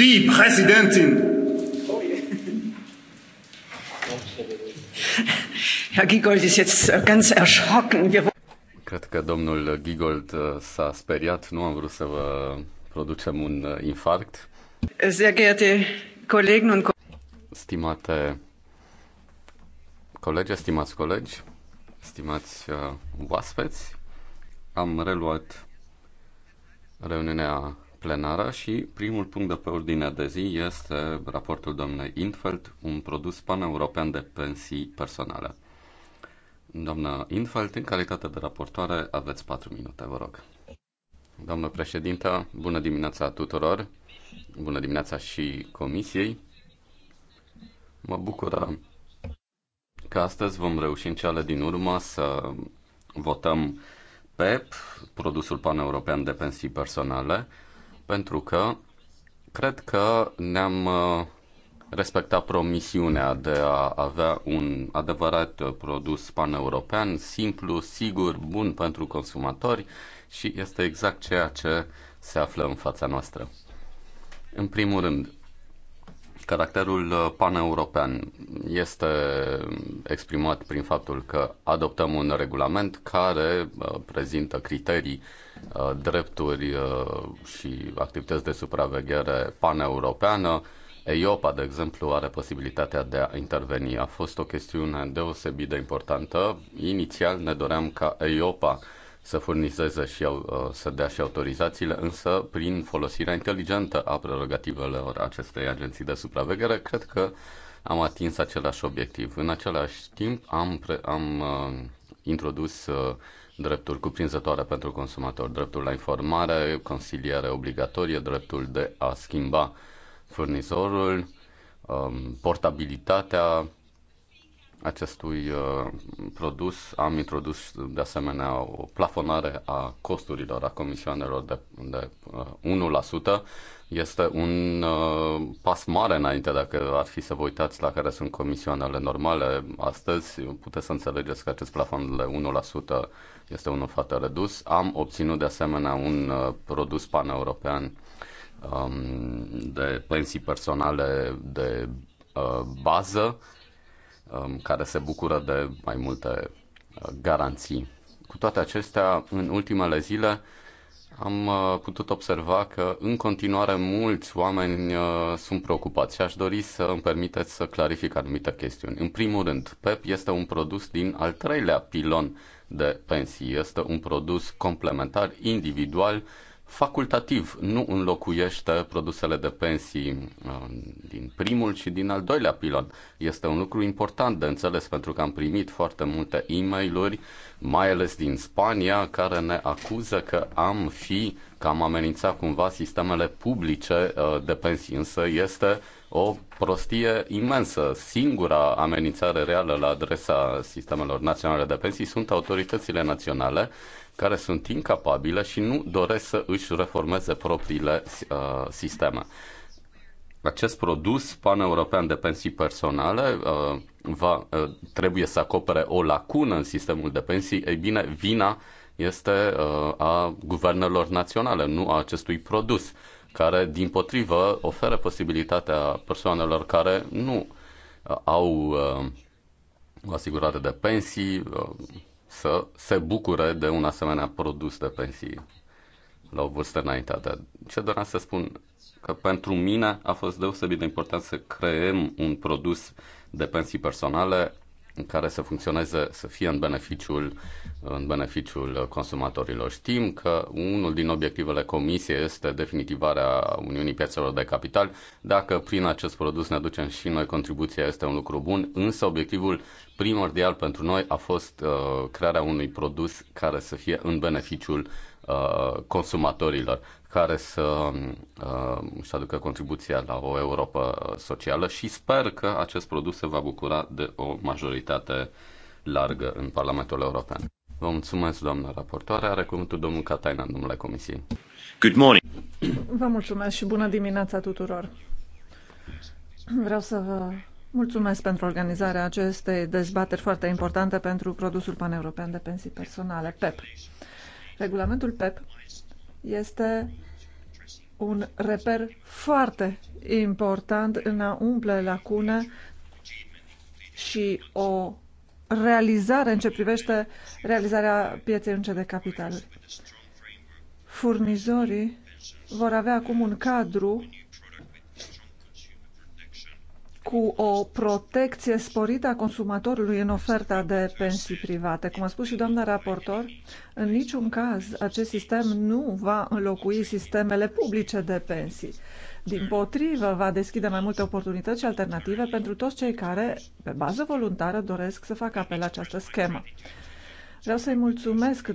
Die Präsidentin! Herr Giegold ist jetzt ganz erschrocken. Wir... Cred că domnul Giegold uh, s-a speriat, nu am vrut să vă producem un uh, infarct. Sehr geehrte Kollegen und Stimate colegi, stimați colegi, stimați uh, oaspeți, am reluat reuniunea plenară și primul punct de pe ordinea de zi este raportul doamnei Infeld, un produs pan-european de pensii personale. Doamna Infeld, în calitate de raportoare, aveți 4 minute, vă rog. Doamnă președintă, bună dimineața tuturor, bună dimineața și comisiei. Mă bucură că astăzi vom reuși în cele din urmă să votăm PEP, produsul pan-european de pensii personale, pentru că cred că ne-am uh, respectat promisiunea de a avea un adevărat uh, produs paneuropean, simplu, sigur, bun pentru consumatori și este exact ceea ce se află în fața noastră. În primul rând, caracterul uh, paneuropean este exprimat prin faptul că adoptăm un regulament care prezintă criterii Uh, drepturi uh, și activități de supraveghere paneuropeană. EIOPA, de exemplu, are posibilitatea de a interveni. A fost o chestiune deosebit de importantă. Inițial ne doream ca EIOPA să furnizeze și uh, să dea și autorizațiile, însă prin folosirea inteligentă a prerogativelor acestei agenții de supraveghere, cred că am atins același obiectiv. În același timp am, pre- am uh, introdus uh, drepturi cuprinzătoare pentru consumator, dreptul la informare, consiliere obligatorie, dreptul de a schimba furnizorul, um, portabilitatea acestui uh, produs. Am introdus de asemenea o plafonare a costurilor, a comisioanelor de, de 1%. Uh, este un uh, pas mare înainte dacă ar fi să vă uitați la care sunt comisioanele normale. Astăzi puteți să înțelegeți că acest plafon de 1% este unul foarte redus. Am obținut de asemenea un uh, produs paneuropean um, de pensii personale de uh, bază um, care se bucură de mai multe uh, garanții. Cu toate acestea, în ultimele zile am putut observa că în continuare mulți oameni sunt preocupați și aș dori să îmi permiteți să clarific anumite chestiuni. În primul rând, PEP este un produs din al treilea pilon de pensii. Este un produs complementar, individual, facultativ, nu înlocuiește produsele de pensii uh, din primul și din al doilea pilon. Este un lucru important de înțeles pentru că am primit foarte multe e mail mai ales din Spania, care ne acuză că am fi, că am amenințat cumva sistemele publice uh, de pensii, însă este o prostie imensă. Singura amenințare reală la adresa sistemelor naționale de pensii sunt autoritățile naționale care sunt incapabile și nu doresc să își reformeze propriile uh, sisteme. Acest produs pan-european de pensii personale uh, va, uh, trebuie să acopere o lacună în sistemul de pensii. Ei bine, vina este uh, a guvernelor naționale, nu a acestui produs. Uh, care, din potrivă, oferă posibilitatea persoanelor care nu uh, au uh, o asigurare de pensii uh, să se bucure de un asemenea produs de pensii la o vârstă înaintată. Ce doream să spun? Că pentru mine a fost deosebit de important să creăm un produs de pensii personale care să funcționeze, să fie în beneficiul, în beneficiul consumatorilor. Știm că unul din obiectivele comisiei este definitivarea Uniunii Piețelor de Capital. Dacă prin acest produs ne aducem și noi contribuția, este un lucru bun, însă obiectivul primordial pentru noi a fost uh, crearea unui produs care să fie în beneficiul uh, consumatorilor care să uh, își aducă contribuția la o Europa socială și sper că acest produs se va bucura de o majoritate largă în Parlamentul European. Vă mulțumesc, doamnă raportoare. Are cuvântul domnul Cataina, numele Comisiei. Good morning! Vă mulțumesc și bună dimineața tuturor! Vreau să vă mulțumesc pentru organizarea acestei dezbateri foarte importante pentru produsul paneuropean de pensii personale, PEP. Regulamentul PEP este un reper foarte important în a umple lacune și o realizare în ce privește realizarea pieței unice de capital. Furnizorii vor avea acum un cadru cu o protecție sporită a consumatorului în oferta de pensii private. Cum a spus și doamna raportor, în niciun caz acest sistem nu va înlocui sistemele publice de pensii. Din potrivă, va deschide mai multe oportunități și alternative pentru toți cei care, pe bază voluntară, doresc să facă apel la această schemă. Vreau să-i mulțumesc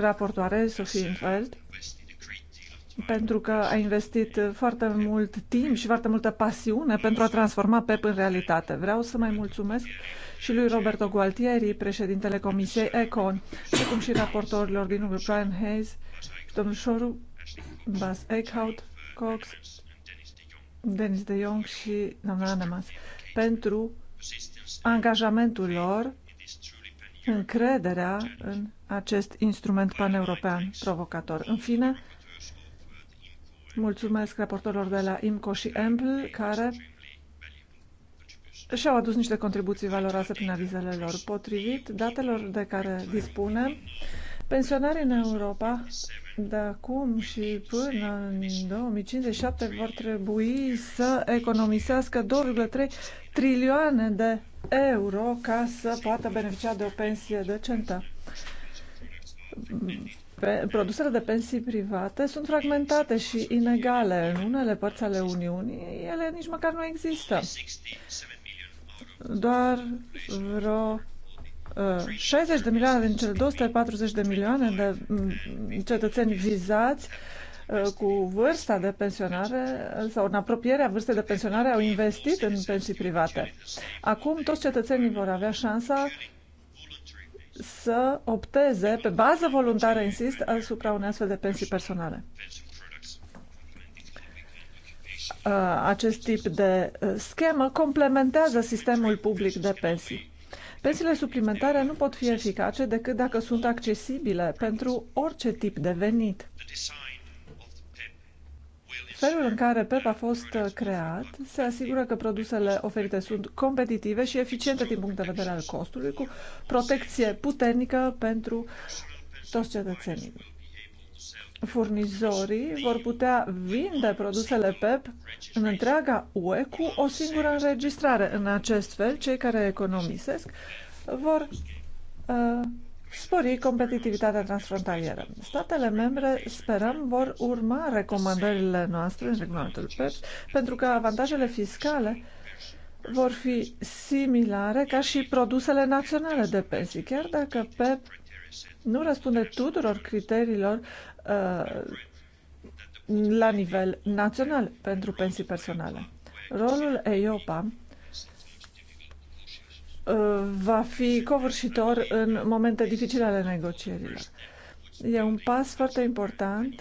raportoarei Sofie Infeld pentru că a investit foarte mult timp și foarte multă pasiune pentru a transforma PEP în realitate. Vreau să mai mulțumesc și lui Roberto Gualtieri, președintele Comisiei ECON, precum și raportorilor din umbră Brian Hayes, domnul Șoru, Bas Eichhout, Cox, Denis de Jong și doamna Anemas, pentru angajamentul lor, încrederea în acest instrument paneuropean provocator. În fine, Mulțumesc raportorilor de la IMCO și EMPL care și-au adus niște contribuții valoroase prin avizele lor. Potrivit datelor de care dispunem, pensionarii în Europa de acum și până în 2057 vor trebui să economisească 2,3 trilioane de euro ca să poată beneficia de o pensie decentă produsele de pensii private sunt fragmentate și inegale. În unele părți ale Uniunii, ele nici măcar nu există. Doar vreo 60 uh, de milioane din cele 240 de milioane de mm, cetățeni vizați uh, cu vârsta de pensionare uh, sau în apropierea vârstei de pensionare au investit în pensii private. Acum toți cetățenii vor avea șansa să opteze pe bază voluntară, insist, asupra unei astfel de pensii personale. Uh, acest tip de uh, schemă complementează sistemul public de pensii. Pensiile suplimentare nu pot fi eficace decât dacă sunt accesibile pentru orice tip de venit. Felul în care PEP a fost uh, creat se asigură că produsele oferite sunt competitive și eficiente din punct de vedere al costului, cu protecție puternică pentru toți cetățenii. Furnizorii vor putea vinde produsele PEP în întreaga UE cu o singură înregistrare. În acest fel, cei care economisesc vor uh, spori competitivitatea transfrontalieră. Statele membre, sperăm, vor urma recomandările noastre în regulamentul PEPS pentru că avantajele fiscale vor fi similare ca și produsele naționale de pensii, chiar dacă PEP nu răspunde tuturor criteriilor uh, la nivel național pentru pensii personale. Rolul EIOPA va fi covârșitor în momente dificile ale negocierilor. E un pas foarte important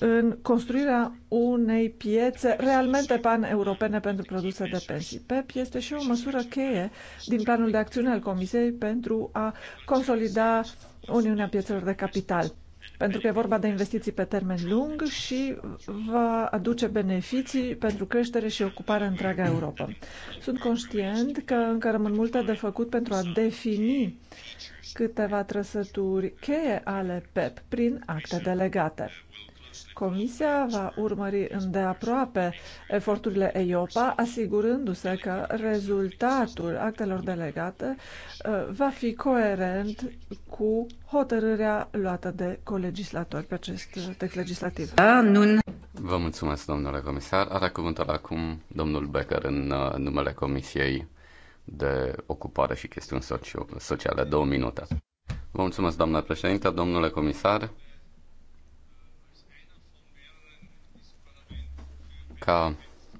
în construirea unei piețe realmente pan-europene pentru produse de pensii. PEP este și o măsură cheie din planul de acțiune al Comisiei pentru a consolida Uniunea Piețelor de Capital pentru că e vorba de investiții pe termen lung și va aduce beneficii pentru creștere și ocupare întreaga Europa. Sunt conștient că încă rămân multe de făcut pentru a defini câteva trăsături cheie ale PEP prin acte delegate. Comisia va urmări îndeaproape eforturile EIOPA, asigurându-se că rezultatul actelor delegate uh, va fi coerent cu hotărârea luată de colegislatori pe acest uh, text legislativ. Da, Vă mulțumesc, domnule comisar. Are cuvântul acum domnul Becker în uh, numele Comisiei de Ocupare și Chestiuni Sociale. Două minute. Vă mulțumesc, doamna președinte, domnule comisar. ca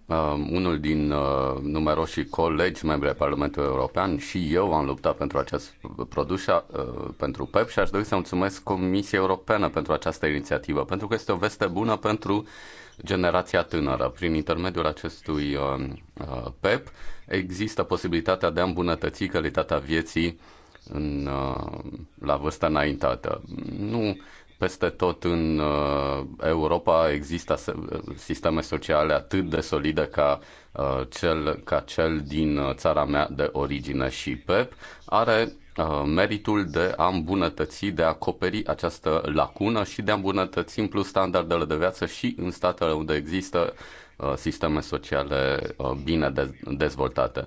uh, unul din uh, numeroșii colegi membri ai Parlamentului European și eu am luptat pentru acest produs, uh, pentru PEP și aș dori să mulțumesc Comisiei Europene pentru această inițiativă, pentru că este o veste bună pentru generația tânără. Prin intermediul acestui uh, uh PEP există posibilitatea de a îmbunătăți calitatea vieții în, uh, la vârsta înaintată. Nu peste tot în uh, Europa există sisteme sociale atât de solide ca uh, cel, ca cel din uh, țara mea de origine și PEP are meritul de a îmbunătăți, de a acoperi această lacună și de a îmbunătăți în plus standardele de viață și în statele unde există sisteme sociale bine dezvoltate.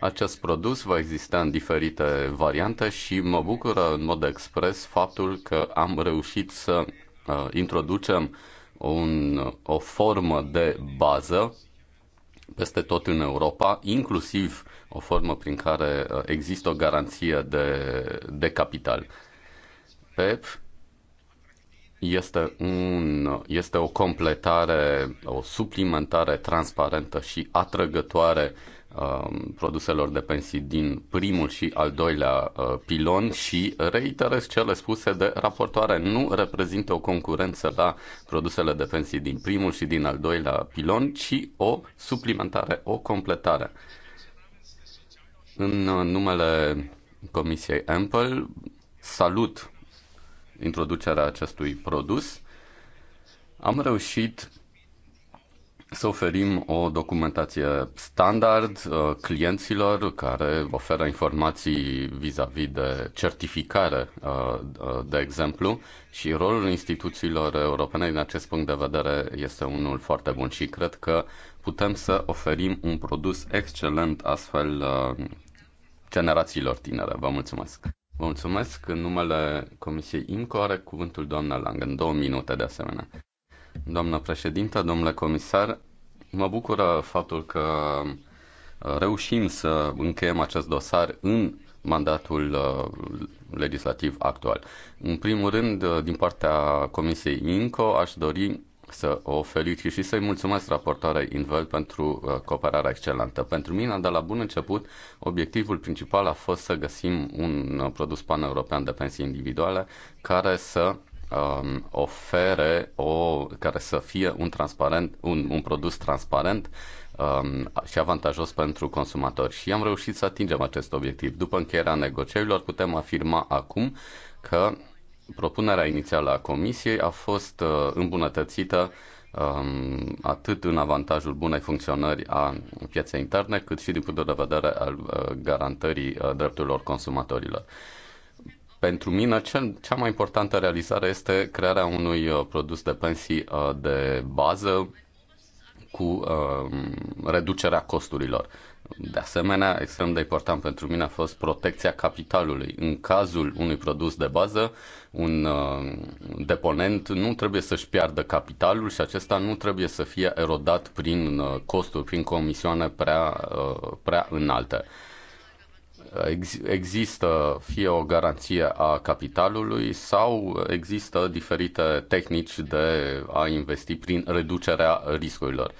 Acest produs va exista în diferite variante și mă bucură în mod expres faptul că am reușit să uh, introducem un, o formă de bază peste tot în Europa, inclusiv o formă prin care uh, există o garanție de, de capital. PEP este, un, este o completare, o suplimentare transparentă și atrăgătoare Um, produselor de pensii din primul și al doilea uh, pilon și reiterez cele spuse de raportoare. Nu reprezintă o concurență la produsele de pensii din primul și din al doilea pilon, ci o suplimentare, o completare. În uh, numele Comisiei Ample salut introducerea acestui produs. Am reușit să oferim o documentație standard uh, clienților care oferă informații vis-a-vis de certificare, uh, uh, de exemplu, și rolul instituțiilor europene din acest punct de vedere este unul foarte bun și cred că putem să oferim un produs excelent astfel generațiilor tinere. Vă mulțumesc! Vă mulțumesc. În numele Comisiei IMCO are cuvântul doamna Lang, în două minute de asemenea doamnă președintă, domnule comisar. Mă bucură faptul că uh, reușim să încheiem acest dosar în mandatul uh, legislativ actual. În primul rând, uh, din partea Comisiei INCO, aș dori să o felicit și să-i mulțumesc raportoarei Invel pentru cooperarea excelentă. Pentru mine, de la bun început, obiectivul principal a fost să găsim un produs pan-european de pensii individuale care să um, ofere o, care să fie un, transparent, un, un produs transparent um, și avantajos pentru consumatori. Și am reușit să atingem acest obiectiv. După încheierea negocierilor, putem afirma acum că propunerea inițială a Comisiei a fost uh, îmbunătățită um, atât în avantajul bunei funcționări a pieței interne, cât și din punct de vedere al uh, garantării uh, drepturilor consumatorilor. Uh, pentru mine, cel, cea mai importantă realizare este crearea unui uh, produs de pensii uh, de bază cu uh, reducerea costurilor. De asemenea, extrem de important pentru mine a fost protecția capitalului. În cazul unui produs de bază, un uh, deponent nu trebuie să-și piardă capitalul și acesta nu trebuie să fie erodat prin uh, costuri, prin comisioane prea, uh, prea înalte ex- există fie o garanție a capitalului sau există diferite tehnici de a investi prin reducerea riscurilor.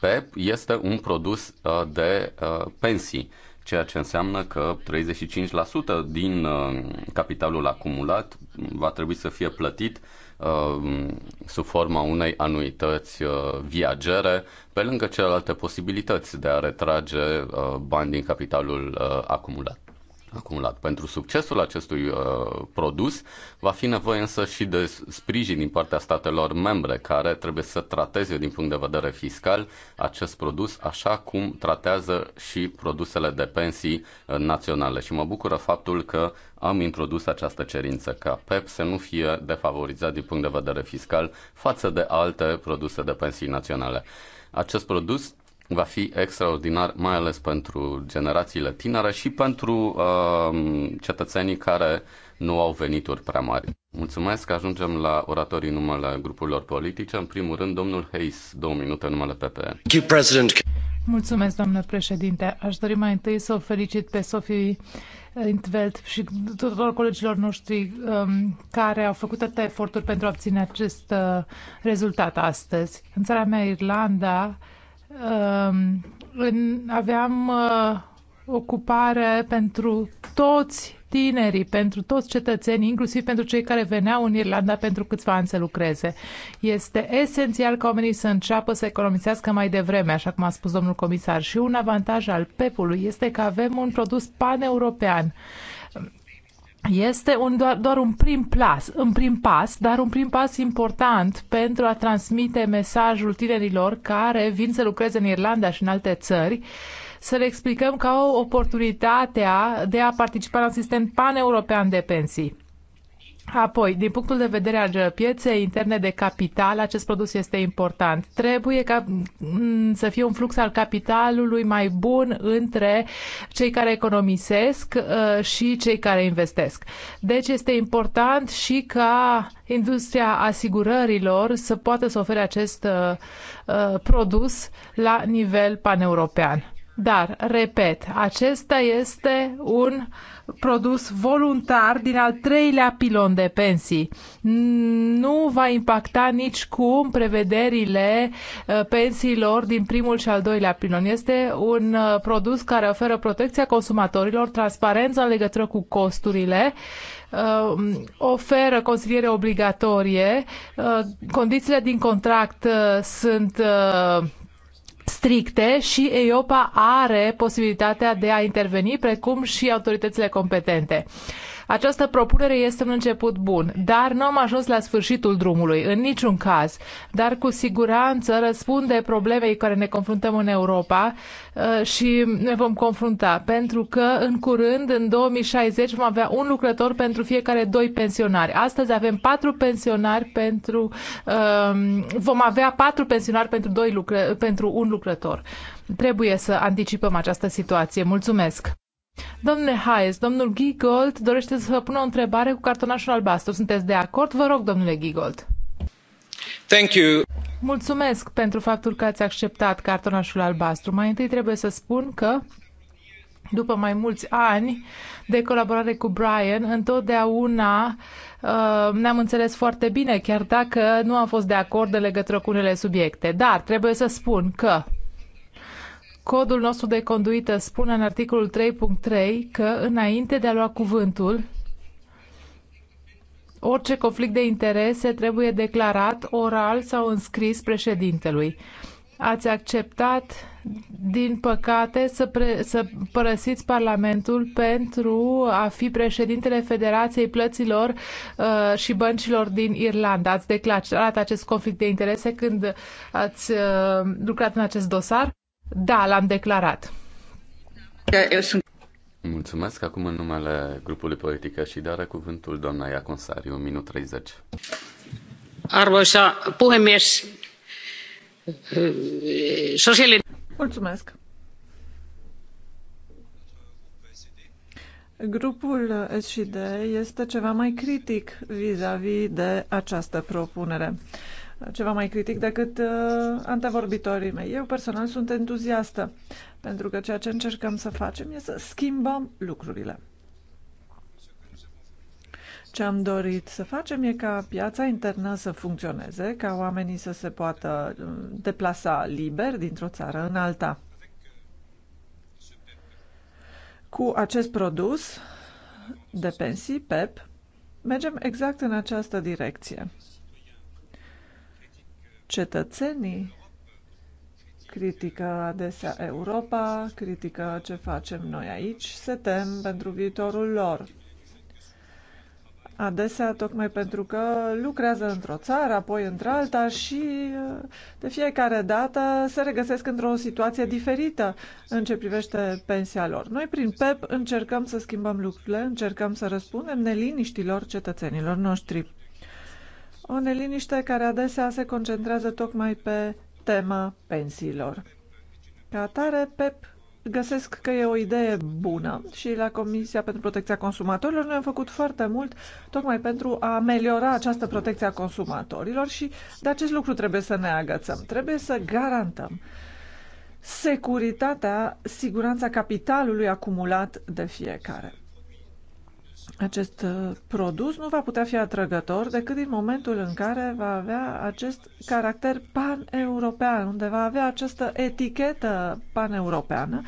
PEP este un produs uh, de uh, pensii, ceea ce înseamnă că 35% din uh, capitalul acumulat va trebui să fie plătit Um, sub forma unei anuități uh, viagere, pe lângă celelalte posibilități de a retrage uh, bani din capitalul uh, acumulat acumulat. Pentru succesul acestui uh, produs va fi nevoie însă și de sprijin din partea statelor membre care trebuie să trateze din punct de vedere fiscal acest produs așa cum tratează și produsele de pensii uh, naționale. Și mă bucură faptul că am introdus această cerință ca PEP să nu fie defavorizat din punct de vedere fiscal față de alte produse de pensii naționale. Acest produs va fi extraordinar, mai ales pentru generațiile tinere și pentru uh, cetățenii care nu au venituri prea mari. Mulțumesc că ajungem la oratorii numele grupurilor politice. În primul rând, domnul Hayes, două minute numele PPE. Mulțumesc, doamnă președinte. Aș dori mai întâi să o felicit pe Sofie Intveld și tuturor colegilor noștri um, care au făcut atâtea eforturi pentru a obține acest uh, rezultat astăzi. În țara mea, Irlanda, Um, aveam uh, ocupare pentru toți tinerii, pentru toți cetățenii, inclusiv pentru cei care veneau în Irlanda pentru câțiva ani să lucreze. Este esențial ca oamenii să înceapă să economisească mai devreme, așa cum a spus domnul comisar. Și un avantaj al PEP-ului este că avem un produs paneuropean. european este un, doar, doar un prim pas, un prim pas, dar un prim pas important pentru a transmite mesajul tinerilor care vin să lucreze în Irlanda și în alte țări, să le explicăm că au oportunitatea de a participa la un sistem paneuropean de pensii. Apoi, din punctul de vedere al pieței interne de capital, acest produs este important. Trebuie ca mm, să fie un flux al capitalului mai bun între cei care economisesc uh, și cei care investesc. Deci este important și ca industria asigurărilor să poată să ofere acest uh, uh, produs la nivel paneuropean. Dar, repet, acesta este un uh, produs voluntar din al treilea pilon de pensii. Nu va impacta nici cum prevederile uh, pensiilor din primul și al doilea pilon. Este un uh, produs care oferă protecția consumatorilor, transparența în legătură cu costurile, uh, oferă consiliere obligatorie, condițiile din contract sunt stricte și EIOPA are posibilitatea de a interveni, precum și autoritățile competente. Această propunere este un început bun, dar nu am ajuns la sfârșitul drumului, în niciun caz, dar cu siguranță răspunde problemei care ne confruntăm în Europa uh, și ne vom confrunta, pentru că în curând, în 2060, vom avea un lucrător pentru fiecare doi pensionari. Astăzi avem patru pensionari pentru... Uh, vom avea patru pensionari pentru, doi lucră, pentru un lucrător. Trebuie să anticipăm această situație. Mulțumesc! Domnule Hayes, domnul Gigold dorește să vă pună o întrebare cu cartonașul albastru. Sunteți de acord? Vă rog, domnule Gigold. Thank you. Mulțumesc pentru faptul că ați acceptat cartonașul albastru. Mai întâi trebuie să spun că după mai mulți ani de colaborare cu Brian, întotdeauna uh, ne-am înțeles foarte bine, chiar dacă nu am fost de acord de legătură cu unele subiecte. Dar trebuie să spun că Codul nostru de conduită spune în articolul 3.3 că înainte de a lua cuvântul, orice conflict de interese trebuie declarat oral sau înscris președintelui. Ați acceptat, din păcate, să, pre- să părăsiți Parlamentul pentru a fi președintele Federației Plăților uh, și Băncilor din Irlanda. Ați declarat acest conflict de interese când ați uh, lucrat în acest dosar? Da, l-am declarat. Eu sunt... Mulțumesc. Acum în numele grupului politică și dară cuvântul doamna Iaconsari, 1 minut 30. Arvoisa puhemies, sosiali... Mulțumesc. Grupul SD este ceva mai critic vis-a-vis -vis de această propunere ceva mai critic decât uh, antevorbitorii mei. Eu personal sunt entuziastă, pentru că ceea ce încercăm să facem este să schimbăm lucrurile. Ce am dorit să facem e ca piața internă să funcționeze, ca oamenii să se poată uh, deplasa liber dintr-o țară în alta. Cu acest produs de pensii, PEP, mergem exact în această direcție. Cetățenii critică adesea Europa, critică ce facem noi aici, se tem pentru viitorul lor. Adesea, tocmai pentru că lucrează într-o țară, apoi într-alta și de fiecare dată se regăsesc într-o situație diferită în ce privește pensia lor. Noi, prin PEP, încercăm să schimbăm lucrurile, încercăm să răspundem neliniștilor cetățenilor noștri. O neliniște care adesea se concentrează tocmai pe tema pensiilor. Ca atare, PEP găsesc că e o idee bună și la Comisia pentru Protecția Consumatorilor noi am făcut foarte mult tocmai pentru a ameliora această protecție a consumatorilor și de acest lucru trebuie să ne agățăm. Trebuie să garantăm securitatea, siguranța capitalului acumulat de fiecare. Acest uh, produs nu va putea fi atrăgător decât din momentul în care va avea acest caracter pan-european, unde va avea această etichetă pan-europeană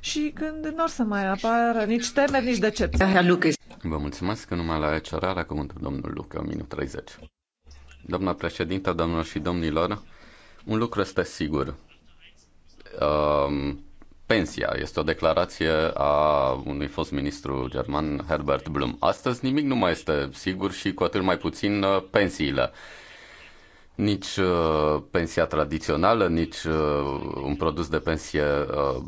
și când nu ar să mai apară nici temeri, nici decepții. Vă mulțumesc că numai la ECR are cuvântul domnul Luca, minut 30. Doamna președintă, doamnelor și domnilor, un lucru este sigur. Um, pensia. Este o declarație a unui fost ministru german, Herbert Blum. Astăzi nimic nu mai este sigur și cu atât mai puțin uh, pensiile. Nici uh, pensia tradițională, nici uh, un produs de pensie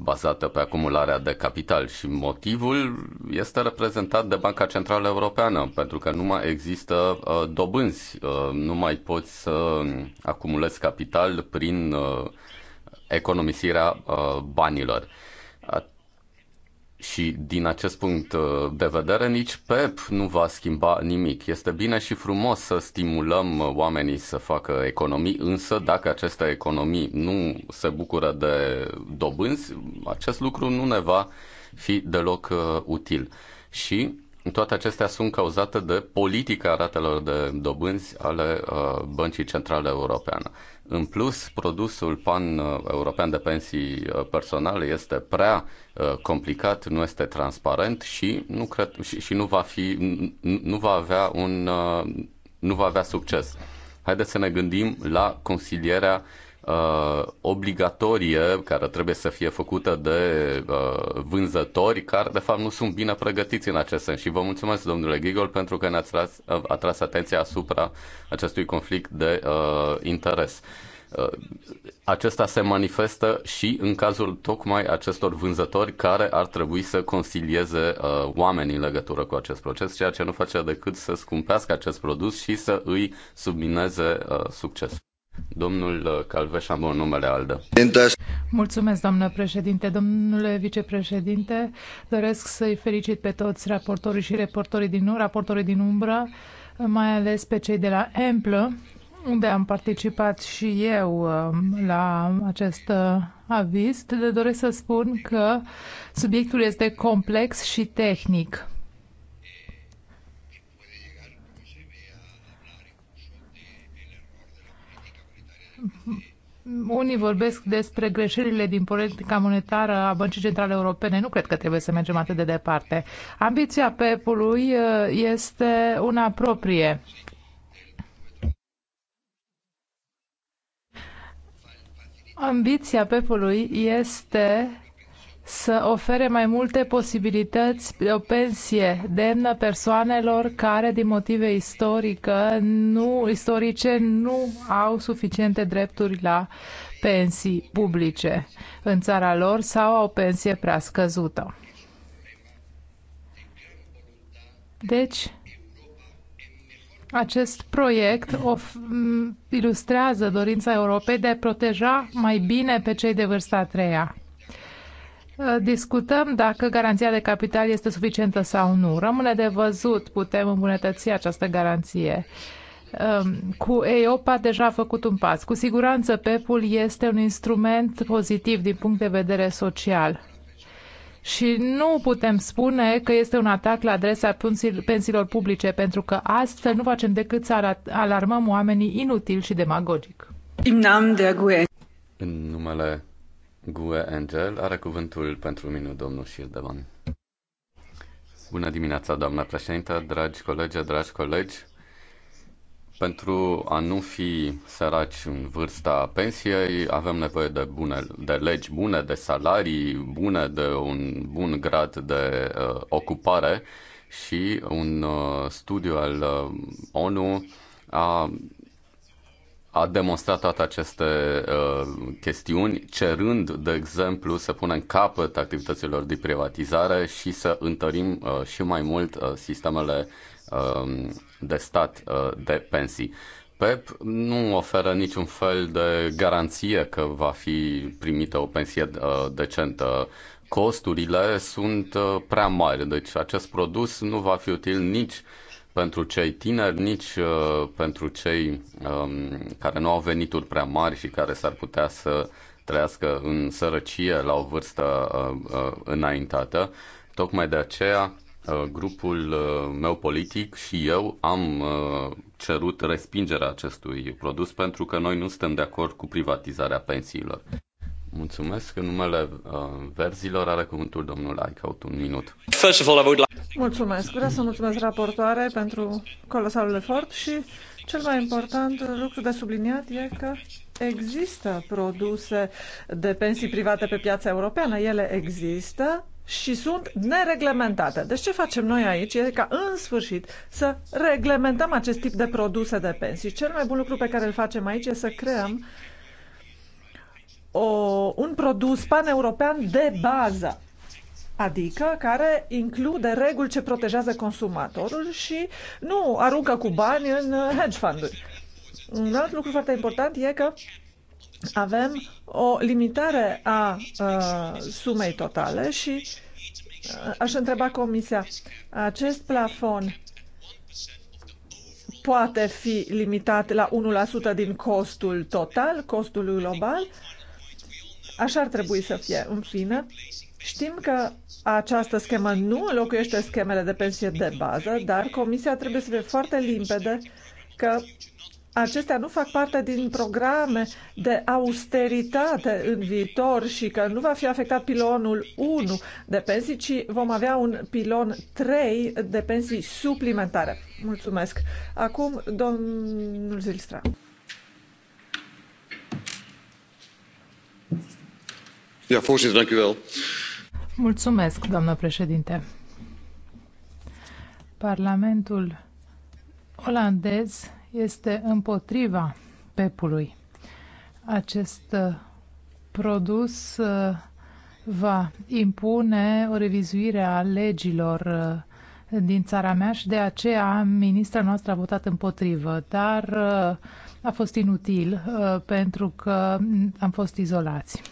bazată pe acumularea de capital. Și motivul este reprezentat de Banca Centrală Europeană, pentru că nu mai există dobânzi, nu mai poți să acumulezi capital prin economisirea uh, banilor. Și din acest punct uh, de vedere, nici PEP nu va schimba nimic. Este bine și frumos să stimulăm uh, oamenii să facă economii, însă dacă aceste economii nu se bucură de dobânzi, acest lucru nu ne va fi deloc util. Și toate acestea sunt cauzate de politica ratelor de dobânzi ale Băncii Centrale Europeană. În plus, produsul pan-european uh, de pensii uh, personale este prea uh, complicat, nu este transparent și nu, cred, și, și nu, va, fi, nu va avea un nu va avea succes. Haideți să ne gândim la consilierea uh, uh, obligatorie care trebuie să fie făcută de uh, vânzători care de fapt nu sunt bine pregătiți în acest sens. Și vă mulțumesc, domnule Gigol, pentru că ne-ați tras, uh, atras atenția asupra acestui conflict de uh, interes. Uh, acesta se manifestă și în cazul tocmai acestor vânzători care ar trebui să consilieze uh, oamenii în legătură cu acest proces, ceea ce nu face decât să scumpească acest produs și să îi submineze uh, succesul. Domnul uh, o numele Aldă. Mulțumesc, doamnă președinte. Domnule vicepreședinte, doresc să-i felicit pe toți raportorii și reportorii din, raportorii din umbră, mai ales pe cei de la Emplă, unde am participat și eu um, la acest uh, aviz. Le doresc să spun că subiectul este complex și tehnic unii vorbesc despre greșelile din politica monetară a Băncii Centrale Europene. Nu cred că trebuie să mergem atât de departe. Ambiția PEP-ului uh, este una proprie. Ambiția PEP-ului este să ofere mai multe posibilități de o pensie demnă persoanelor care, din motive istorică, nu, istorice, nu au suficiente drepturi la pensii publice în țara lor sau au o pensie prea scăzută. Deci, acest proiect of, ilustrează dorința Europei de a proteja mai bine pe cei de vârsta a treia. Eh, discutăm dacă garanția de capital este suficientă sau nu. Rămâne de văzut, putem îmbunătăți această garanție. Ehm, cu EIOPA deja a făcut un pas. Cu siguranță PEP-ul este un instrument pozitiv din punct de vedere social. Și nu putem spune că este un atac la adresa pensiilor publice, pentru că astfel nu facem decât să alarmăm oamenii inutil și demagogic. În numele GUE Angel are cuvântul pentru mine, minut, domnul Shildevan. Bună dimineața, doamna președintă, dragi colegi, dragi colegi. Pentru a nu fi săraci în vârsta pensiei, avem nevoie de, bune, de legi bune, de salarii bune, de un bun grad de uh, ocupare și un uh, studiu al uh, ONU a a demonstrat toate aceste uh, chestiuni, cerând, de exemplu, să punem capăt activităților de privatizare și să întărim uh, și mai mult uh, sistemele uh, de stat uh, de pensii. PEP nu oferă niciun fel de garanție că va fi primită o pensie uh, decentă. Costurile sunt uh, prea mari, deci acest produs nu va fi util nici uh, pentru cei tineri, nici uh, pentru cei um, care nu au venituri prea mari și care s-ar putea să trăiască în sărăcie la o vârstă uh, uh, înaintată. Tocmai de aceea, uh, grupul uh, meu politic și eu am uh, cerut respingerea acestui produs pentru că noi nu suntem de acord cu privatizarea pensiilor. Mulțumesc. În numele uh, verzilor are cuvântul domnul Aicaut, un minut. Mulțumesc. Vreau să mulțumesc raportoare pentru colosalul efort și cel mai important lucru de subliniat e că există produse de pensii private pe piața europeană. Ele există și sunt nereglementate. Deci ce facem noi aici e ca în sfârșit să reglementăm acest tip de produse de pensii. Cel mai bun lucru pe care îl facem aici e să creăm uh, o, un produs paneuropean de bază, adică care include reguli ce protejează consumatorul și nu aruncă cu bani în hedge funduri. Un alt lucru foarte important e că avem o limitare a, a sumei totale și a, aș întreba Comisia, acest plafon poate fi limitat la 1% din costul total, costul global? Așa ar trebui să fie. În fine, știm că această schemă nu înlocuiește schemele de pensie de bază, dar Comisia trebuie să fie foarte limpede că acestea nu fac parte din programe de austeritate în viitor și că nu va fi afectat pilonul 1 de pensii, ci vom avea un pilon 3 de pensii suplimentare. Mulțumesc. Acum, domnul Zilstra. Mulțumesc, doamnă președinte. Parlamentul olandez este împotriva pepului. Acest uh, produs uh, va impune o revizuire a legilor uh, din țara mea și de aceea ministra noastră a votat împotrivă, dar a fost inutil pentru că am fost izolați.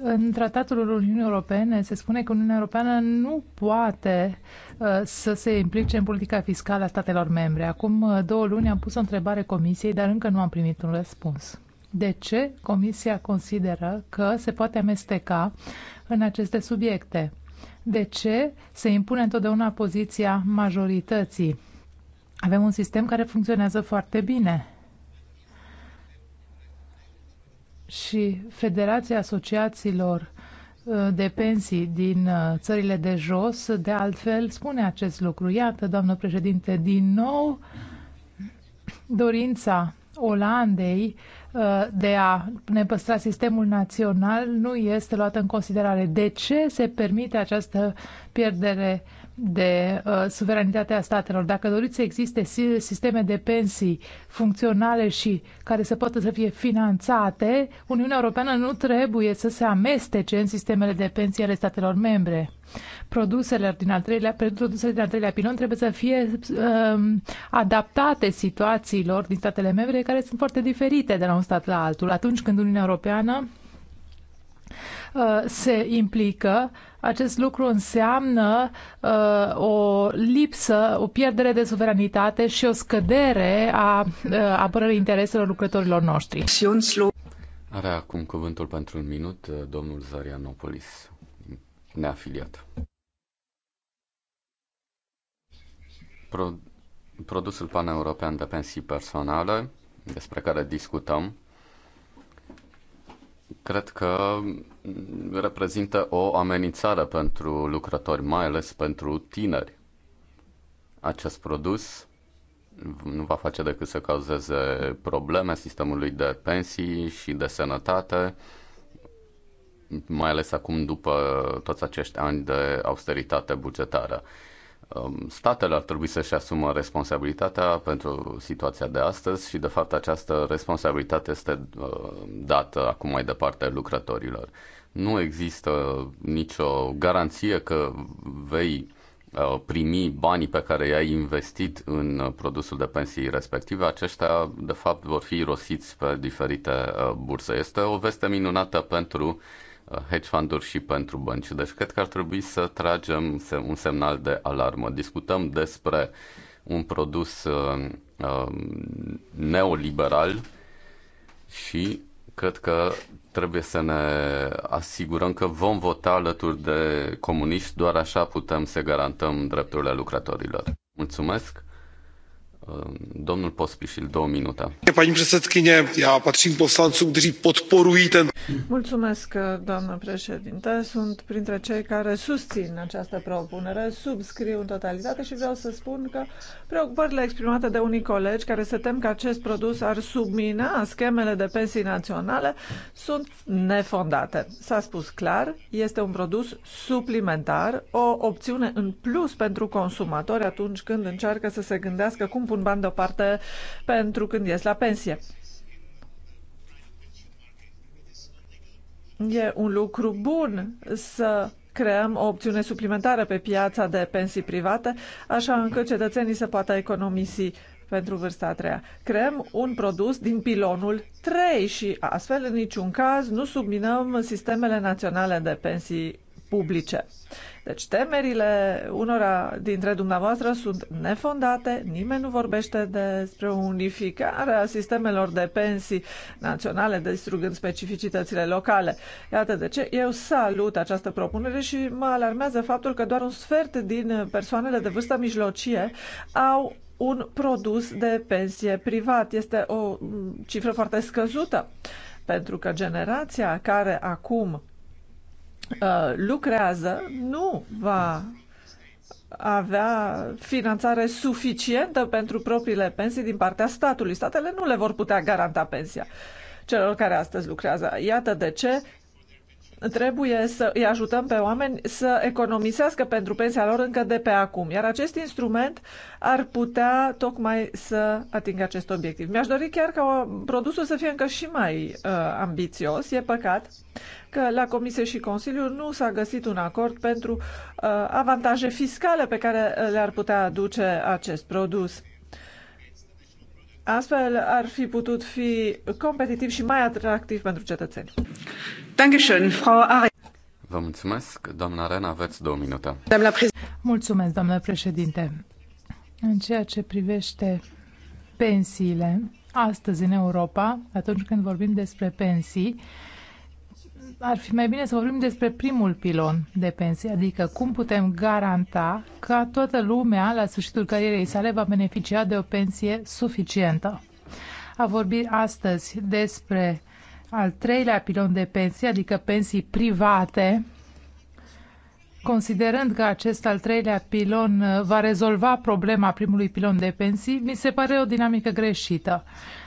În tratatul Uniunii Europene se spune că Uniunea Europeană nu poate uh, să se implice în politica fiscală a statelor membre. Acum uh, două luni am pus o întrebare comisiei, dar încă nu am primit un răspuns. De ce Comisia consideră că se poate amesteca în aceste subiecte? De ce se impune întotdeauna poziția majorității? Avem un sistem care funcționează foarte bine și Federația Asociațiilor uh, de Pensii din uh, țările de jos, de altfel, spune acest lucru. Iată, doamnă președinte, din nou dorința Olandei uh, de a ne păstra sistemul național nu este luată în considerare. De ce se permite această pierdere de uh, suveranitatea statelor. Dacă doriți să existe sisteme de pensii funcționale și care să poată să fie finanțate, Uniunea Europeană nu trebuie să se amestece în sistemele de pensii ale statelor membre. Produsele din al treilea, produsele din al treilea pilon trebuie să fie uh, adaptate situațiilor din statele membre care sunt foarte diferite de la un stat la altul. Atunci când Uniunea Europeană uh, se implică, uh, acest lucru înseamnă uh, o lipsă, o pierdere de suveranitate și o scădere a uh, apărării intereselor lucrătorilor noștri. Are acum cuvântul pentru un minut uh, domnul Zarianopolis, neafiliat. Pro- produsul pan-european de pensii personale, despre care discutăm, cred că reprezintă o amenințare pentru lucrători, mai ales pentru tineri. Acest produs nu va face decât să cauzeze probleme sistemului de pensii și de sănătate, mai ales acum după toți acești ani de austeritate bugetară. Um, statele ar trebui să-și asumă responsabilitatea pentru situația de astăzi și, de fapt, această responsabilitate este uh, dată acum mai departe lucrătorilor. Nu există nicio garanție că vei uh, primi banii pe care i-ai investit în uh, produsul de pensii respective, aceștia de fapt vor fi rosiți pe diferite burse. Este o veste minunată pentru uh, Uh, hedge fund-uri și pentru bănci. Deci cred că ar trebui să tragem un semnal de alarmă. Discutăm despre un produs uh, um, neoliberal și cred că trebuie să ne asigurăm că vom vota alături de comuniști, doar așa putem să garantăm drepturile lucrătorilor. Mulțumesc! Um, domnul Pospișil, două minute. Paní předsedkyně, já patřím poslancům, kteří podporují ten... Mulțumesc, doamnă președinte. Sunt printre cei care susțin această propunere, subscriu în totalitate și vreau să spun că preocupările exprimate de unii colegi care se tem că acest produs ar submina schemele de pensii naționale sunt nefondate. S-a spus clar, este un produs suplimentar, o opțiune în plus pentru consumatori atunci când încearcă să se gândească cum pun bani deoparte pentru când ies la pensie. E un lucru bun să creăm o opțiune suplimentară pe piața de pensii private, așa încât cetățenii să poată economisi pentru vârsta a treia. Creăm un produs din pilonul 3 și astfel în niciun caz nu subminăm sistemele naționale de pensii publice. Deci temerile unora dintre dumneavoastră sunt nefondate, nimeni nu vorbește despre unificarea sistemelor de pensii naționale, distrugând specificitățile locale. Iată de ce eu salut această propunere și mă alarmează faptul că doar un sfert din persoanele de vârstă mijlocie au un produs de pensie privat. Este o mm, cifră foarte scăzută, pentru că generația care acum Uh, lucrează nu va avea finanțare suficientă pentru propriile pensii din partea statului. Statele nu le vor putea garanta pensia celor care astăzi lucrează. Iată de ce Trebuie să îi ajutăm pe oameni să economisească pentru pensia lor încă de pe acum, iar acest instrument ar putea tocmai să atingă acest obiectiv. Mi-aș dori chiar ca produsul să fie încă și mai uh, ambițios. E păcat că la Comisie și Consiliu nu s-a găsit un acord pentru uh, avantaje fiscale pe care uh, le-ar putea aduce acest produs. Astfel ar fi putut fi competitiv și mai atractiv pentru cetățeni. Dankeschön, Frau Vă mulțumesc, doamna Arena, aveți două minute. Mulțumesc, doamnă președinte. În ceea ce privește pensiile, astăzi în Europa, atunci când vorbim despre pensii, ar fi mai bine să vorbim despre primul pilon de pensie, adică cum putem garanta că toată lumea, la sfârșitul carierei sale, va beneficia de o pensie suficientă. A vorbit astăzi despre al treilea pilon de pensie, adică pensii private, Considerând că acest al treilea pilon uh, va rezolva problema primului pilon de pensii, mi se pare o dinamică greșită,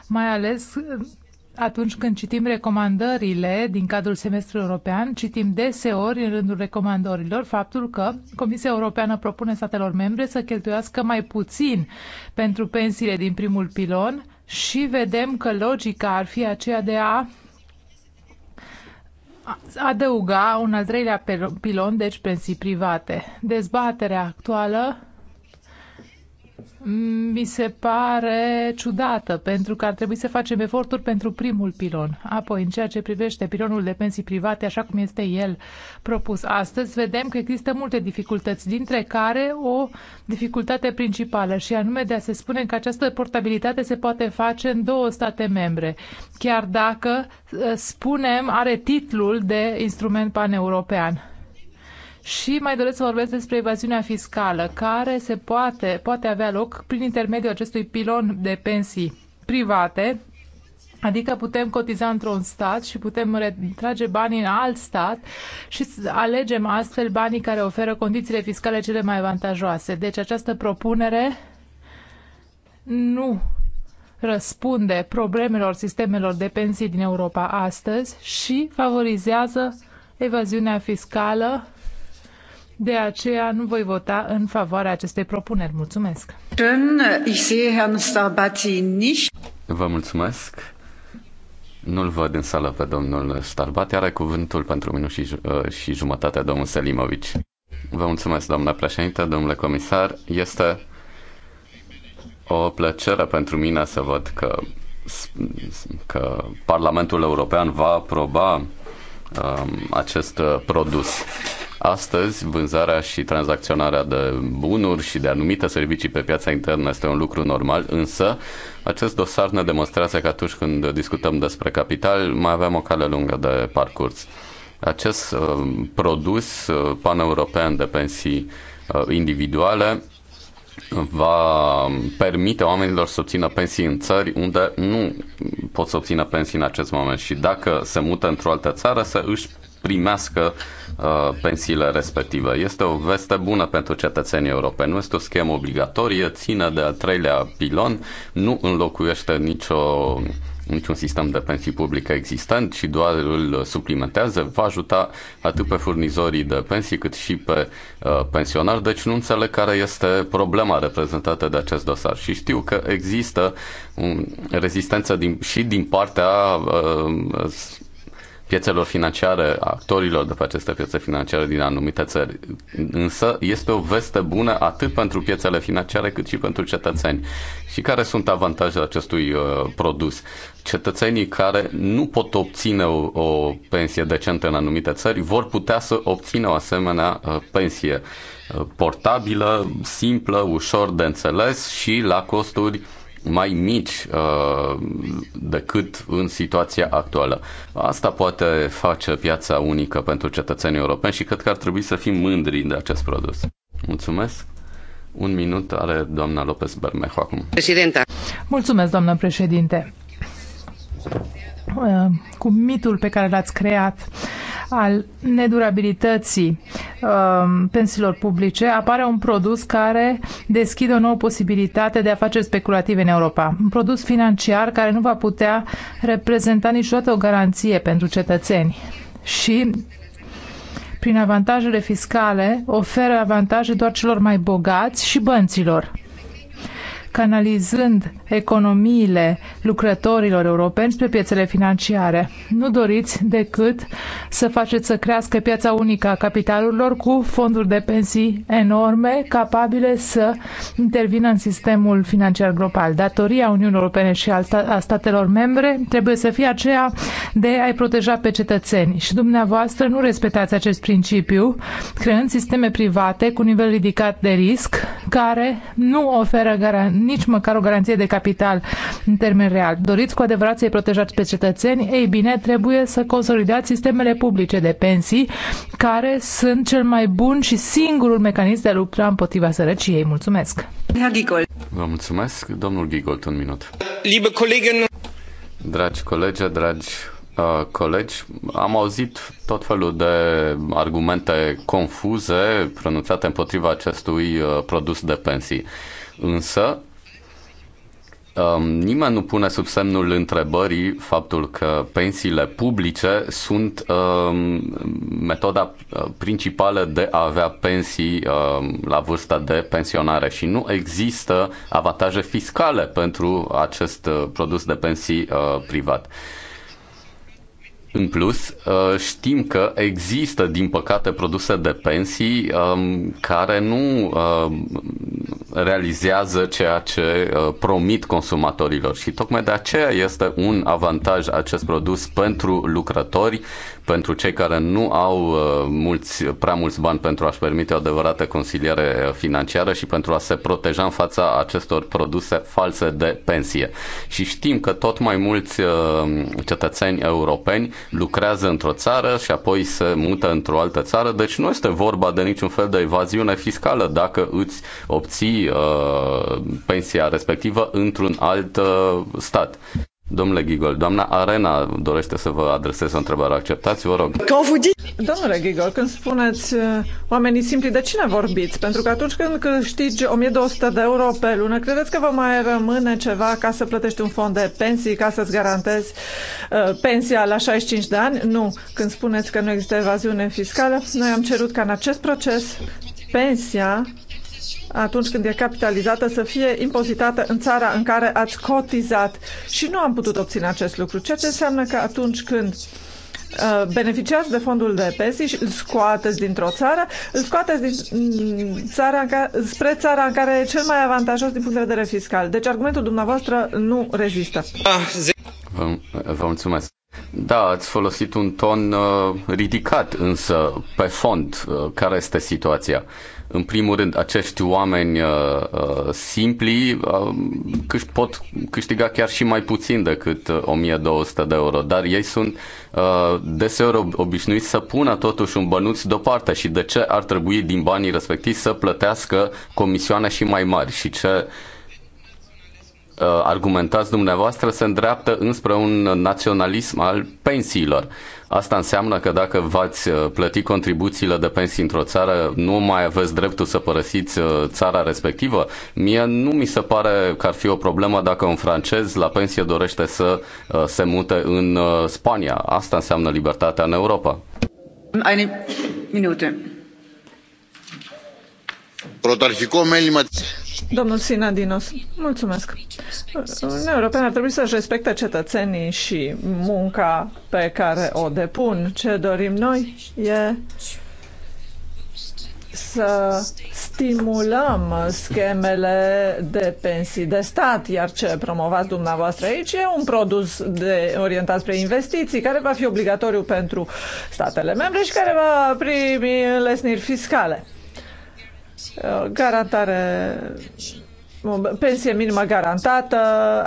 mai ales uh, atunci când citim recomandările din cadrul semestrului european, citim deseori în rândul recomandărilor faptul că Comisia Europeană propune statelor membre să cheltuiască mai puțin pentru pensiile din primul pilon și vedem că logica ar fi aceea de a adăuga un al treilea pilon, deci pensii private. Dezbaterea actuală Mm, mi se pare ciudată, pentru că ar trebui să facem eforturi pentru primul pilon. Apoi, în ceea ce privește pilonul de pensii private, așa cum este el propus astăzi, vedem că există multe dificultăți, dintre care o dificultate principală, și anume de a se spune că această portabilitate se poate face în două state membre, chiar dacă, ă, spunem, are titlul de instrument paneuropean. Și mai doresc să vorbesc despre evaziunea fiscală, care se poate, poate avea loc prin intermediul acestui pilon de pensii private, Adică putem cotiza într-un stat și putem retrage banii în alt stat și alegem astfel banii care oferă condițiile fiscale cele mai avantajoase. Deci această propunere nu răspunde problemelor sistemelor de pensii din Europa astăzi și favorizează evaziunea fiscală de aceea nu voi vota în favoarea acestei propuneri. Mulțumesc! Vă mulțumesc! Nu-l văd în sală pe domnul Starbati. Are cuvântul pentru minut și, uh, și jumătate domnul Selimovici. Vă mulțumesc, doamna președinte, domnule comisar. Este o plăcere pentru mine să văd că, că Parlamentul European va aproba Um, acest uh, produs. Astăzi, vânzarea și tranzacționarea de bunuri și de anumite servicii pe piața internă este un lucru normal, însă acest dosar ne demonstrează că atunci când discutăm despre capital, mai avem o cale lungă de parcurs. Acest uh, produs uh, paneuropean de pensii uh, individuale va permite oamenilor să obțină pensii în țări unde nu pot să obțină pensii în acest moment și dacă se mută într-o altă țară să își primească uh, pensiile respective. Este o veste bună pentru cetățenii europeni. Nu este o schemă obligatorie, ține de al treilea pilon, nu înlocuiește nicio niciun sistem de pensii publice existent și doar îl suplimentează, va ajuta atât pe furnizorii de pensii cât și pe uh, pensionari, deci nu înțeleg care este problema reprezentată de acest dosar. Și știu că există um, rezistență din, și din partea uh, piețelor financiare, a actorilor de pe aceste piețe financiare din anumite țări. Însă este o veste bună atât pentru piețele financiare cât și pentru cetățeni. Și care sunt avantajele acestui uh, produs? Cetățenii care nu pot obține o, o pensie decentă în anumite țări vor putea să obțină o asemenea uh, pensie uh, portabilă, simplă, ușor de înțeles și la costuri uh, mai mici uh, decât în situația actuală. Asta poate face piața unică pentru cetățenii europeni și cred că ar trebui să fim mândri de acest produs. Mulțumesc! Un minut are doamna Lopez Bermejo acum. Președinta. Mulțumesc, doamnă președinte. Uh, cu mitul pe care l-ați creat al nedurabilității uh, pensiilor publice, apare un produs care deschide o nouă posibilitate de afaceri speculative în Europa. Un produs financiar care nu va putea reprezenta niciodată o garanție pentru cetățeni. Și prin avantajele fiscale, oferă avantaje doar celor mai bogați și bănților canalizând economiile lucrătorilor europeni spre piețele financiare. Nu doriți decât să faceți să crească piața unică a capitalurilor cu fonduri de pensii enorme capabile să intervină în sistemul financiar global. Datoria Uniunii Europene și a statelor membre trebuie să fie aceea de a-i proteja pe cetățeni și dumneavoastră nu respectați acest principiu, creând sisteme private cu nivel ridicat de risc care nu oferă garanții nici măcar o garanție de capital în termen real. Doriți cu adevărat să-i protejați pe cetățeni? Ei bine, trebuie să consolidați sistemele publice de pensii, care sunt cel mai bun și singurul mecanism de luptă împotriva sărăciei. Mulțumesc! Vă mulțumesc, domnul Gigolt, un minut. Liebe Kollegin... Dragi colegi, dragi uh, colegi, am auzit tot felul de argumente confuze pronunțate împotriva acestui uh, produs de pensii. Însă, Um, nimeni nu pune sub semnul întrebării faptul că pensiile publice sunt um, metoda uh, principală de a avea pensii um, la vârsta de pensionare și nu există avantaje fiscale pentru acest uh, produs de pensii uh, privat. În plus, uh, știm că există, din păcate, produse de pensii um, care nu um, realizează ceea ce uh, promit consumatorilor și tocmai de aceea este un avantaj acest produs pentru lucrători pentru cei care nu au uh, mulți, prea mulți bani pentru a-și permite o adevărată consiliere financiară și pentru a se proteja în fața acestor produse false de pensie. Și știm că tot mai mulți uh, cetățeni europeni lucrează într-o țară și apoi se mută într-o altă țară, deci nu este vorba de niciun fel de evaziune fiscală dacă îți obții uh, pensia respectivă într-un alt stat. Domnule Gigol, doamna Arena dorește să vă adreseze o întrebare. Acceptați, vă rog. Domnule Gigol, când spuneți uh, oamenii simpli, de cine vorbiți? Pentru că atunci când câștigi 1200 de euro pe lună, credeți că vă mai rămâne ceva ca să plătești un fond de pensii, ca să-ți garantezi uh, pensia la 65 de ani? Nu. Când spuneți că nu există evaziune fiscală, noi am cerut ca în acest proces pensia atunci când e capitalizată să fie impozitată în țara în care ați cotizat și nu am putut obține acest lucru, ceea ce înseamnă că atunci când uh, beneficiați de fondul de pensii, îl scoateți dintr-o țară, îl scoateți din mm, țara în care, spre țara în care e cel mai avantajos din punct de vedere fiscal. Deci argumentul dumneavoastră nu rezistă. Vă, vă mulțumesc. Da, ați folosit un ton uh, ridicat, însă, pe fond, uh, care este situația? Uh, în primul rând, acești oameni uh, uh simpli uh, pot câștiga chiar și mai puțin decât 1200 uh, de euro, dar ei sunt uh, deseori obișnuiți să pună totuși un bănuț deoparte și de ce ar trebui din banii respectivi să plătească comisioane și mai mari și ce uh, argumentați dumneavoastră se îndreaptă înspre un naționalism al pensiilor. Asta înseamnă că dacă v-ați uh, plăti contribuțiile de pensii într-o țară, nu mai aveți dreptul să părăsiți uh, țara respectivă? Mie nu mi se pare că ar fi o problemă dacă un francez la pensie dorește să uh, se mute în Spania. Asta înseamnă libertatea în Europa. Eine Minute. Πρωταρχικό μέλημα Domnul Sinadinos, mulțumesc. Uniunea Europeană ar trebui să-și respecte cetățenii și munca pe care o depun. Ce dorim noi e să stimulăm schemele de pensii de stat, iar ce promovați dumneavoastră aici e un produs de orientat spre investiții, care va fi obligatoriu pentru statele membre și care va primi lesniri fiscale. Uh, garantare, pensie minimă garantată,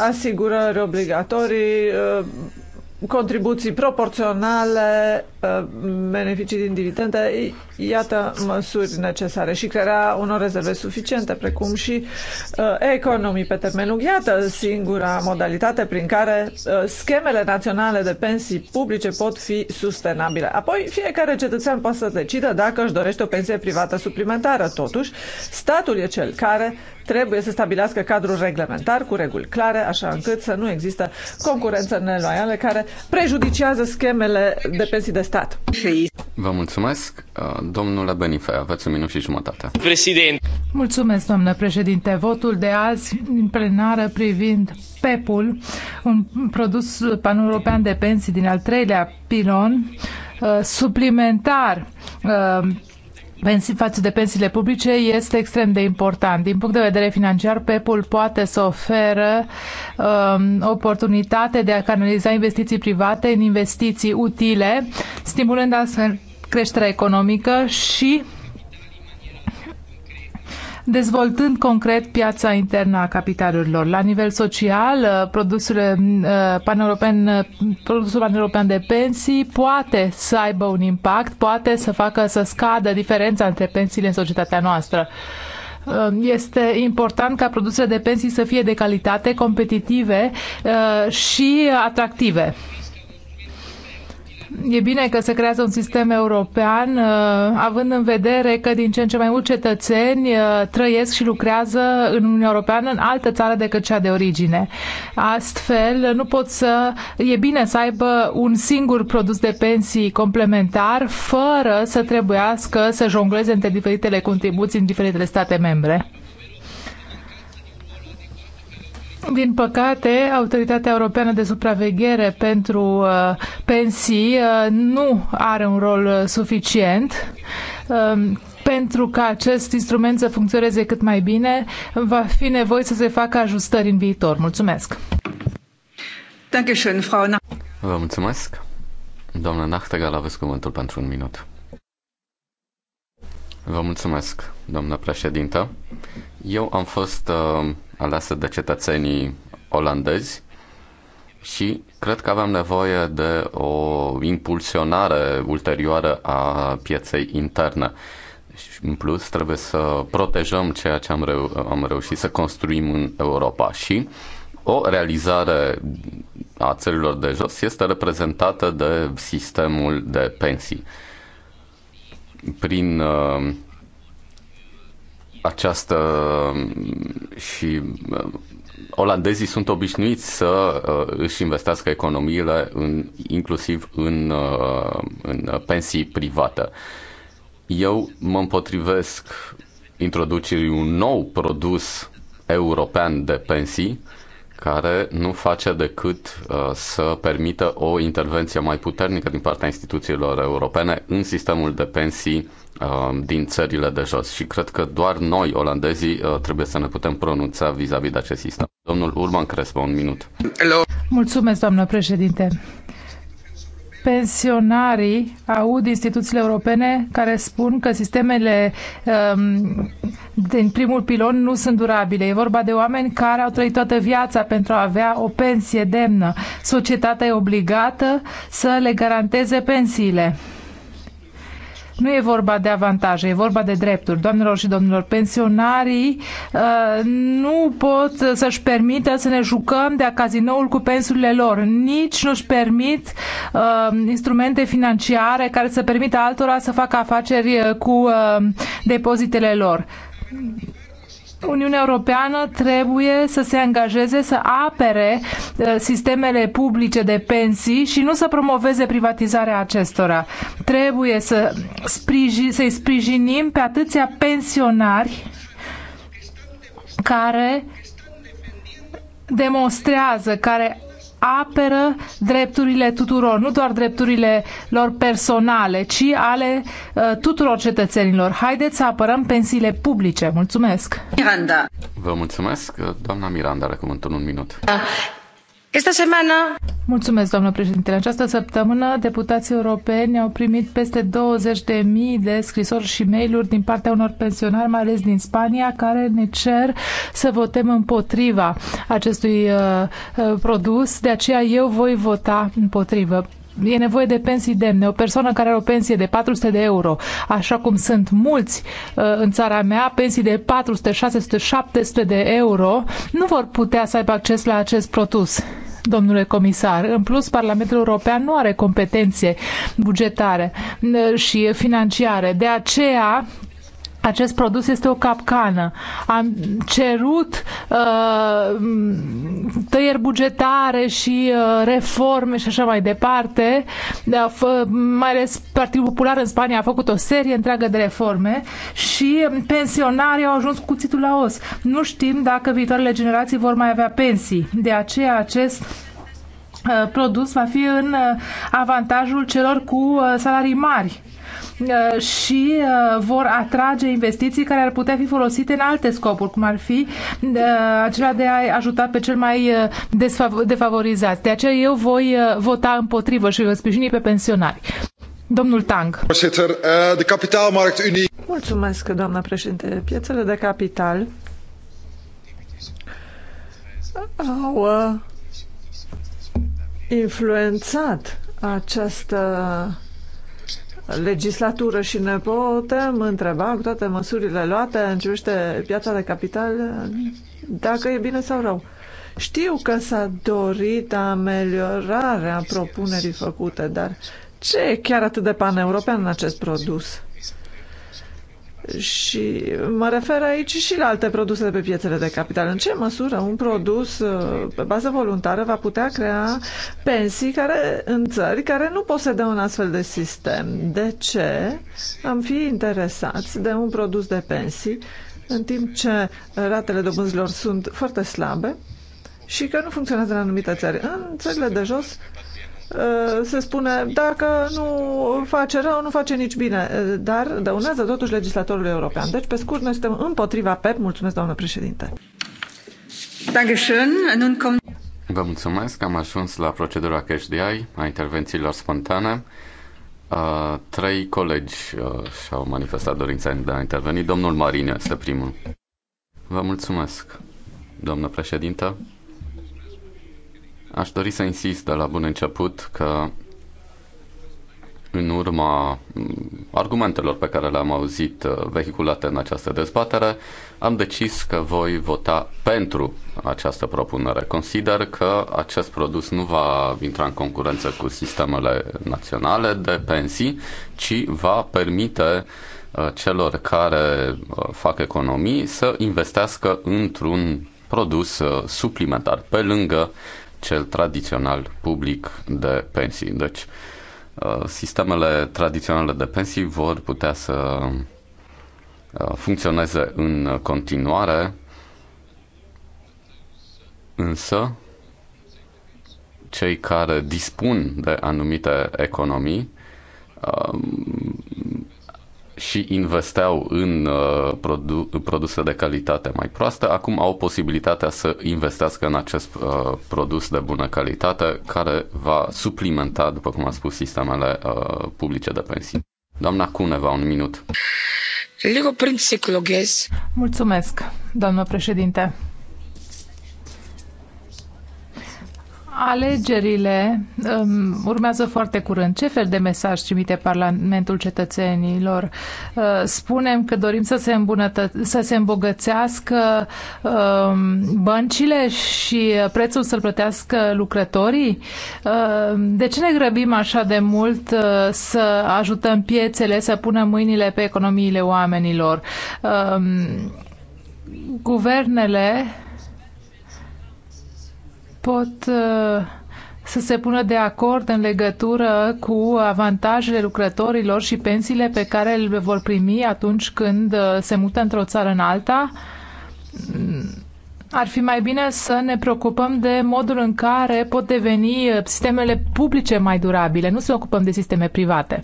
asigurări obligatorii, uh, contribuții proporționale Uh, beneficii din dividende, iată măsuri necesare și crearea unor rezerve suficiente, precum și uh, economii pe termen lung. Iată singura modalitate prin care uh, schemele naționale de pensii publice pot fi sustenabile. Apoi, fiecare cetățean poate să decidă dacă își dorește o pensie privată suplimentară. Totuși, statul e cel care trebuie să stabilească cadrul reglementar cu reguli clare, așa încât să nu există concurență neloială care prejudiciază schemele de pensii de stat. Vă mulțumesc. Uh, domnule Benife, aveți un minut și jumătate. Președinte. Mulțumesc, domnule președinte. Votul de azi în plenară privind PEP-ul, un produs pan-european de pensii din al treilea pilon, uh, suplimentar uh, pensii, față de pensiile publice este extrem de important. Din punct de vedere financiar, PEP-ul poate să oferă um, oportunitate de a canaliza investiții private în investiții utile, stimulând astfel creșterea economică și dezvoltând concret piața internă a capitalurilor. La nivel social, uh, produsul uh, pan-european, uh, produsul pan-european de pensii poate să aibă un impact, poate să facă să scadă diferența între pensiile în societatea noastră. Este important ca produsele de pensii să fie de calitate, competitive și atractive. E bine că se creează un sistem european, uh, având în vedere că din ce în ce mai mulți cetățeni uh, trăiesc și lucrează în Uniunea Europeană în altă țară decât cea de origine. Astfel, nu pot să... E bine să aibă un singur produs de pensii complementar, fără să trebuiască să jongleze între diferitele contribuții în diferitele state membre. Din păcate, Autoritatea Europeană de Supraveghere pentru uh, Pensii uh, nu are un rol uh, suficient. Uh, pentru ca acest instrument să funcționeze cât mai bine, va fi nevoie să se facă ajustări în viitor. Mulțumesc! Vă mulțumesc! Doamna Nachtegal, aveți cuvântul pentru un minut. Vă mulțumesc, doamna președintă. Eu am fost uh, aleasă de cetățenii olandezi și cred că avem nevoie de o impulsionare ulterioară a pieței interne. Și în plus trebuie să protejăm ceea ce am, reu- am reușit să construim în Europa și o realizare a țărilor de jos este reprezentată de sistemul de pensii. Prin uh, această și uh, olandezii sunt obișnuiți să uh, își investească economiile în, inclusiv în, uh, în pensii private. Eu mă împotrivesc introducerii un nou produs european de pensii care nu face decât uh, să permită o intervenție mai puternică din partea instituțiilor europene în sistemul de pensii uh, din țările de jos. Și cred că doar noi, olandezii, uh, trebuie să ne putem pronunța vis-a-vis -vis de acest sistem. Domnul Urban Crespo, un minut. Hello. Mulțumesc, doamnă președinte pensionarii aud instituțiile europene care spun că sistemele um, din primul pilon nu sunt durabile. E vorba de oameni care au trăit toată viața pentru a avea o pensie demnă. Societatea e obligată să le garanteze pensiile. Nu e vorba de avantaje, e vorba de drepturi. Doamnelor și domnilor, pensionarii uh, nu pot să-și permită să ne jucăm de-a cazinoul cu pensurile lor. Nici nu-și permit uh, instrumente financiare care să permită altora să facă afaceri uh, cu uh, depozitele lor Uniunea Europeană trebuie să se angajeze să apere uh, sistemele publice de pensii și nu să promoveze privatizarea acestora. Trebuie să sprijin, să-i sprijinim pe atâția pensionari care demonstrează, care apără drepturile tuturor, nu doar drepturile lor personale, ci ale uh, tuturor cetățenilor. Haideți să apărăm pensiile publice. Mulțumesc! Miranda! Vă mulțumesc, doamna Miranda, are cuvântul un minut. Da. Esta semana... Mulțumesc, doamnă președinte. În această săptămână, deputații europeni au primit peste 20.000 de scrisori și mail-uri din partea unor pensionari, mai ales din Spania, care ne cer să votăm împotriva acestui uh, uh produs. De aceea eu voi vota împotrivă e nevoie de pensii demne. O persoană care are o pensie de 400 de euro, așa cum sunt mulți uh, în țara mea, pensii de 400, 600, 700 de euro, nu vor putea să aibă acces la acest produs domnule comisar. În plus, Parlamentul European nu are competențe bugetare uh, și financiare. De aceea, acest produs este o capcană. Am cerut uh, tăieri bugetare și uh, reforme și așa mai departe. Uh, mai ales Partidul Popular în Spania a făcut o serie întreagă de reforme și pensionarii au ajuns cu cuțitul la os. Nu știm dacă viitoarele generații vor mai avea pensii. De aceea acest uh, produs va fi în uh, avantajul celor cu uh, salarii mari. Eh, și eh, vor atrage investiții care ar putea fi folosite în alte scopuri, cum ar fi eh, acela de a ajuta pe cel mai defavorizat. De aceea eu voi vota împotrivă și voi sprijini pe pensionari. Domnul Tang. Mulțumesc, doamna președinte. Piețele de capital au influențat această legislatură și ne putem întreba cu toate măsurile luate în ce privește piața de capital dacă e bine sau rău. Știu că s-a dorit ameliorarea propunerii făcute, dar ce e chiar atât de paneuropean în acest produs? Și mă refer aici și la alte produse de pe piețele de capital. În ce măsură un produs uh, pe bază voluntară va putea crea pensii care, în țări care nu posedă un astfel de sistem? De ce am fi interesați de un produs de pensii în timp ce ratele dobânzilor sunt foarte slabe și că nu funcționează în anumite țări? În țările de jos Uh, se spune dacă nu face rău, nu face nici bine, uh, dar dăunează totuși legislatorului european. Deci, pe scurt, noi suntem împotriva PEP. Mulțumesc, doamnă președinte. Vă mulțumesc, am ajuns la procedura HDI, a intervențiilor spontane. Uh, trei colegi uh, și-au manifestat dorința de a interveni. Domnul Marin este primul. Vă mulțumesc, doamnă președintă. Aș dori să insist de la bun început că în urma argumentelor pe care le-am auzit uh, vehiculate în această dezbatere, am decis că voi vota pentru această propunere. Consider că acest produs nu va intra în concurență cu sistemele naționale de pensii, ci va permite uh, celor care uh, fac economii să investească într-un produs suplimentar pe lângă cel tradițional public de pensii. Deci, uh, sistemele tradiționale de pensii vor putea să uh, funcționeze în continuare, însă cei care dispun de anumite economii uh, și investeau în uh, produ- produse de calitate mai proastă, acum au posibilitatea să investească în acest uh, produs de bună calitate care va suplimenta, după cum am spus, sistemele uh, publice de pensii. Doamna Cuneva, un minut. Mulțumesc, doamnă președinte. Alegerile um, urmează foarte curând. Ce fel de mesaj trimite Parlamentul cetățenilor? Uh, spunem că dorim să se, să se îmbogățească um, băncile și prețul să-l plătească lucrătorii? Uh, de ce ne grăbim așa de mult uh, să ajutăm piețele să punem mâinile pe economiile oamenilor? Uh, guvernele pot uh, să se pună de acord în legătură cu avantajele lucrătorilor și pensiile pe care le vor primi atunci când uh, se mută într-o țară în alta. Mm, ar fi mai bine să ne preocupăm de modul în care pot deveni uh, sistemele publice mai durabile, nu să ocupăm de sisteme private.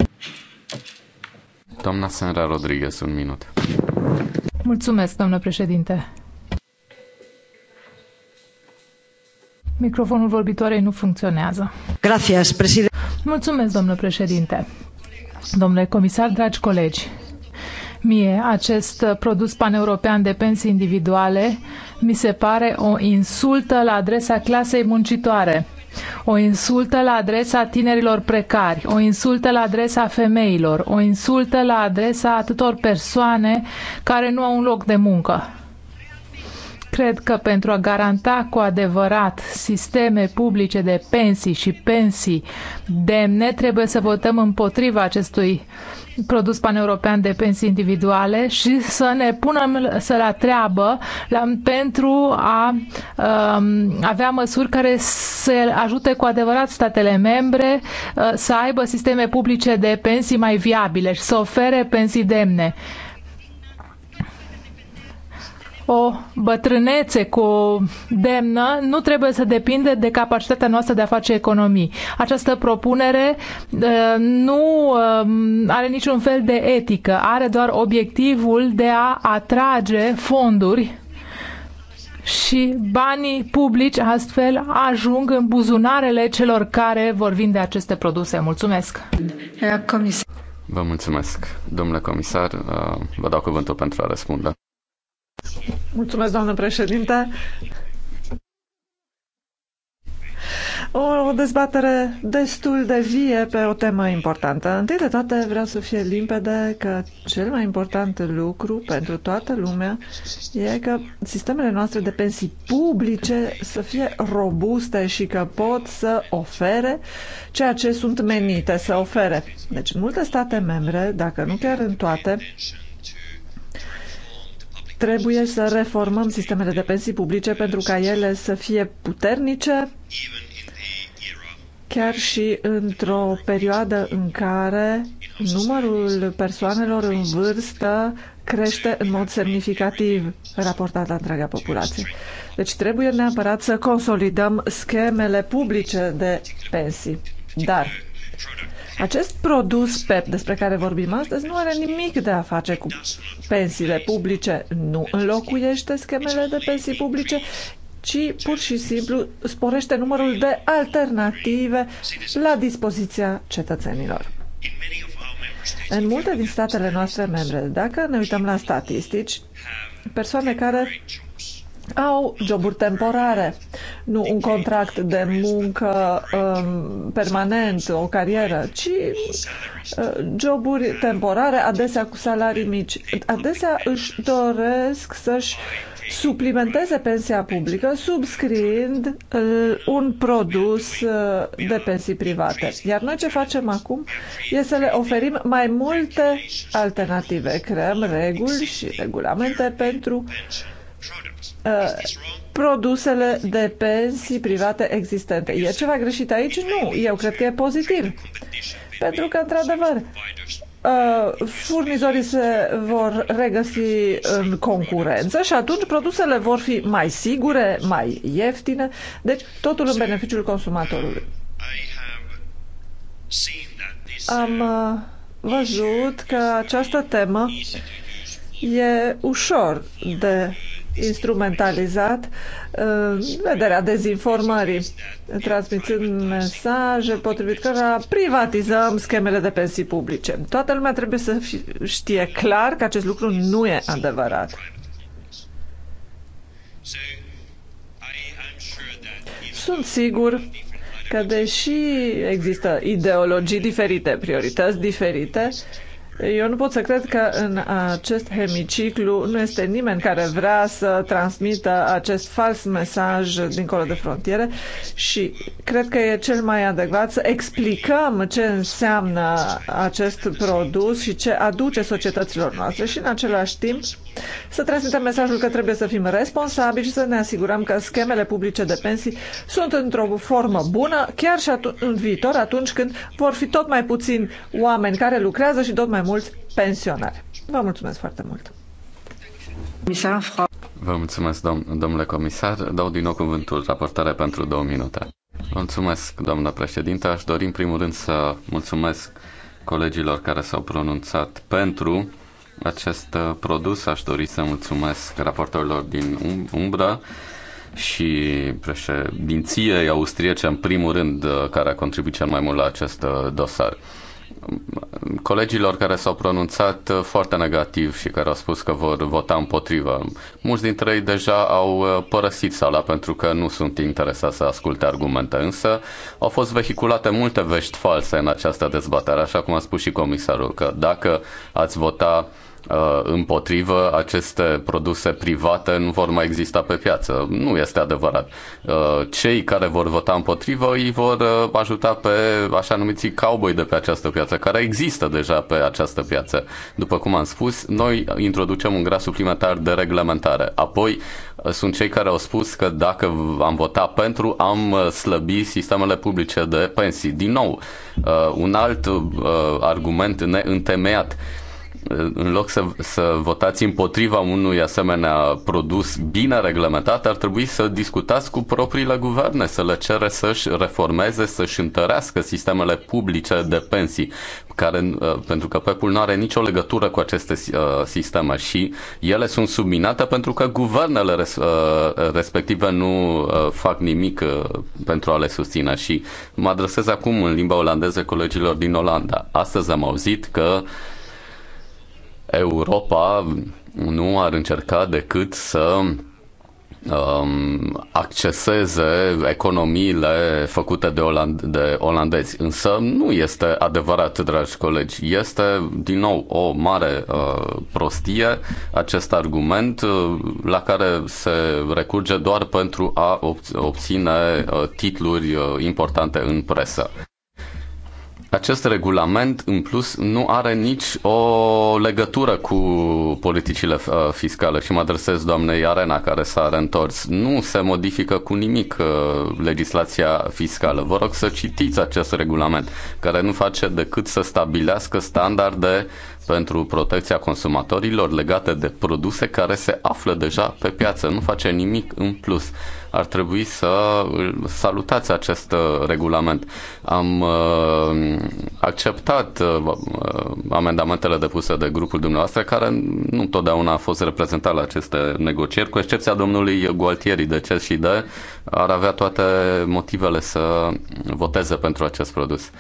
Doamna Senra Rodriguez, un minut. Mulțumesc, domnule președinte. Microfonul vorbitoarei nu funcționează. Gracias, președinte. Mulțumesc, domnule președinte. Domnule comisar, dragi colegi, mie acest produs paneuropean de pensii individuale mi se pare o insultă la adresa clasei muncitoare, o insultă la adresa tinerilor precari, o insultă la adresa femeilor, o insultă la adresa atâtor persoane care nu au un loc de muncă. Cred că pentru a garanta cu adevărat sisteme publice de pensii și pensii demne, trebuie să votăm împotriva acestui produs paneuropean de pensii individuale și să ne punem să la treabă la, pentru a um, avea măsuri care să ajute cu adevărat statele membre uh, să aibă sisteme publice de pensii mai viabile și să ofere pensii demne. Uh, o bătrânețe cu demnă nu trebuie să depinde de capacitatea noastră de a face economii. Această propunere uh, nu uh, are niciun fel de etică, are doar obiectivul de a atrage fonduri și banii publici astfel ajung în buzunarele celor care vor vinde aceste produse. Mulțumesc! Vă mulțumesc, domnule comisar. Uh, vă dau cuvântul pentru a răspunde. Mulțumesc, doamnă președinte. O dezbatere destul de vie pe o temă importantă. Întâi de toate vreau să fie limpede că cel mai important lucru pentru toată lumea e că sistemele noastre de pensii publice să fie robuste și că pot să ofere ceea ce sunt menite să ofere. Deci în multe state membre, dacă nu chiar în toate, Trebuie să reformăm sistemele de pensii publice pentru ca ele să fie puternice, chiar și într-o perioadă în care numărul persoanelor în vârstă crește în mod semnificativ raportat la întreaga populație. Deci trebuie neapărat să consolidăm schemele publice de pensii. Dar acest produs PEP despre care vorbim astăzi nu are nimic de a face cu pensiile publice, nu înlocuiește schemele de pensii publice, ci pur și simplu sporește numărul de alternative la dispoziția cetățenilor. În multe din statele noastre membre, dacă ne uităm la statistici, persoane care au joburi temporare, nu un contract de muncă um, permanent, o carieră, ci uh, joburi temporare, adesea cu salarii mici. Adesea își doresc să-și suplimenteze pensia publică subscriind uh, un produs uh, de pensii private. Iar noi ce facem acum este să le oferim mai multe alternative. Creăm reguli și regulamente pentru produsele de pensii private existente. E ceva greșit aici? Nu. Eu cred că e pozitiv. Pentru că, într-adevăr, uh, furnizorii se vor regăsi în concurență și atunci produsele vor fi mai sigure, mai ieftine, deci totul în beneficiul consumatorului. Am uh, văzut că această temă e ușor de instrumentalizat uh, vederea dezinformării, transmitând mesaje potrivit cărora privatizăm schemele de pensii publice. Toată lumea trebuie să știe clar că acest lucru nu e adevărat. Sunt sigur că deși există ideologii diferite, priorități diferite, uh, eu nu pot să cred că în acest hemiciclu nu este nimeni care vrea să transmită acest fals mesaj dincolo de frontiere și cred că e cel mai adecvat să explicăm ce înseamnă acest produs și ce aduce societăților noastre și în același timp să transmitem mesajul că trebuie să fim responsabili și să ne asigurăm că schemele publice de pensii sunt într-o formă bună, chiar și în viitor, atunci când vor fi tot mai puțini oameni care lucrează și tot mai mulți pensionari. Vă mulțumesc foarte mult! Vă mulțumesc, dom- domnule comisar. Dau din nou cuvântul raportare pentru două minute. Mulțumesc, doamnă președinte. Aș dori, în primul rând, să mulțumesc colegilor care s-au pronunțat pentru acest uh, produs. Aș dori să mulțumesc raportorilor din um-, Umbra și președinției austriece, în primul rând, uh, care a contribuit cel mai mult la acest uh, dosar colegilor care s-au pronunțat foarte negativ și care au spus că vor vota împotrivă. Mulți dintre ei deja au părăsit sala pentru că nu sunt interesați să asculte argumente, însă au fost vehiculate multe vești false în această dezbatere, așa cum a spus și comisarul, că dacă ați vota Uh, împotrivă, aceste produse private nu vor mai exista pe piață. Nu este adevărat. Uh, cei care vor vota împotrivă îi vor uh, ajuta pe așa numiții cowboy de pe această piață, care există deja pe această piață. După cum am spus, noi introducem un grad suplimentar de reglementare. Apoi sunt cei care au spus că dacă am votat pentru, am slăbi sistemele publice de pensii. Din nou, un alt argument neîntemeiat în loc să, să votați împotriva unui asemenea produs bine reglementat, ar trebui să discutați cu propriile guverne, să le cere să-și reformeze, să-și întărească sistemele publice de pensii, care, uh, pentru că PEP-ul nu are nicio legătură cu aceste uh, sisteme și ele sunt subminate pentru că guvernele res, uh, respective nu fac nimic pentru a le susține și mă adresez acum în limba olandeză colegilor din Olanda. Astăzi am auzit că uh, Europa nu ar încerca decât să um, acceseze economiile făcute de, Oland- de olandezi. Însă nu este adevărat, dragi colegi. Este, din nou, o mare uh, prostie acest argument uh, la care se recurge doar pentru a ob- obține uh, titluri uh, importante în presă acest regulament, în plus, nu are nici o legătură cu politicile uh, fiscale și mă adresez doamnei Arena care s-a reîntors. Nu se modifică cu nimic uh, legislația fiscală. Vă rog să citiți acest regulament care nu face decât să stabilească standarde pentru protecția consumatorilor legate de produse care se află deja pe piață. Nu face nimic în plus ar trebui să salutați acest uh, regulament. Am uh, acceptat uh, amendamentele depuse de grupul dumneavoastră, care nu totdeauna a fost reprezentat la aceste negocieri, cu excepția domnului Gualtieri de CES și de ar avea toate motivele să voteze pentru acest produs.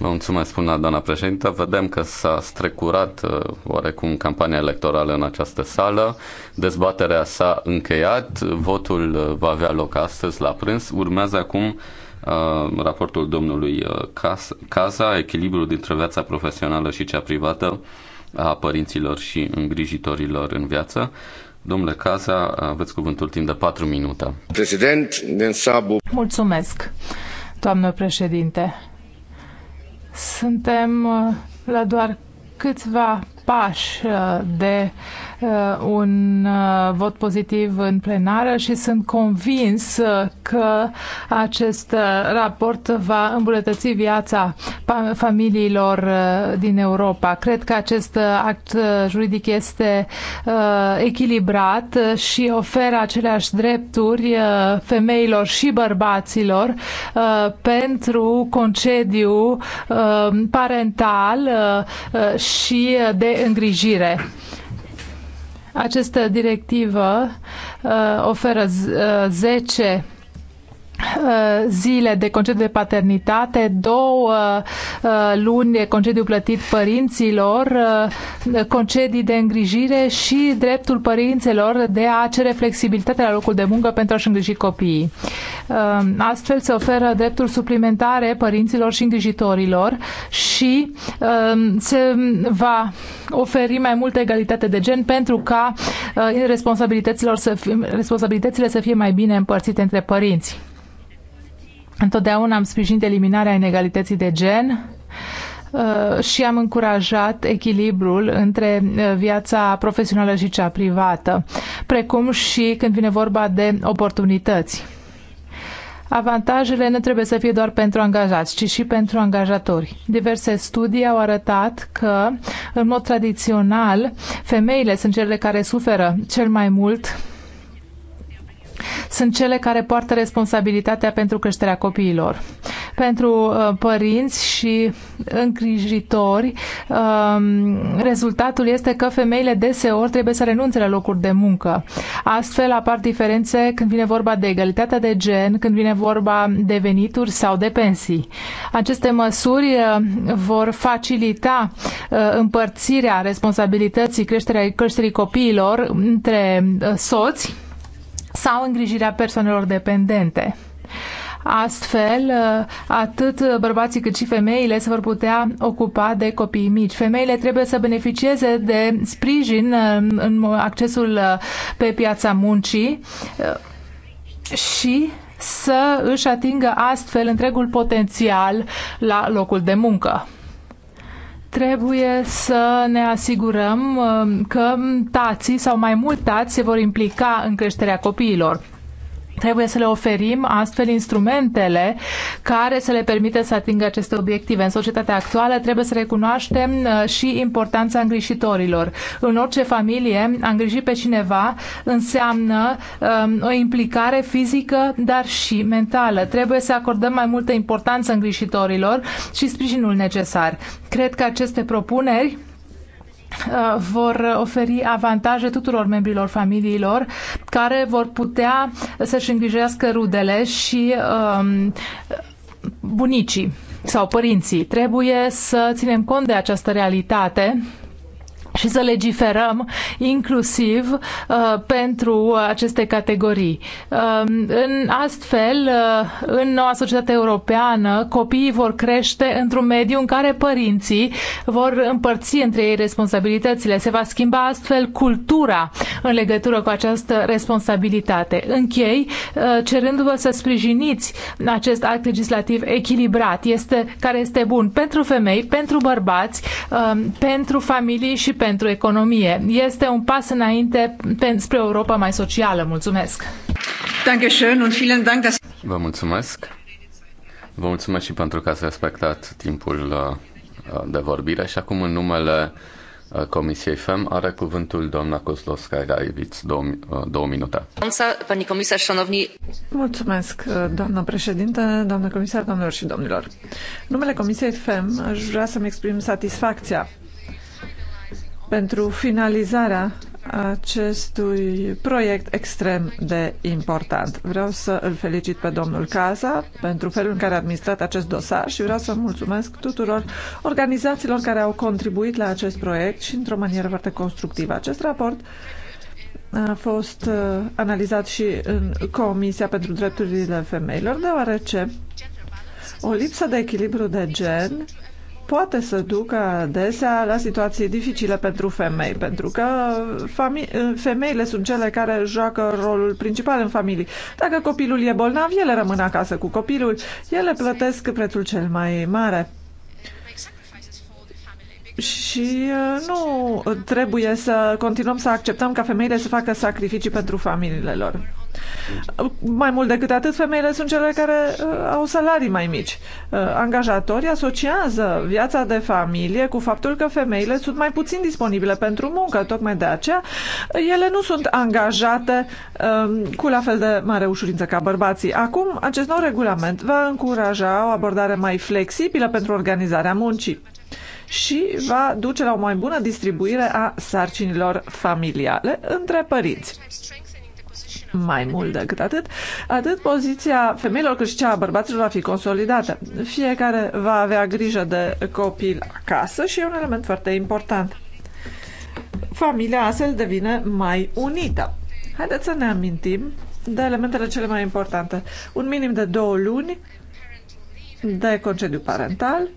Vă mulțumesc, spunea doamna președintă. Vedem că s-a strecurat uh, oarecum campania electorală în această sală. Dezbaterea s-a încheiat. Votul uh, va avea loc astăzi la prânz. Urmează acum uh, raportul domnului Casa, echilibrul dintre viața profesională și cea privată a părinților și îngrijitorilor în viață. Domnule Casa, aveți cuvântul timp de 4 minute. Președinte, Mulțumesc, doamnă președinte. Suntem uh, la doar câțiva pași uh, de uh, un uh, vot pozitiv în plenară și sunt convins că acest raport va îmbunătăți viața familiilor din Europa. Cred că acest act juridic este echilibrat și oferă aceleași drepturi femeilor și bărbaților pentru concediu parental și de îngrijire. Această directivă uh, oferă 10 uh, Eh, zile de concediu de paternitate, două eh, luni de concediu plătit părinților, eh, concedii de îngrijire și dreptul părinților de a cere flexibilitate la locul de muncă pentru a-și îngriji copiii. Astfel se oferă dreptul suplimentare părinților și îngrijitorilor și se va oferi mai multă egalitate de gen pentru ca responsabilitățile să fie mai bine împărțite între părinți. Întotdeauna am sprijinit eliminarea inegalității de gen uh, și am încurajat echilibrul între uh, viața profesională și cea privată, precum și când vine vorba de oportunități. Avantajele nu trebuie să fie doar pentru angajați, ci și pentru angajatori. Diverse studii au arătat că, în mod tradițional, femeile sunt cele care suferă cel mai mult sunt cele care poartă responsabilitatea pentru creșterea copiilor. Pentru uh, părinți și îngrijitori, um, rezultatul este că femeile deseori trebuie să renunțe la locuri de muncă. Astfel apar diferențe când vine vorba de egalitatea de gen, când vine vorba de venituri sau de pensii. Aceste măsuri uh, vor facilita uh, împărțirea responsabilității creșterii copiilor între soți, sau îngrijirea persoanelor dependente. Astfel, atât bărbații cât și femeile se vor putea ocupa de copiii mici. Femeile trebuie să beneficieze de sprijin um, în accesul uh, pe piața muncii uh, și să își atingă astfel întregul potențial la locul de muncă. Trebuie să ne asigurăm um, că tații sau mai mult tați se vor implica în creșterea copiilor. Trebuie să le oferim astfel instrumentele care să le permită să atingă aceste obiective. În societatea actuală trebuie să recunoaștem uh, și importanța îngrijitorilor. În orice familie, a îngriji pe cineva înseamnă um, o implicare fizică, dar și mentală. Trebuie să acordăm mai multă importanță îngrijitorilor și sprijinul necesar. Cred că aceste propuneri Uh, vor oferi avantaje tuturor membrilor familiilor care vor putea să-și îngrijească rudele și um, bunicii sau părinții. Trebuie să ținem cont de această realitate și să legiferăm inclusiv uh, pentru aceste categorii. Uh, în astfel, uh, în noua societate europeană, copiii vor crește într-un mediu în care părinții vor împărți între ei responsabilitățile. Se va schimba astfel cultura în legătură cu această responsabilitate. Închei uh, cerându-vă să sprijiniți acest act legislativ echilibrat, este, care este bun pentru femei, pentru bărbați, uh, pentru familii și pentru pentru economie. Este un pas înainte spre o Europa mai socială. Mulțumesc! Vă mulțumesc! Vă mulțumesc și pentru că ați respectat timpul uh, uh, de vorbire și acum în numele uh, Comisiei FEM are cuvântul doamna Kozlovska Raiviț, două, două minute. Mulțumesc, doamnă Președinte, doamnă comisar, doamnelor și domnilor. În numele Comisiei FEM aș vrea să-mi exprim satisfacția pentru finalizarea acestui proiect extrem de important. Vreau să îl felicit pe domnul Caza pentru felul în care a administrat acest dosar și vreau să mulțumesc tuturor organizațiilor care au contribuit la acest proiect și într-o manieră foarte constructivă. Acest raport a fost uh, analizat și în Comisia pentru Drepturile Femeilor, deoarece o lipsă de echilibru de gen poate să ducă adesea la situații dificile pentru femei, pentru că femeile sunt cele care joacă rolul principal în familie. Dacă copilul e bolnav, ele rămân acasă cu copilul, ele plătesc prețul cel mai mare și uh, nu trebuie să continuăm să acceptăm ca femeile să facă sacrificii pentru familiile lor. Mai mult decât atât, femeile sunt cele care uh, au salarii mai mici. Uh, angajatorii asociază viața de familie cu faptul că femeile sunt mai puțin disponibile pentru muncă. Tocmai de aceea, ele nu sunt angajate um, cu la fel de mare ușurință ca bărbații. Acum, acest nou regulament va încuraja o abordare mai flexibilă pentru organizarea muncii și va duce la o mai bună distribuire a sarcinilor familiale între părinți. Mai mult decât atât, atât poziția femeilor cât și cea a bărbaților va fi consolidată. Fiecare va avea grijă de copil acasă și e un element foarte important. Familia astfel devine mai unită. Haideți să ne amintim de elementele cele mai importante. Un minim de două luni de concediu parental,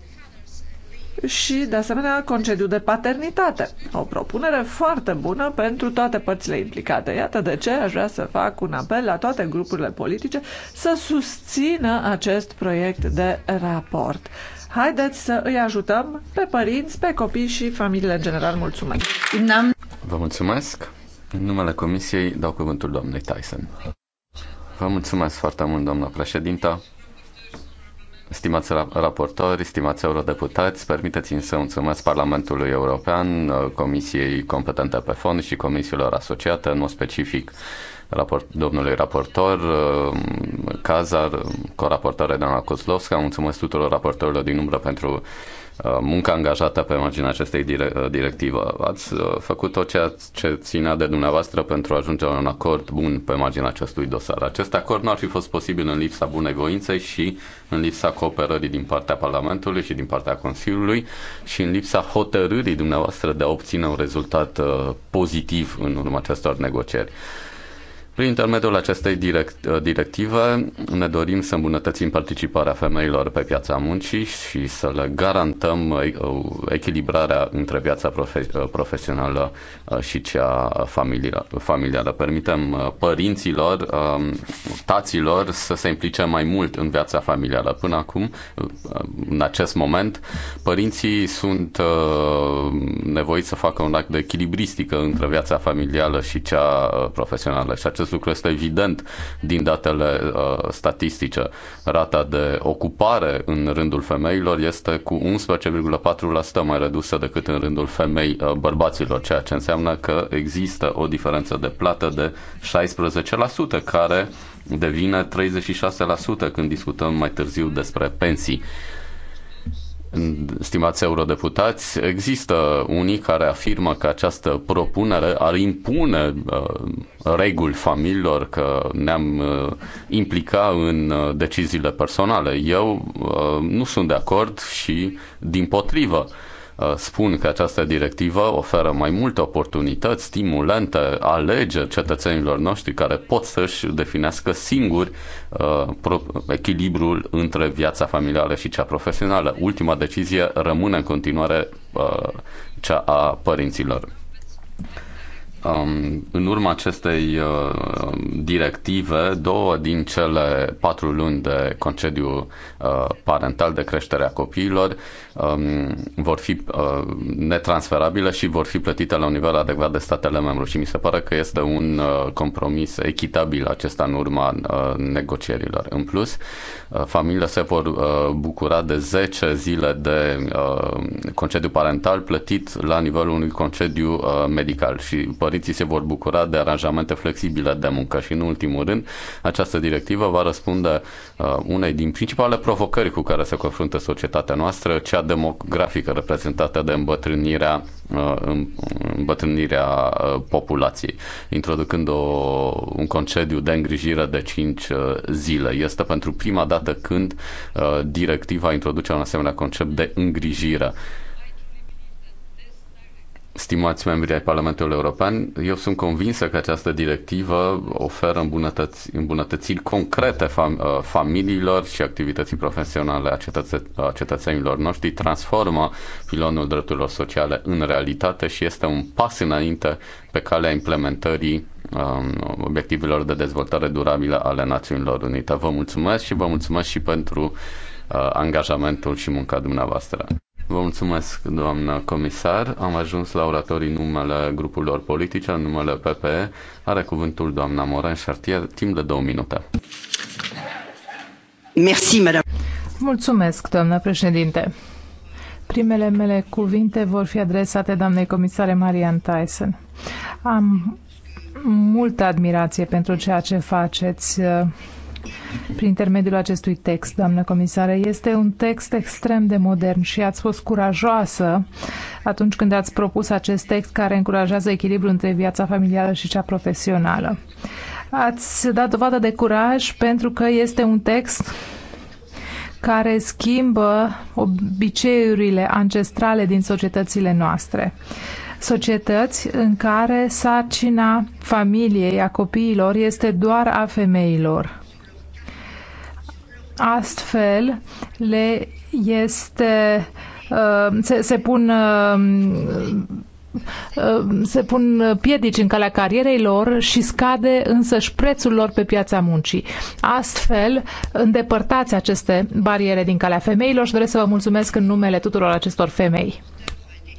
și, de asemenea, concediu de paternitate. O propunere foarte bună pentru toate părțile implicate. Iată de ce aș vrea să fac un apel la toate grupurile politice să susțină acest proiect de raport. Haideți să îi ajutăm pe părinți, pe copii și familiile în general. Mulțumesc! Vă mulțumesc! În numele Comisiei dau cuvântul doamnei Tyson. Vă mulțumesc foarte mult, doamna președintă. Stimați raportori, stimați eurodeputați, permiteți-mi să mulțumesc Parlamentului European, uh, Comisiei competente pe fond și comisiilor asociate, în mod specific raport, domnului raportor, uh, Cazar, uh, coraportoare doamna Kozlovska, mulțumesc tuturor raportorilor din umbră pentru Uh, munca angajată pe marginea acestei uh, directive. Ați uh, făcut tot ceea ce ținea de dumneavoastră pentru a ajunge la un acord bun pe marginea acestui dosar. Acest acord nu ar fi fost posibil în lipsa bunei voințe și în lipsa cooperării din partea Parlamentului și din partea Consiliului și în lipsa hotărârii dumneavoastră de a obține un rezultat pozitiv în urma acestor negocieri. Prin intermediul acestei direct, uh, directive ne dorim să îmbunătățim participarea femeilor pe piața muncii și să le garantăm uh, echilibrarea între viața profe- uh, profesională și cea familială. Permitem părinților, um, taților să se implice mai mult în viața familială. Până acum, în acest moment, părinții sunt nevoiți să facă un act de echilibristică între viața familială și cea profesională și acest acest lucru este evident din datele uh, statistice. Rata de ocupare în rândul femeilor este cu 11,4% mai redusă decât în rândul femei uh, bărbaților, ceea ce înseamnă că există o diferență de plată de 16% care devine 36% când discutăm mai târziu despre pensii. Uh, stimați eurodeputați, există unii care afirmă că această propunere ar impune uh, reguli familiilor, că ne-am uh, implica în uh, deciziile personale. Eu nu sunt de acord și din potrivă. Uh, Uh, spun că această directivă oferă mai multe oportunități, stimulente, alegeri cetățenilor noștri care pot să-și definească singuri uh, echilibrul între viața familială și cea profesională. Ultima decizie rămâne în continuare uh, cea a părinților. Um, în urma acestei uh, directive, două din cele patru luni de concediu uh, parental de creștere a copiilor um, vor fi uh, netransferabile și vor fi plătite la un nivel adecvat de statele membru. Și mi se pare că este un compromis echitabil acesta în urma negocierilor. În plus, familiile se vor bucura de 10 zile de concediu parental plătit la nivelul unui concediu medical și doriți se vor bucura de aranjamente flexibile de muncă și, în ultimul rând, această directivă va răspunde uh, unei din principalele provocări cu care se confruntă societatea noastră, cea demografică reprezentată de îmbătrânirea, uh, îmbătrânirea uh, populației, introducând o, un concediu de îngrijire de 5 zile. Este pentru prima dată când directiva introduce un asemenea concept de îngrijire Stimați membri ai Parlamentului European, eu sunt convinsă că această directivă oferă îmbunătăți, îmbunătățiri concrete fam, uh, familiilor și activității profesionale a, cetățe, a cetățenilor noștri, transformă pilonul drepturilor sociale în realitate și este un pas înainte pe calea implementării um, obiectivelor de dezvoltare durabilă ale Națiunilor Unite. Vă mulțumesc și vă mulțumesc și pentru uh, angajamentul și munca dumneavoastră. Vă mulțumesc, doamna comisar. Am ajuns la oratorii numele grupurilor politice, numele PPE. Are cuvântul doamna Moran Chartier, timp de două minute. Merci, madame. Mulțumesc, doamna președinte. Primele mele cuvinte vor fi adresate doamnei comisare Marian Tyson. Am multă admirație pentru ceea ce faceți uh, prin intermediul acestui text, doamnă comisară. Este un text extrem de modern și ați fost curajoasă atunci când ați propus acest text care încurajează echilibrul între viața familială și cea profesională. Ați dat dovadă de curaj pentru că este un text care schimbă obiceiurile ancestrale din societățile noastre. Societăți în care sarcina familiei, a copiilor, este doar a femeilor. Astfel, le este, uh, se, se pun uh, uh, se pun piedici în calea carierei lor și scade însăși prețul lor pe piața muncii. Astfel, îndepărtați aceste bariere din calea femeilor și doresc să vă mulțumesc în numele tuturor acestor femei.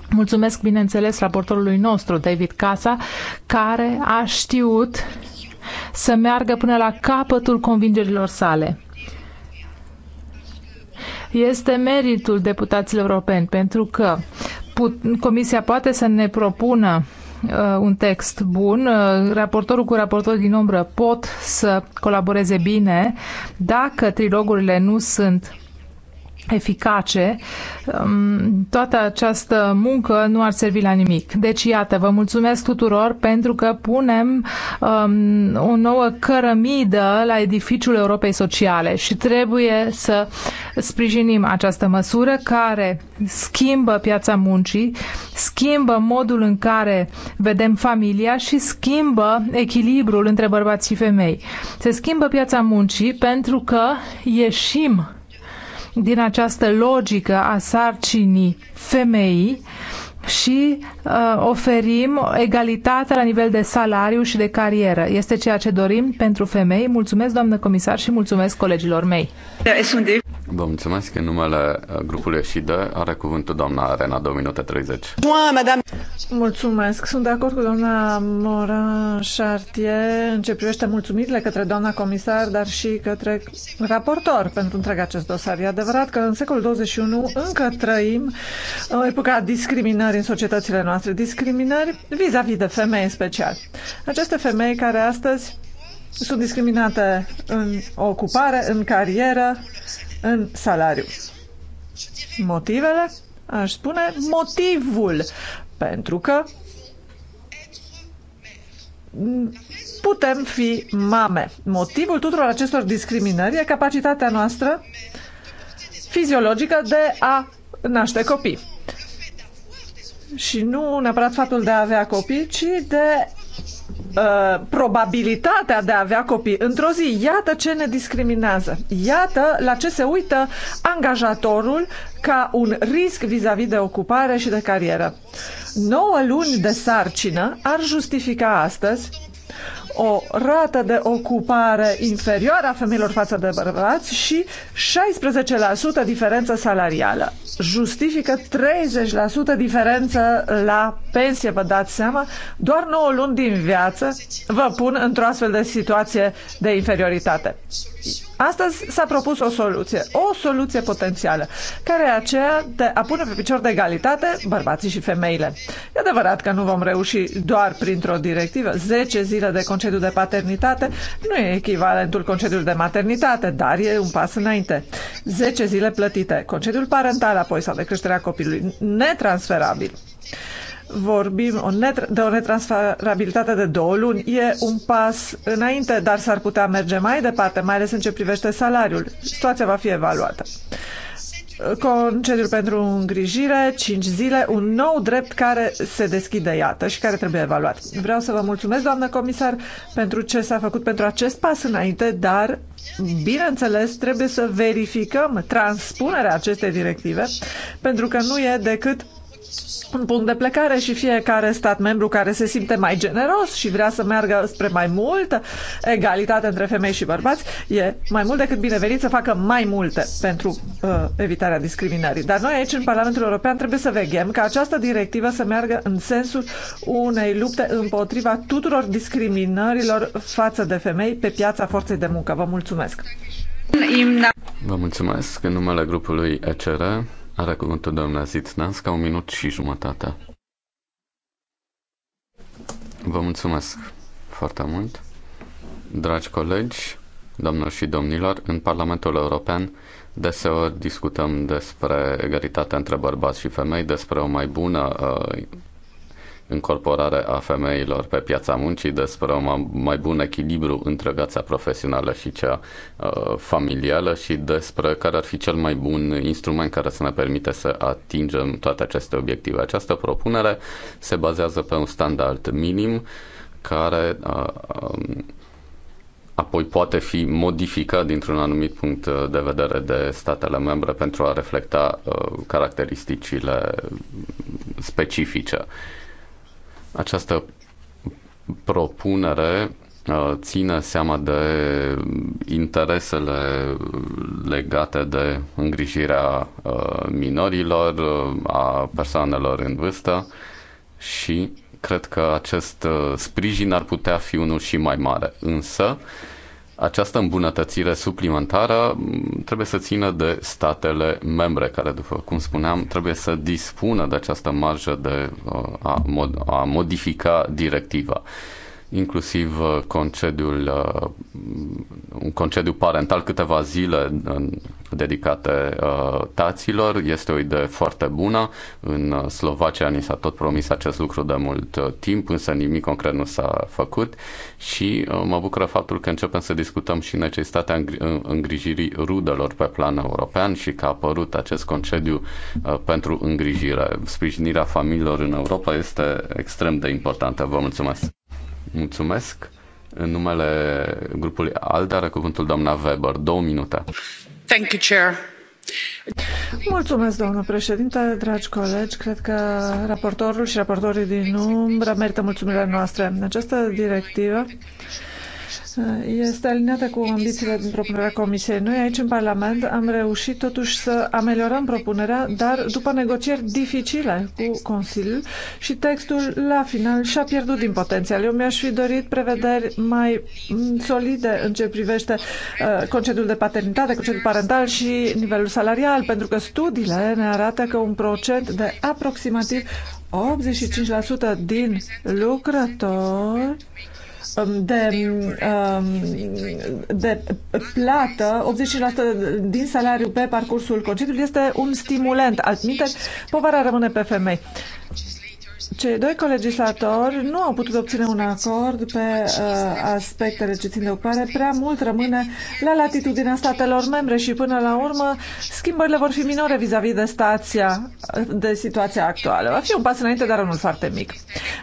Mulțumesc, bineînțeles, raportorului nostru, David Casa, care a știut să meargă până la capătul convingerilor sale este meritul deputaților europeni, pentru că Comisia poate să ne propună uh, un text bun. Uh, raportorul cu raportorul din umbră pot să colaboreze bine dacă trilogurile nu sunt eficace, um, toată această muncă nu ar servi la nimic. Deci, iată, vă mulțumesc tuturor pentru că punem um, o nouă cărămidă la edificiul Europei Sociale și trebuie să sprijinim această măsură care schimbă piața muncii, schimbă modul în care vedem familia și schimbă echilibrul între bărbați și femei. Se schimbă piața muncii pentru că ieșim din această logică a sarcinii femeii și uh, oferim egalitate la nivel de salariu și de carieră. Este ceea ce dorim pentru femei. Mulțumesc, doamnă comisar, și mulțumesc colegilor mei. Vă mulțumesc. În numele uh, grupului Eșidă are cuvântul doamna Arena, 2 minute 30. Mulțumesc. Sunt de acord cu doamna Moran Chartier în ce privește mulțumirile către doamna comisar, dar și către raportor pentru întreg acest dosar. E adevărat că în secolul 21 încă trăim epoca discriminării din societățile noastre, discriminări vis-a-vis -vis de femei în special. Aceste femei care astăzi sunt discriminate în ocupare, în carieră, în salariu. Motivele? Aș spune motivul, pentru că putem fi mame. Motivul tuturor acestor discriminări e capacitatea noastră fiziologică de a naște copii și nu neapărat faptul de a avea copii, ci de uh, probabilitatea de a avea copii într-o zi. Iată ce ne discriminează. Iată la ce se uită angajatorul ca un risc vis-a-vis -vis de ocupare și de carieră. 9 luni de sarcină ar justifica astăzi o rată de ocupare inferioară a femeilor față de bărbați și 16% diferență salarială. Justifică 30% diferență la pensie, vă dați seama? Doar 9 luni din viață vă pun într-o astfel de situație de inferioritate. Astăzi s-a propus o soluție, o soluție potențială, care e aceea de a pune pe picior de egalitate bărbații și femeile. E adevărat că nu vom reuși doar printr-o directivă. 10 zile de concediu de paternitate nu e echivalentul concediului de maternitate, dar e un pas înainte. 10 zile plătite, concediul parental apoi sau de creșterea copilului, netransferabil vorbim o de o netransferabilitate de două luni. E un pas înainte, dar s-ar putea merge mai departe, mai ales în ce privește salariul. Situația va fi evaluată. Concediul pentru îngrijire, 5 zile, un nou drept care se deschide, iată, și care trebuie evaluat. Vreau să vă mulțumesc, doamnă comisar, pentru ce s-a făcut pentru acest pas înainte, dar, bineînțeles, trebuie să verificăm transpunerea acestei directive, pentru că nu e decât un punct de plecare și fiecare stat membru care se simte mai generos și vrea să meargă spre mai multă egalitate între femei și bărbați, e mai mult decât binevenit să facă mai multe pentru uh, evitarea discriminării. Dar noi aici, în Parlamentul European, trebuie să veghem ca această directivă să meargă în sensul unei lupte împotriva tuturor discriminărilor față de femei pe piața forței de muncă. Vă mulțumesc! Vă mulțumesc în numele grupului ECR. Are cuvântul doamna Zitnanska, un minut și jumătate. Vă mulțumesc foarte mult. Dragi colegi, doamnelor și domnilor, în Parlamentul European deseori discutăm despre egalitatea între bărbați și femei, despre o mai bună uh, încorporare a femeilor pe piața muncii, despre un mai bun echilibru între viața profesională și cea uh, familială și despre care ar fi cel mai bun instrument care să ne permite să atingem toate aceste obiective. Această propunere se bazează pe un standard minim care uh, um, apoi poate fi modificat dintr-un anumit punct de vedere de statele membre pentru a reflecta uh, caracteristicile specifice. Uh, această propunere uh, ține seama de interesele legate de îngrijirea uh, minorilor, uh, a persoanelor în vârstă și cred că acest sprijin ar putea fi unul și mai mare. Însă, această îmbunătățire suplimentară mm, trebuie să țină de statele membre, care, după cum spuneam, trebuie să dispună de această marjă de uh, a, mod, a modifica directiva. Uh, inclusiv uh, concediul, uh, un concediu parental câteva zile dedicate uh, taților. Este o idee foarte bună. În Slovacia ni s-a tot promis acest lucru de mult timp, însă nimic concret nu s-a făcut și mă bucură faptul că începem să discutăm și necesitatea îngrijirii rudelor pe plan european și că a apărut acest concediu pentru îngrijire. Sprijinirea familiilor în Europa este extrem de importantă. Vă mulțumesc! Mulțumesc. În numele grupului ALDE are cuvântul doamna Weber. Două minute. Thank you, Chair. Mulțumesc, doamnă președinte, dragi colegi. Cred că raportorul și raportorii din umbră merită mulțumirea noastră. Această directivă este aliniată cu ambițiile din propunerea Comisiei. Noi aici în Parlament am reușit totuși să ameliorăm propunerea, dar după negocieri dificile cu Consiliul și textul la final și-a pierdut din potențial. Eu mi-aș fi dorit prevederi mai solide în ce privește uh, concediul de paternitate, concediul parental și nivelul salarial, pentru că studiile ne arată că un procent de aproximativ 85% din lucrători de, um, de plată, 80% din salariu pe parcursul concediului este un stimulant. Admite, povara rămâne pe femei. Cei doi colegislatori nu au putut obține un acord pe uh, aspectele ce țin de ocupare. Prea mult rămâne la latitudinea statelor membre și până la urmă schimbările vor fi minore vis-a-vis -vis de, stația, de situația actuală. Va fi un pas înainte, dar unul foarte mic.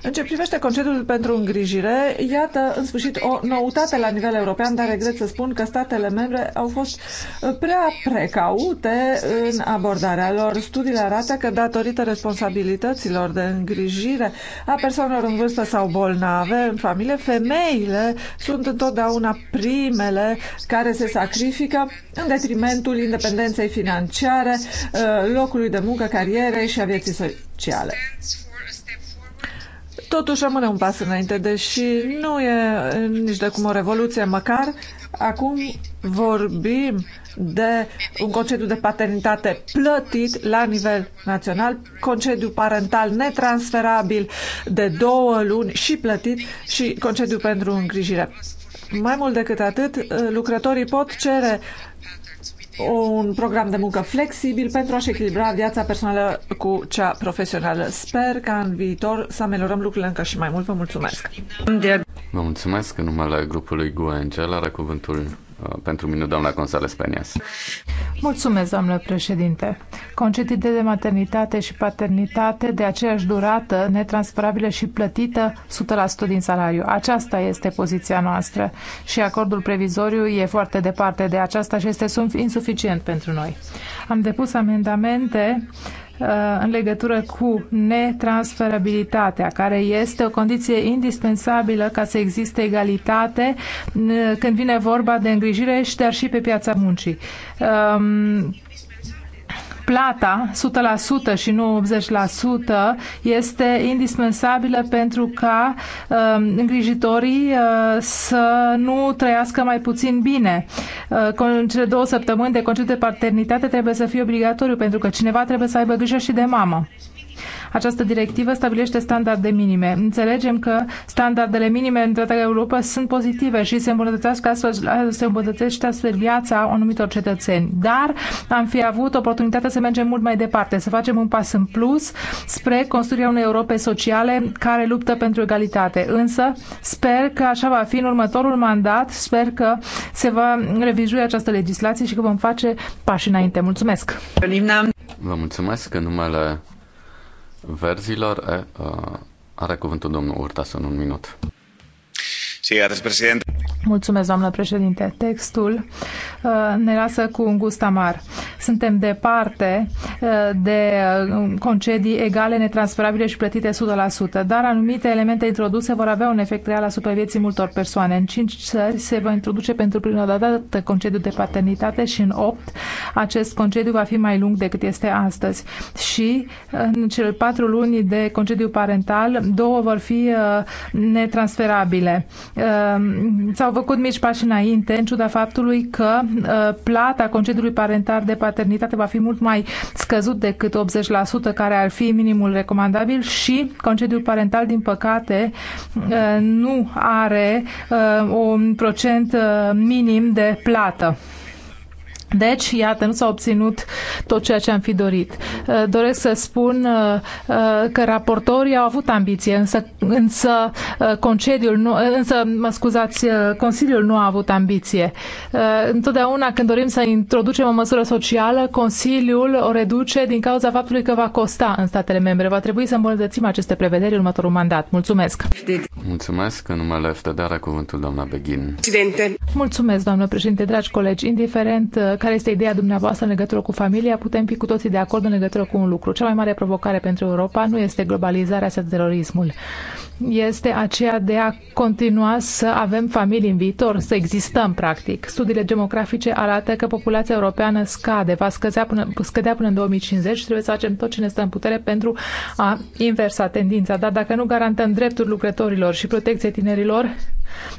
În ce privește concediul pentru îngrijire, iată în sfârșit o noutate la nivel european, dar regret să spun că statele membre au fost uh, prea precaute în abordarea lor. Studiile arată că datorită responsabilităților de îngrijire îngrijire a persoanelor în vârstă sau bolnave în familie, femeile sunt întotdeauna primele care se sacrifică în detrimentul independenței financiare, uh, locului de muncă, carierei și a vieții sociale. Totuși rămâne un pas înainte, deși nu e nici de cum o revoluție, măcar acum vorbim de un concediu de paternitate plătit la nivel național, concediu parental netransferabil de două luni și plătit și concediu pentru îngrijire. Mai mult decât atât, lucrătorii pot cere un program de muncă flexibil pentru a-și echilibra viața personală cu cea profesională. Sper ca în viitor să ameliorăm lucrurile încă și mai mult. Vă mulțumesc! Vă mulțumesc în numele grupului GUE Angel, are cuvântul Uh, pentru mine, doamna González Penias. Mulțumesc, doamnă președinte. Concedite de maternitate și paternitate de aceeași durată, netransferabilă și plătită 100% din salariu. Aceasta este poziția noastră și acordul previzoriu e foarte departe de aceasta și este insuficient pentru noi. Am depus amendamente uh, în legătură cu netransferabilitatea, care este o condiție indispensabilă ca să existe egalitate când vine vorba de îngrijire, dar și pe piața muncii um, plata 100% și nu 80% este indispensabilă pentru ca uh, îngrijitorii uh, să nu trăiască mai puțin bine. Uh, cele două săptămâni de concediu de paternitate trebuie să fie obligatoriu pentru că cineva trebuie să aibă grijă și de mamă. Această directivă stabilește standarde minime. Înțelegem că standardele minime în toată Europa sunt pozitive și se îmbunătățește astfel, se îmbunătățește astfel viața anumitor cetățeni. Dar am fi avut oportunitatea să mergem mult mai departe, să facem un pas în plus spre construirea unei Europe sociale care luptă pentru egalitate. Însă sper că așa va fi în următorul mandat, sper că se va revizui această legislație și că vom face pași înainte. Mulțumesc! Vă mulțumesc în numele verzilor. E, uh, are cuvântul domnul Urtas în un minut. Mulțumesc, doamnă președinte. Textul uh, ne lasă cu un gust amar. Suntem departe uh, de uh, concedii egale, netransferabile și plătite 100%, dar anumite elemente introduse vor avea un efect real asupra vieții multor persoane. În 5 țări se va introduce pentru prima dată concediu de paternitate și în 8 acest concediu va fi mai lung decât este astăzi. Și în cele 4 luni de concediu parental, două vor fi netransferabile. Ehm, s-au făcut mici pași înainte, în ciuda faptului că eh, plata concediului parental de paternitate va fi mult mai scăzut decât 80%, care ar fi minimul recomandabil și concediul parental, din păcate, eh, nu are eh, un procent minim de plată. Deci, iată, nu s-a obținut tot ceea ce am fi dorit. Uh, doresc să spun uh, uh, că raportorii au avut ambiție, însă, însă concediul nu, însă, mă scuzați, Consiliul nu a avut ambiție. Întotdeauna când dorim să introducem o măsură socială, Consiliul o reduce din cauza faptului că va costa în statele membre. Va trebui să îmbunătățim aceste prevederi în următorul mandat. Mulțumesc! Mulțumesc în numele FTD, are cuvântul doamna Beghin. Mulțumesc, doamnă președinte, dragi colegi. Indiferent care este ideea dumneavoastră în legătură cu familia, putem fi cu toții de acord în legătură cu un lucru. Cea mai mare provocare pentru Europa nu este globalizarea sau terorismul. Este aceea de a continua să avem familii în viitor, să existăm, practic. Studiile demografice arată că populația europeană scade, va scădea până, scădea până în 2050 și trebuie să facem tot ce ne stă în putere pentru a inversa tendința. Dar dacă nu garantăm drepturi lucrătorilor și protecție tinerilor,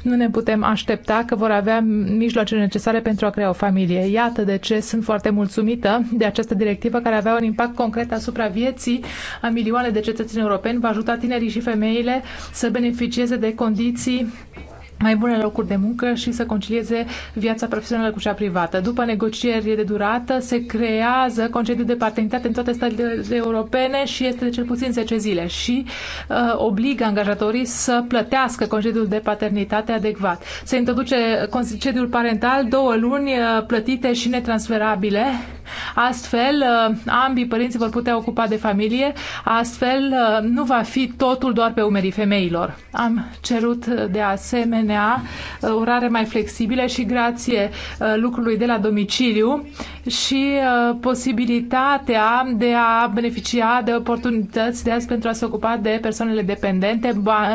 nu ne putem aștepta că vor avea mijloace necesare pentru a crea o familie. Iată de ce sunt foarte mulțumită de această directivă care avea un impact concret asupra vieții a milioane de cetățeni europeni, va ajuta tinerii și femeile să beneficieze de condiții mai bune locuri de muncă și să concilieze viața profesională cu cea privată. După negocieri de durată, se creează concediu de paternitate în toate statele europene și este de cel puțin 10 zile și uh, obligă angajatorii să plătească concediul de paternitate adecvat. Se introduce concediul parental două luni uh, plătite și netransferabile. Astfel, uh, ambii părinți vor putea ocupa de familie, astfel uh, nu va fi totul doar pe umerii femeilor. Am cerut uh, de asemenea mea, uh, urare mai flexibile și grație uh, lucrului de la domiciliu și uh, posibilitatea de a beneficia de oportunități de azi pentru a se ocupa de persoanele dependente,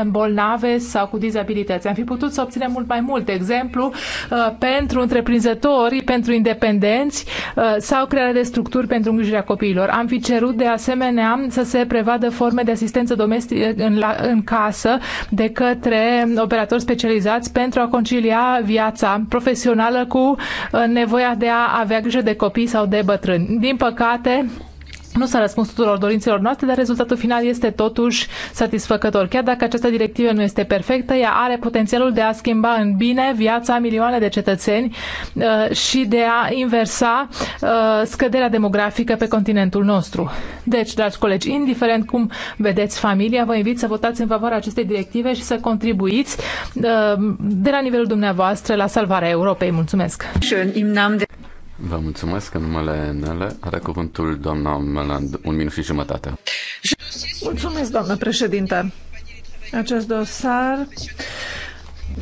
bolnave sau cu dizabilități. Am fi putut să obținem mult mai mult. De exemplu, pentru întreprinzători, pentru independenți sau crearea de structuri pentru îngrijirea copiilor. Am fi cerut de asemenea să se prevadă forme de asistență domestică în, la, în casă de către operatori specializați mobilizați pentru a concilia viața profesională cu uh, nevoia de a avea grijă de copii sau de bătrâni. Din păcate, nu s-a răspuns tuturor dorințelor noastre, dar rezultatul final este totuși satisfăcător. Chiar dacă această directivă nu este perfectă, ea are potențialul de a schimba în bine viața a milioane de cetățeni uh, și de a inversa uh, scăderea demografică pe continentul nostru. Deci, dragi colegi, indiferent cum vedeți familia, vă invit să votați în favoarea acestei directive și să contribuiți uh, de la nivelul dumneavoastră la salvarea Europei. Mulțumesc! Vă mulțumesc în numele Nele. Are cuvântul doamna Meland, un minut și jumătate. Mulțumesc, doamnă președinte. Acest dosar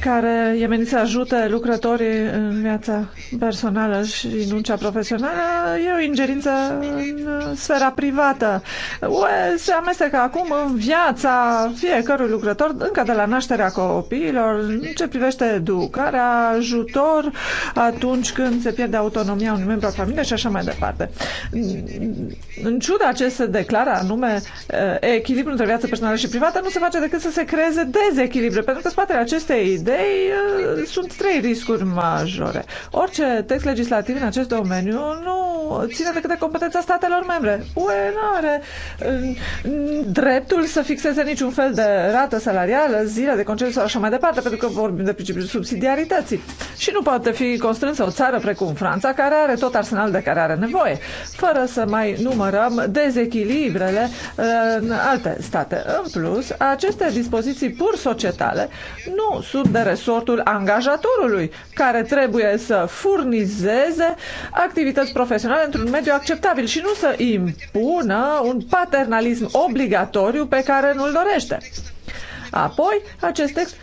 care e menit să ajute lucrătorii în viața personală și în cea profesională, e o ingerință în sfera privată. UE se amestecă acum în viața fiecărui lucrător, încă de la nașterea copiilor, în ce privește educarea, ajutor atunci când se pierde autonomia unui membru al familiei și așa mai departe. În ciuda ce se declară anume eh, echilibrul între viața personală și privată, nu se face decât să se creeze dezechilibre, pentru că spatele acestei idei, uh, sunt trei riscuri majore. Orice text legislativ în acest domeniu nu ține decât de competența statelor membre. UE nu are uh, dreptul să fixeze niciun fel de rată salarială, zile de concediu sau așa mai departe, pentru că vorbim de principiul subsidiarității. Și nu poate fi constrânsă o țară precum Franța, care are tot arsenal de care are nevoie, fără să mai numărăm dezechilibrele uh, în alte state. În plus, aceste dispoziții pur societale nu sunt de resortul angajatorului, care trebuie să furnizeze activități profesionale într-un mediu acceptabil și nu să impună un paternalism obligatoriu pe care nu-l dorește. Apoi, acest text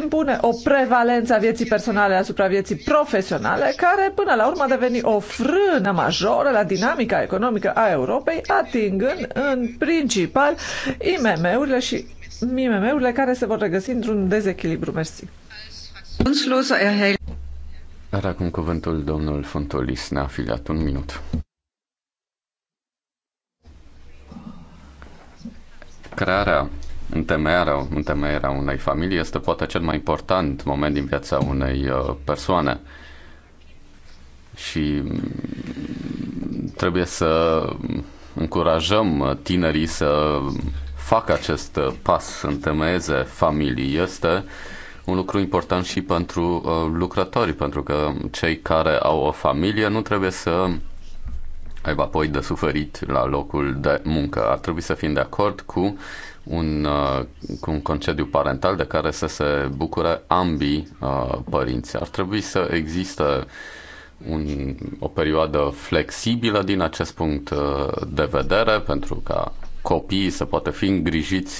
impune o prevalență a vieții personale asupra vieții profesionale, care până la urmă deveni o frână majoră la dinamica economică a Europei, atingând în principal IMM-urile și IMM-urile care se vor regăsi într-un dezechilibru. Mersi. Dar acum cuvântul domnul Fontolis, ne-a afiliat un minut. Crearea întemeierea, întemeierea unei familii este poate cel mai important moment din viața unei uh, persoane și mm, trebuie să mm, încurajăm uh, tinerii să fac acest uh, pas, să întemeieze familii. Este un lucru important și pentru uh, lucrători, pentru că cei care au o familie nu trebuie să aibă apoi de suferit la locul de muncă. Ar trebui să fim de acord cu un, uh, cu un concediu parental de care să se bucure ambii părinți. Ar trebui să există un, o perioadă flexibilă din acest punct de vedere pentru ca copiii să poată fi îngrijiți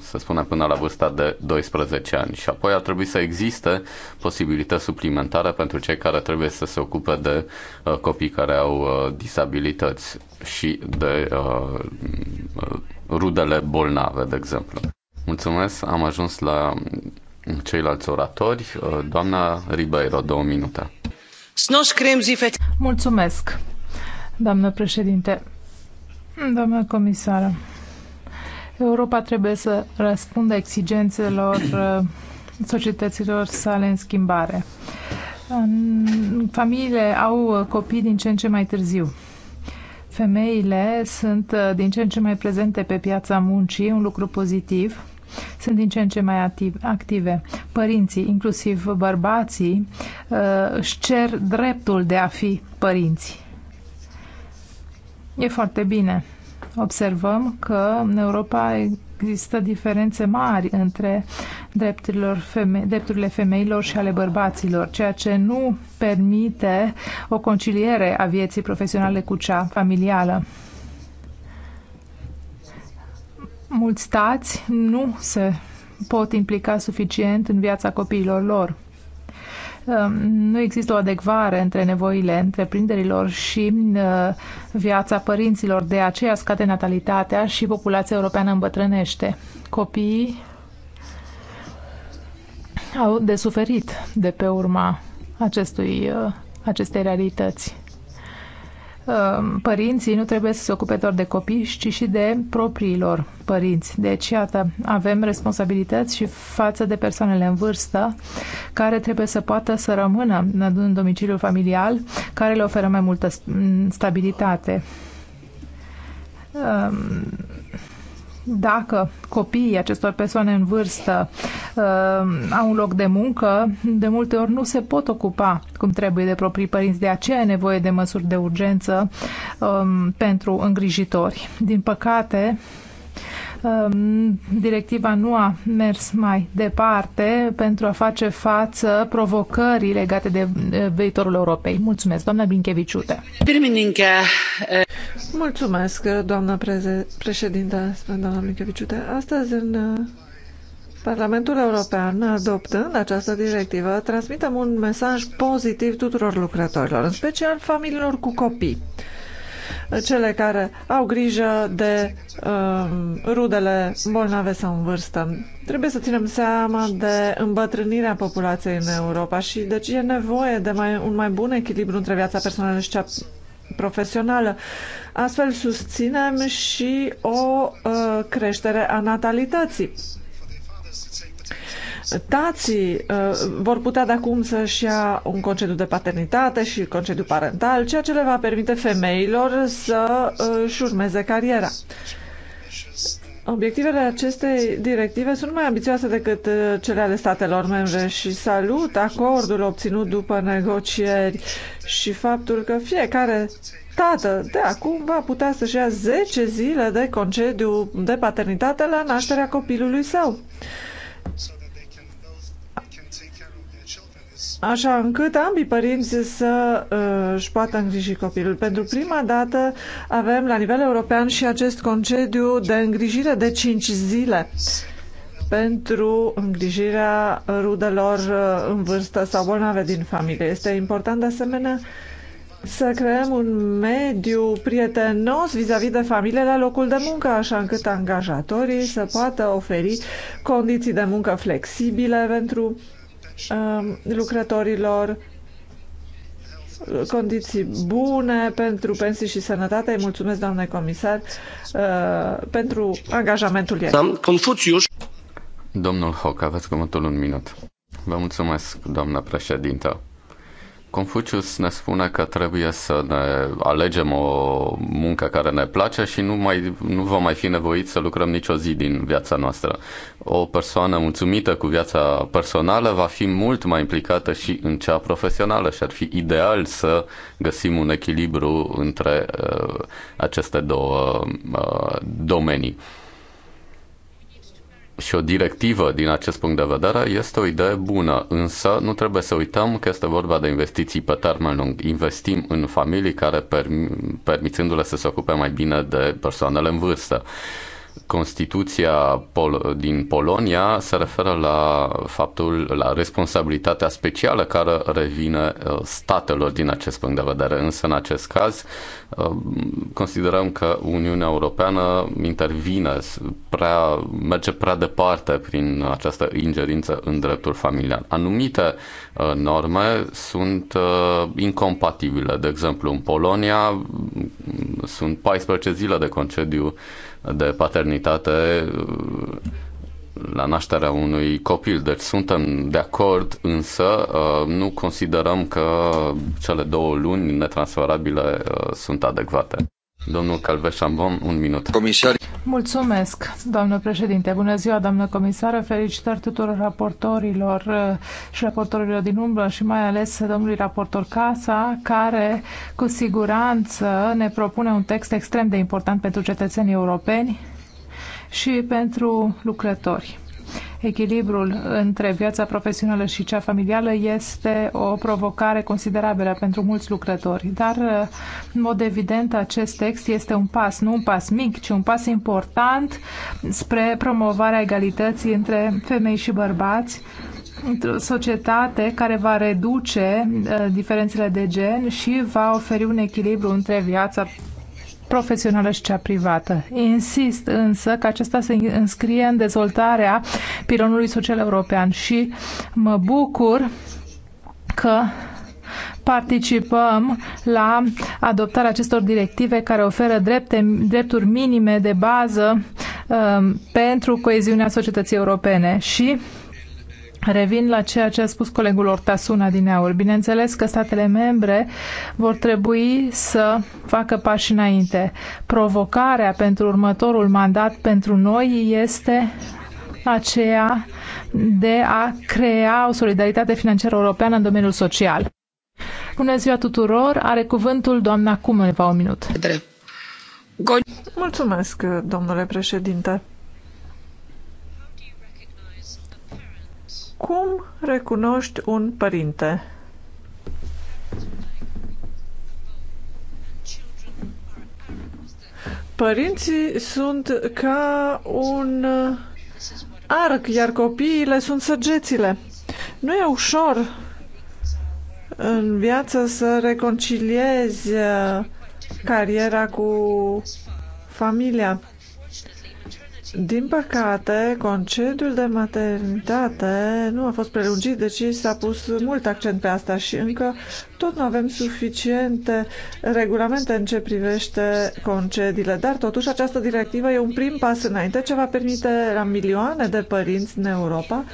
să spunem, până la vârsta de 12 ani. Și apoi ar trebui să existe posibilități suplimentare pentru cei care trebuie să se ocupe de uh, copii care au uh, disabilități și de uh, rudele bolnave, de exemplu. Mulțumesc, am ajuns la ceilalți oratori. Uh, doamna Ribeiro, două minute. Mulțumesc, doamnă președinte. Doamna comisară, Europa trebuie să răspundă exigențelor uh, societăților sale în schimbare. Familiile au copii din ce în ce mai târziu. Femeile sunt uh, din ce în ce mai prezente pe piața muncii, un lucru pozitiv, sunt din ce în ce mai active. Părinții, inclusiv bărbații, uh, își cer dreptul de a fi părinți. E foarte bine observăm că în Europa există diferențe mari între feme drepturile femeilor și ale bărbaților, ceea ce nu permite o conciliere a vieții profesionale cu cea familială. Mulți stați nu se pot implica suficient în viața copiilor lor. Um, nu există o adecvare între nevoile întreprinderilor și uh, viața părinților. De aceea scade natalitatea și populația europeană îmbătrânește. Copiii au de suferit de pe urma acestui, uh, acestei realități. Um, părinții nu trebuie să se ocupe doar de copii, ci și de propriilor părinți. Deci, iată, avem responsabilități și față de persoanele în vârstă care trebuie să poată să rămână în domiciliul familial, care le oferă mai multă stabilitate um, dacă copiii acestor persoane în vârstă uh, au un loc de muncă, de multe ori nu se pot ocupa cum trebuie de proprii părinți. De aceea e nevoie de măsuri de urgență um, pentru îngrijitori. Din păcate, Ehm, directiva nu a mers mai departe pentru a face față provocării legate de viitorul Europei. Mulțumesc, doamna Binkeviciute. Mulțumesc, doamna președintă doamna Binkeviciute. Astăzi în uh, Parlamentul European, adoptând această directivă, transmitem un mesaj pozitiv tuturor lucrătorilor, în special familiilor cu copii cele care au grijă de uh, rudele bolnave sau în vârstă. Trebuie să ținem seama de îmbătrânirea populației în Europa și deci e nevoie de mai, un mai bun echilibru între viața personală și cea profesională. Astfel susținem și o uh, creștere a natalității tații uh, vor putea de acum să-și ia un concediu de paternitate și concediu parental, ceea ce le va permite femeilor să uh, își urmeze cariera. Obiectivele acestei directive sunt mai ambițioase decât uh, cele ale statelor membre și salut acordul obținut după negocieri și faptul că fiecare tată de acum va putea să-și ia 10 zile de concediu de paternitate la nașterea copilului său așa încât ambii părinți să uh, poată îngriji copilul. Pentru prima dată avem la nivel european și acest concediu de îngrijire de 5 zile pentru îngrijirea rudelor uh, în vârstă sau bolnave din familie. Este important de asemenea să creăm un mediu prietenos vis-a-vis -vis de familie la locul de muncă, așa încât angajatorii să poată oferi condiții de muncă flexibile pentru Um, lucrătorilor, condiții bune pentru pensii și sănătate. Îi mulțumesc, doamne comisar, uh, pentru angajamentul ei. Confucius. Domnul Hoc, aveți cuvântul un minut. Vă mulțumesc, doamna președintă. Confucius ne spune că trebuie să ne alegem o muncă care ne place și nu, mai, nu va mai fi nevoit să lucrăm nicio zi din viața noastră. O persoană mulțumită cu viața personală va fi mult mai implicată și în cea profesională și ar fi ideal să găsim un echilibru între uh, aceste două uh, domenii și o directivă din acest punct de vedere este o idee bună, însă nu trebuie să uităm că este vorba de investiții pe termen lung. Investim în familii care, permițându-le să se ocupe mai bine de persoanele în vârstă, Constituția Pol- din Polonia se referă la faptul, la responsabilitatea specială care revine uh, statelor din acest punct de vedere. Însă, în acest caz, uh, considerăm că Uniunea Europeană intervine, prea, merge prea departe prin această ingerință în dreptul familial. Anumite uh, norme sunt incompatibile. De exemplu, în Polonia mm, sunt 14 zile de concediu de paternitate la nașterea unui copil. Deci suntem de acord, însă uh, nu considerăm că cele două luni netransferabile uh, sunt adecvate. Domnul Calveșambon, un minut. Comisar. Mulțumesc, doamnă președinte. Bună ziua, doamnă comisară. Felicitări tuturor raportorilor uh, și raportorilor din umbră și mai ales domnului raportor Casa, care cu siguranță ne propune un text extrem de important pentru cetățenii europeni și pentru lucrători. Echilibrul între viața profesională și cea familială este o provocare considerabilă pentru mulți lucrători, dar uh, în mod evident acest text este un pas, nu un pas mic, ci un pas important spre promovarea egalității între femei și bărbați într-o societate care va reduce uh, diferențele de gen și va oferi un echilibru între viața profesională și cea privată. Insist însă că acesta se înscrie în dezvoltarea pilonului social european și mă bucur că participăm la adoptarea acestor directive care oferă drepte, drepturi minime de bază uh, pentru coeziunea societății europene și Revin la ceea ce a spus colegul Ortasuna din aur. Bineînțeles că statele membre vor trebui să facă pași înainte. Provocarea pentru următorul mandat pentru noi este aceea de a crea o solidaritate financiară europeană în domeniul social. Bună ziua tuturor! Are cuvântul doamna Cumeva, un minut. Mulțumesc, domnule președinte. Cum recunoști un părinte? Părinții sunt ca un uh, arc, iar copiile sunt săgețile. Nu e ușor în viață să reconciliezi uh, cariera cu familia. Din păcate, concediul de maternitate nu a fost prelungit, deci s-a pus mult accent pe asta și încă tot nu avem suficiente regulamente în ce privește concediile. Dar totuși această directivă e un prim pas înainte ce va permite la milioane de părinți în Europa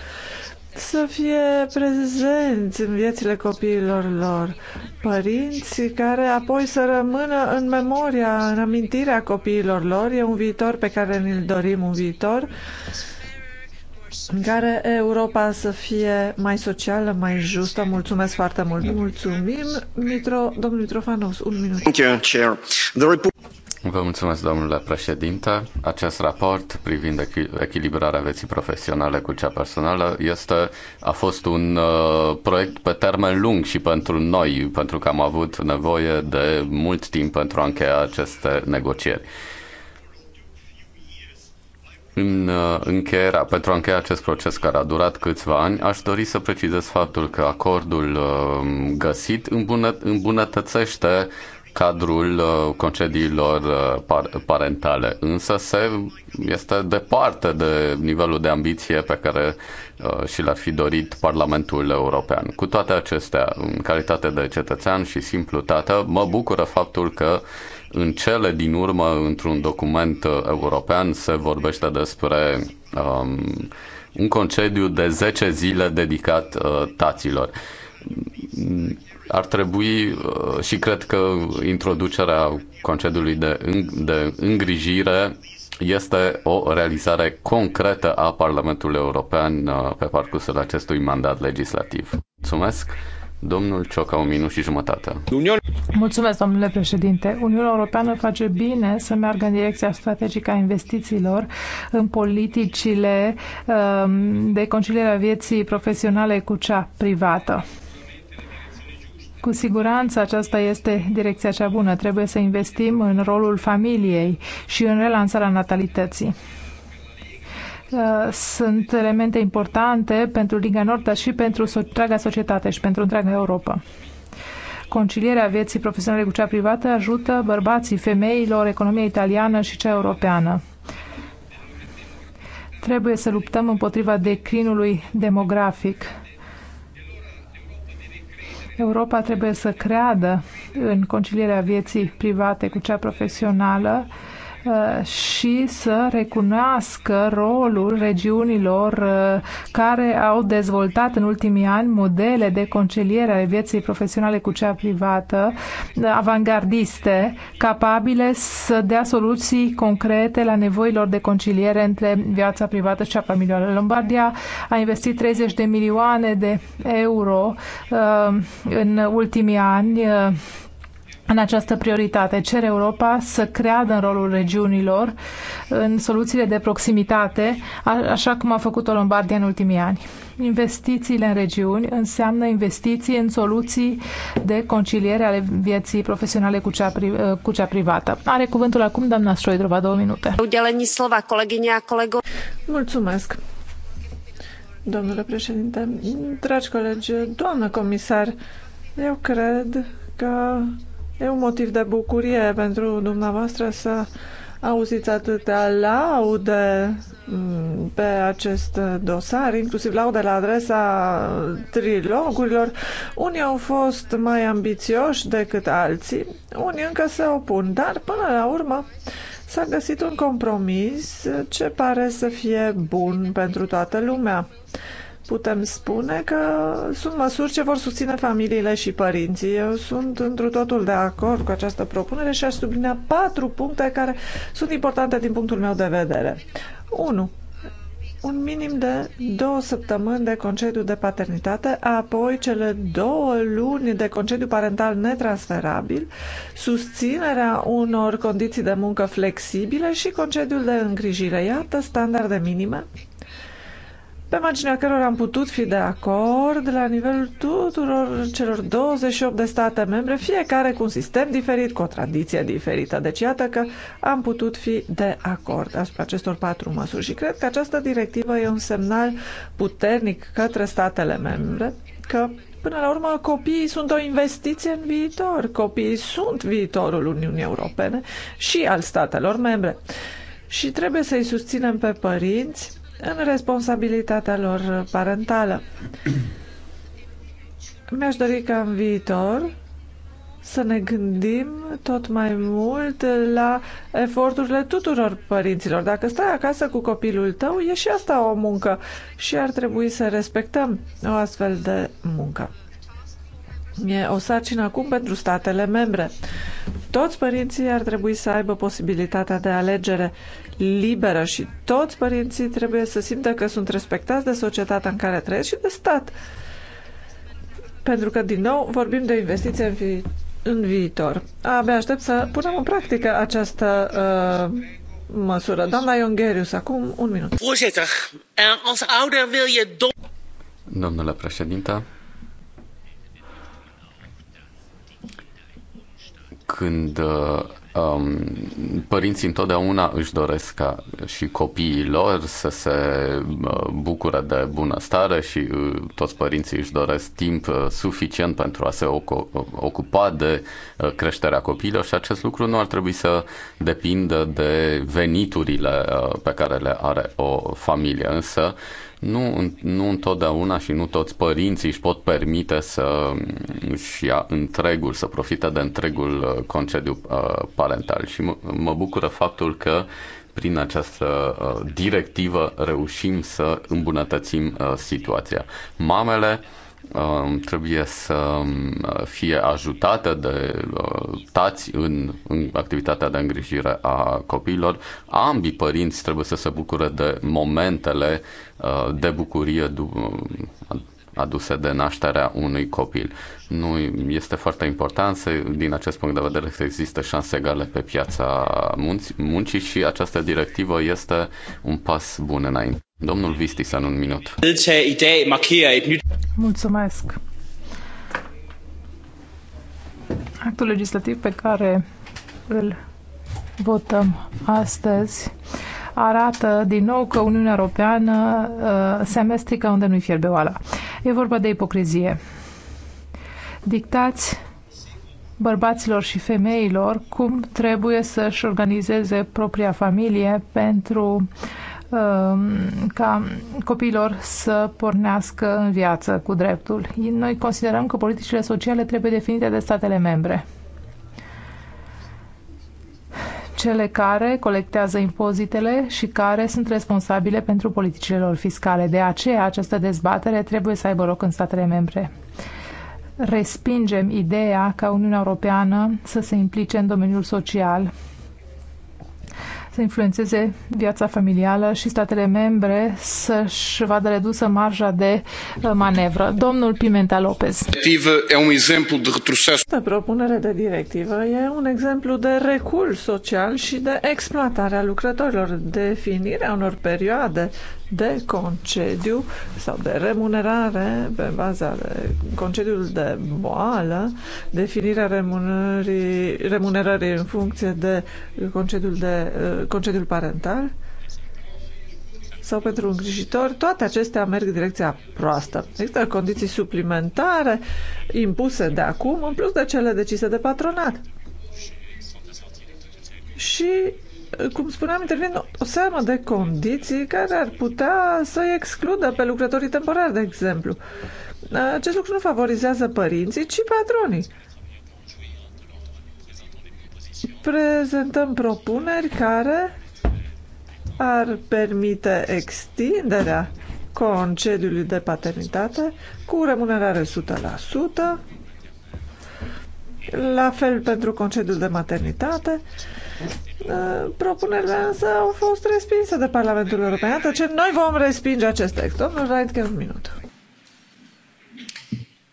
să fie prezenți în viețile copiilor lor, părinți care apoi să rămână în memoria, în amintirea copiilor lor. E un viitor pe care ne-l dorim, un viitor în care Europa să fie mai socială, mai justă. Mulțumesc foarte mult. Mulțumim, Mitro, domnul Mitrofanos. Un minut. Thank you, Chair. The Vă mulțumesc, domnule președinte. Acest raport privind echilibrarea vieții profesionale cu cea personală este, a fost un uh, proiect pe termen lung și pentru noi, pentru că am avut nevoie de mult timp pentru a încheia aceste negocieri. În uh, încheierea, pentru a încheia acest proces care a durat câțiva ani, aș dori să precizez faptul că acordul uh, găsit îmbunătățește cadrul uh, concediilor uh, parentale, însă se este departe de nivelul de ambiție pe care uh, și l-ar fi dorit Parlamentul European. Cu toate acestea, în calitate de cetățean și simplu tată, mă bucură faptul că în cele din urmă, într-un document european, se vorbește despre um, un concediu de 10 zile dedicat uh, taților. Uh, ar trebui uh, și cred că introducerea concediului de, de îngrijire este o realizare concretă a Parlamentului European uh, pe parcursul acestui mandat legislativ. Mulțumesc! Domnul Cioca, un minut și jumătate. Mulțumesc, domnule președinte. Uniunea Europeană face bine să meargă în direcția strategică a investițiilor în politicile um, de conciliere a vieții profesionale cu cea privată. Cu siguranță aceasta este direcția cea bună. Trebuie să investim în rolul familiei și în relansarea natalității uh, sunt elemente importante pentru Liga Nord, dar și pentru întreaga societate și pentru întreaga Europa. Concilierea vieții profesionale cu cea privată ajută bărbații, femeilor, economia italiană și cea europeană. Trebuie să luptăm împotriva declinului demografic Europa trebuie să creadă în concilierea vieții private cu cea profesională Uh, și să recunoască rolul regiunilor uh, care au dezvoltat în ultimii ani modele de conciliere ale vieții profesionale cu cea privată, uh, avangardiste, capabile să dea soluții concrete la nevoilor de conciliere între viața privată și cea familială. Lombardia a investit 30 de milioane de euro în ultimii ani în această prioritate. Cer Europa să creadă în rolul regiunilor, în soluțiile de proximitate, așa cum a făcut-o Lombardia în ultimii ani. Investițiile în regiuni înseamnă investiții în soluții de conciliere ale vieții profesionale cu cea, pri, ă, cu cea privată. Are cuvântul acum doamna Stroidrova, două minute. Udeleni slova, colego. Mulțumesc. Domnule președinte, dragi colegi, doamnă comisar, eu cred că E un motiv de bucurie pentru dumneavoastră să auziți atâtea laude mm, pe acest dosar, inclusiv laude la adresa trilogurilor. Unii au fost mai ambițioși decât alții, unii încă se opun, dar până la urmă s-a găsit un compromis ce pare să fie bun pentru toată lumea putem spune că sunt măsuri ce vor susține familiile și părinții. Eu sunt întru totul de acord cu această propunere și aș sublinea patru puncte care sunt importante din punctul meu de vedere. 1 un minim de două săptămâni de concediu de paternitate, apoi cele două luni de concediu parental netransferabil, susținerea unor condiții de muncă flexibile și concediul de îngrijire. Iată standarde minime pe marginea cărora am putut fi de acord la nivelul tuturor celor 28 de state membre, fiecare cu un sistem diferit, cu o tradiție diferită. Deci iată că am putut fi de acord asupra acestor patru măsuri și cred că această directivă e un semnal puternic către statele membre că Până la urmă, copiii sunt o investiție în viitor. Copiii sunt viitorul Uniunii Europene și al statelor membre. Și trebuie să-i susținem pe părinți în responsabilitatea lor parentală. Mi-aș dori ca în viitor să ne gândim tot mai mult la eforturile tuturor părinților. Dacă stai acasă cu copilul tău, e și asta o muncă și ar trebui să respectăm o astfel de muncă. E o sarcină acum pentru statele membre. Toți părinții ar trebui să aibă posibilitatea de alegere liberă și toți părinții trebuie să simtă că sunt respectați de societatea în care trăiesc și de stat. Pentru că, din nou, vorbim de investiție în, vi- în viitor. Abia aștept să punem în practică această uh, măsură. Doamna Iongherius, acum un minut. Eh, Domnule președinte, când uh, um, părinții întotdeauna își doresc ca și copiii lor să se uh, bucure de bunăstare și uh, toți părinții își doresc timp suficient pentru a se ocupa de creșterea copiilor și acest lucru nu ar trebui să depindă de veniturile pe care le are o familie. Însă, nu, nu întotdeauna și nu toți părinții își pot permite să își ia întregul, să profite de întregul uh, concediu uh, parental. Și mă, mă bucură faptul că prin această uh, directivă reușim să îmbunătățim situația. Mamele Um, trebuie să um, fie ajutată de uh, tați în, în activitatea de îngrijire a copiilor. Ambii părinți trebuie să se bucure de momentele uh, de bucurie um, aduse de nașterea unui copil. Nu este foarte important să, din acest punct de vedere să există șanse egale pe piața muncii și această directivă este un pas bun înainte. Domnul Vistisan, un minut. Mulțumesc. Actul legislativ pe care îl votăm astăzi arată din nou că Uniunea Europeană uh, se amestecă unde nu-i fierbe oala. E vorba de ipocrizie. Dictați bărbaților și femeilor cum trebuie să-și organizeze propria familie pentru uh, Um, ca copiilor să pornească în viață cu dreptul. Noi considerăm că politicile sociale trebuie definite de statele membre. Cele care colectează impozitele și care sunt responsabile pentru politicile lor fiscale. De aceea, această dezbatere trebuie să aibă loc în statele membre respingem ideea ca Uniunea Europeană să se implice în domeniul social să influențeze viața familială și statele membre să-și vadă redusă marja de uh, manevră. Domnul Pimenta Lopez. E un um exemplu de retroces. propunere de directivă e un exemplu de recul social și de exploatare a lucrătorilor, definirea unor perioade de concediu sau de remunerare pe baza de concediul de boală, definirea remunerării, remunerării în funcție de concediul, de eh, concediul parental sau pentru îngrijitori, toate acestea merg în direcția proastă. Există condiții suplimentare impuse de acum, în plus de cele decise de patronat. Și cum spuneam, intervin o seamă de condiții care ar putea să excludă pe lucrătorii temporari, de exemplu. Acest lucru nu favorizează părinții, ci patronii. Prezentăm propuneri care ar permite extinderea concediului de paternitate cu remunerare la fel pentru concediul de maternitate. Uh, propunerile însă au fost respinse de Parlamentul European. atât deci, ce noi vom respinge acest text. Domnul Reitke, un minut.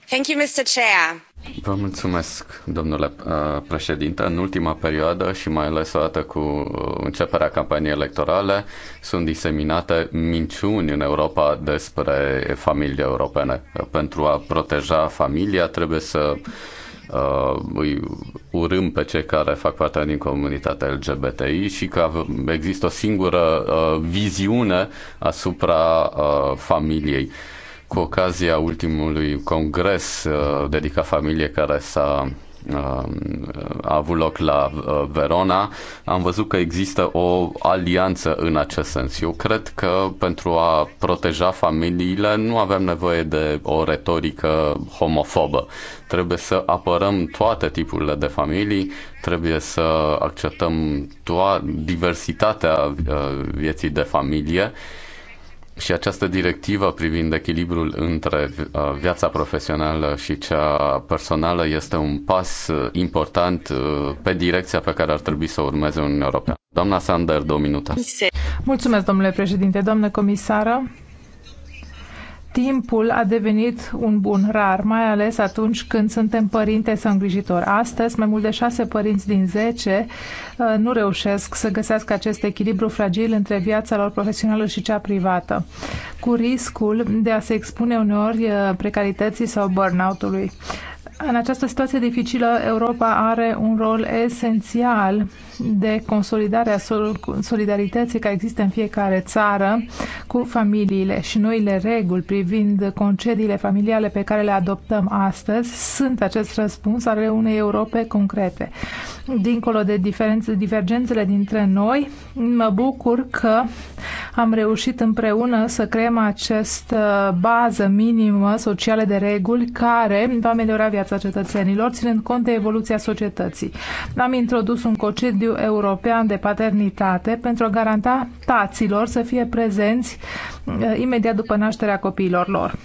Thank you, Mr. Chair. Vă mulțumesc, domnule uh, președinte. În ultima perioadă și mai ales odată cu începerea campaniei electorale, sunt diseminate minciuni în Europa despre familie europene. Pentru a proteja familia trebuie să uh, îi urâm pe cei care fac parte din comunitatea LGBTI și că există o singură uh, viziune asupra uh, familiei. Cu ocazia ultimului congres uh, dedicat familiei care s-a Uh, a avut loc la uh, Verona, am văzut că există o alianță în acest sens. Eu cred că pentru a proteja familiile nu avem nevoie de o retorică homofobă. Trebuie să apărăm toate tipurile de familii, trebuie să acceptăm toată diversitatea uh, vieții de familie și această directivă privind echilibrul între uh, viața profesională și cea personală este un pas uh, important uh, pe direcția pe care ar trebui să o urmeze Uniunea Europeană. Doamna Sander, două minute. Mulțumesc, domnule președinte. Doamnă comisară, timpul a devenit un bun rar, mai ales atunci când suntem părinte sau îngrijitor. Astăzi, mai mult de șase părinți din zece uh, nu reușesc să găsească acest echilibru fragil între viața lor profesională și cea privată, cu riscul de a se expune uneori uh, precarității sau burnout-ului. În această situație dificilă, Europa are un rol esențial de consolidare a solidarității care există în fiecare țară cu familiile și noile reguli privind concediile familiale pe care le adoptăm astăzi sunt acest răspuns ale unei Europe concrete. Dincolo de diferențe, divergențele dintre noi, mă bucur că am reușit împreună să creăm această bază minimă socială de reguli care va ameliora viața cetățenilor, ținând cont de evoluția societății. Am introdus un concediu concediu european de paternitate pentru a garanta taților să fie prezenți eh, imediat după nașterea copiilor lor.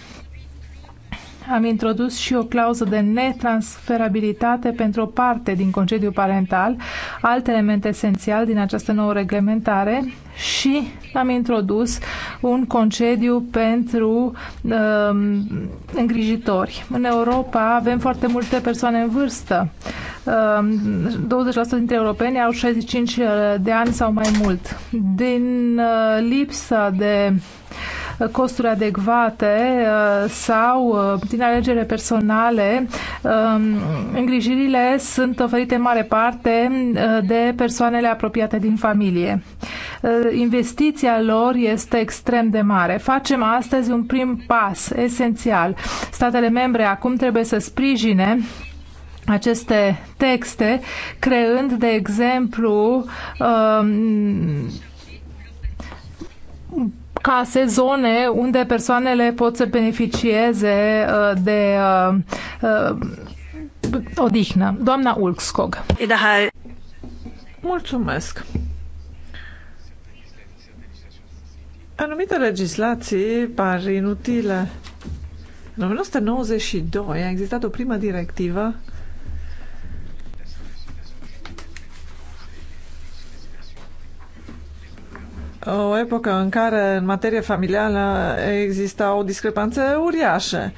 Am introdus și o clauză de netransferabilitate pentru o parte din concediu parental, alt element esențial din această nouă reglementare, și am introdus un concediu pentru um, îngrijitori. În Europa avem foarte multe persoane în vârstă. Um, 20% dintre europeni au 65 de ani sau mai mult. Din uh, lipsa de uh, costuri adecvate uh, sau uh, din alegere personale, um, îngrijirile sunt oferite în mare parte uh, de persoanele apropiate din familie. Investiția lor este extrem de mare. Facem astăzi un prim pas esențial. Statele membre acum trebuie să sprijine aceste texte, creând, de exemplu, um, ca zone unde persoanele pot să beneficieze uh, de uh, uh, odihnă. Doamna Ulkskog. Mulțumesc. Anumite legislații par inutile. În 1992 a existat o primă directivă o epocă în care în materie familială exista o discrepanță uriașă.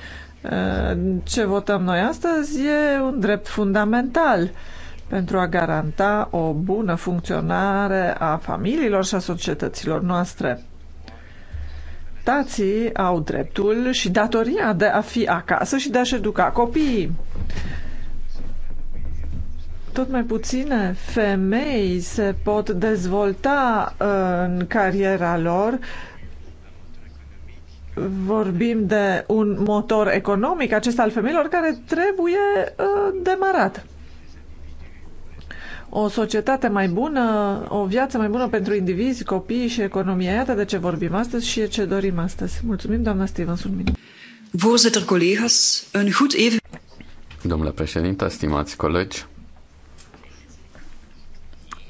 Ce votăm noi astăzi e un drept fundamental pentru a garanta o bună funcționare a familiilor și a societăților noastre. Tații au dreptul și datoria de a fi acasă și de a-și educa copiii. Tot mai puține femei se pot dezvolta uh, în cariera lor. Vorbim de un motor economic, acesta al femeilor, care trebuie uh, demarat o societate mai bună, o viață mai bună pentru indivizi, copii și economie. Iată de ce vorbim astăzi și ce dorim astăzi. Mulțumim, doamna Steven un Voorzitter, collega's, een goed even... Domnule președinte, stimați colegi,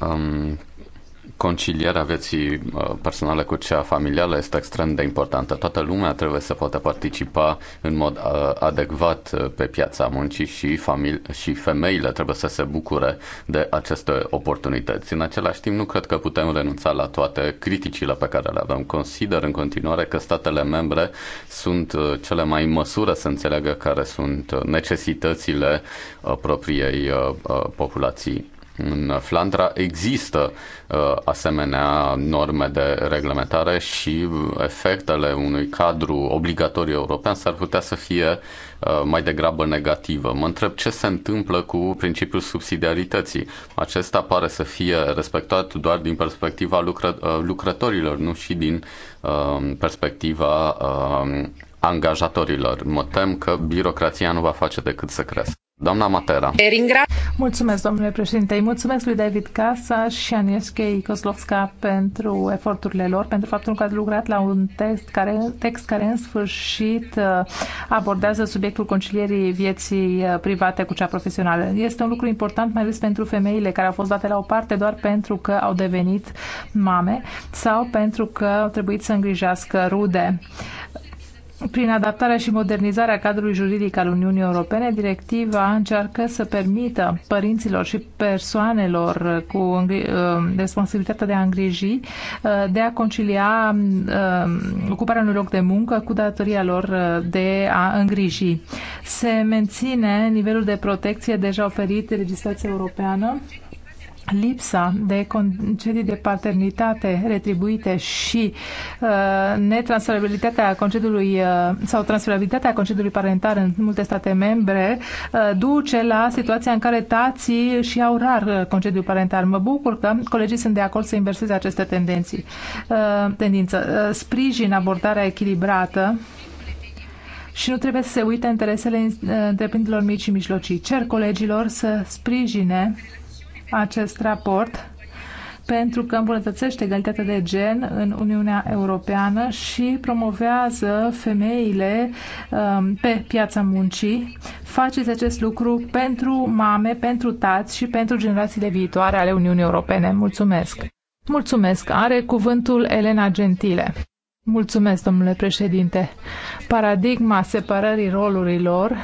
um, concilierea vieții uh, personale cu cea familială este extrem de importantă. Toată lumea trebuie să poată participa în mod uh, adecvat uh, pe piața muncii și, famili- și femeile trebuie să se bucure de aceste oportunități. În același timp, nu cred că putem renunța la toate criticile pe care le avem. Consider în continuare că statele membre sunt cele mai măsură să înțeleagă care sunt necesitățile propriei populații în Flandra există uh, asemenea norme de reglementare și efectele unui cadru obligatoriu european s-ar putea să fie uh, mai degrabă negativă. Mă întreb ce se întâmplă cu principiul subsidiarității. Acesta pare să fie respectat doar din perspectiva lucră, uh, lucrătorilor, nu și din uh, perspectiva uh, angajatorilor. Mă tem că birocrația nu va face decât să crească. Doamna Matera. Mulțumesc, domnule președinte. Îi mulțumesc lui David Casa și Anieschei Koslovska pentru eforturile lor, pentru faptul că ați lucrat la un text care, text care în sfârșit uh, abordează subiectul concilierii vieții uh, private cu cea profesională. Este un lucru important, mai ales pentru femeile care au fost date la o parte doar pentru că au devenit mame sau pentru că au trebuit să îngrijească rude prin adaptarea și modernizarea cadrului juridic al Uniunii Europene, directiva încearcă să permită părinților și persoanelor cu uh, responsabilitatea de a îngriji uh, de a concilia uh, ocuparea unui loc de muncă cu datoria lor de a îngriji. Se menține nivelul de protecție deja oferit de legislația europeană lipsa de concedii de paternitate retribuite și uh, netransferabilitatea concediului uh, sau transferabilitatea concediului parental în multe state membre uh, duce la situația în care tații și au rar uh, concediul parental. Mă bucur că colegii sunt de acord să inverseze aceste tendenții. Uh, tendință. Uh, sprijin abordarea echilibrată și nu trebuie să se uite interesele uh, întreprinderilor mici și mijlocii. Cer colegilor să sprijine uh, acest raport pentru că îmbunătățește egalitatea de gen în Uniunea Europeană și promovează femeile um, pe piața muncii. Faceți acest lucru pentru mame, pentru tați și pentru generațiile viitoare ale Uniunii Europene. Mulțumesc! Mulțumesc! Are cuvântul Elena Gentile. Mulțumesc, domnule președinte. Paradigma separării rolurilor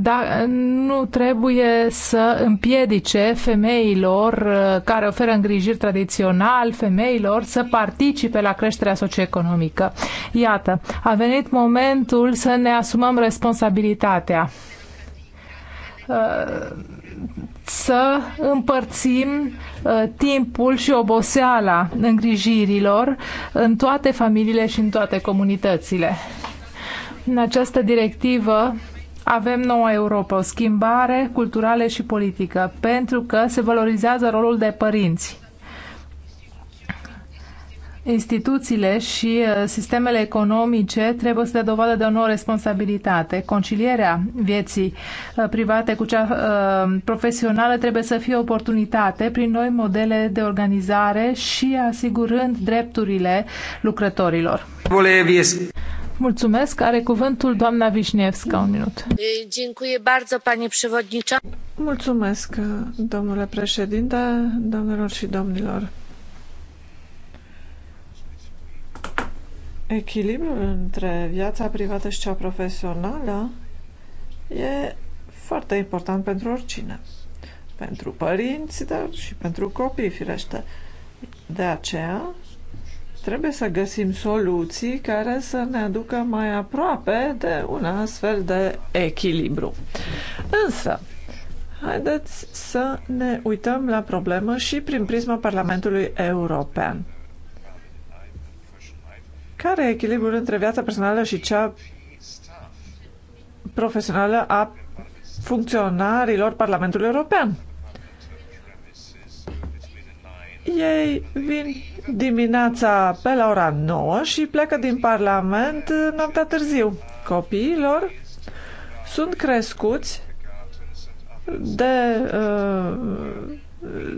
da, nu trebuie să împiedice femeilor uh, care oferă îngrijiri tradițional, femeilor să participe la creșterea socioeconomică. Iată, a venit momentul să ne asumăm responsabilitatea uh, să împărțim uh, timpul și oboseala îngrijirilor în toate familiile și în toate comunitățile. În această directivă avem noua Europa, o schimbare culturală și politică, pentru că se valorizează rolul de părinți. Instituțiile și uh, sistemele economice trebuie să dea dovadă de o nouă responsabilitate. Concilierea vieții uh, private cu cea uh, profesională trebuie să fie oportunitate prin noi modele de organizare și asigurând drepturile lucrătorilor. Mulțumesc. Are cuvântul doamna Vișnievska, un minut. Mulțumesc, domnule președinte, domnilor și domnilor. Echilibrul între viața privată și cea profesională e foarte important pentru oricine. Pentru părinți, dar și pentru copii, firește. De aceea, Trebuie să găsim soluții care să ne aducă mai aproape de un astfel de echilibru. Însă, haideți să ne uităm la problemă și prin prisma Parlamentului European. Care e echilibrul între viața personală și cea profesională a funcționarilor Parlamentului European? Ei vin dimineața pe la ora 9 și pleacă din Parlament noaptea târziu. Copiilor sunt crescuți de uh,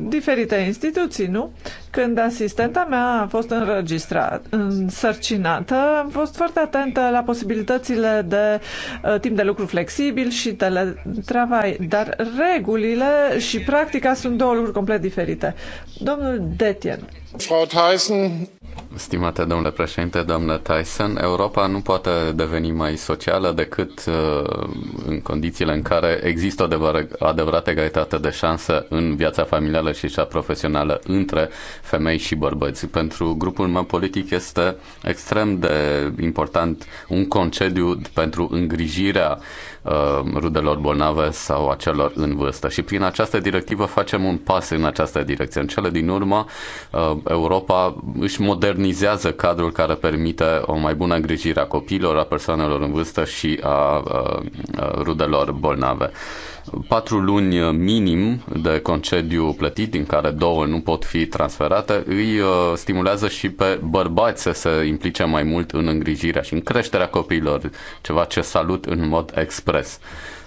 diferite instituții, nu? Când asistenta mea a fost înregistrat, însărcinată, am fost foarte atentă la posibilitățile de uh, timp de lucru flexibil și teletravai, dar regulile și practica sunt două lucruri complet diferite. Domnul Detien, Frau Tyson. Stimate domnule președinte, doamnă Tyson, Europa nu poate deveni mai socială decât uh, în condițiile în care există o adevărată egalitate de șansă în viața familială și cea profesională între femei și bărbați. Pentru grupul meu politic este extrem de important un concediu pentru îngrijirea uh, Uh, rudelor bolnave sau a celor în vârstă. Și prin această directivă facem un pas în această direcție. În cele din urmă, uh, Europa își modernizează cadrul care permite o mai bună îngrijire a copiilor, a persoanelor în vârstă și a uh, rudelor bolnave patru luni uh, minim de concediu plătit, din care două nu pot fi transferate, îi uh, stimulează și pe bărbați să se implice mai mult în îngrijirea și în creșterea copiilor, ceva ce salut în mod expres.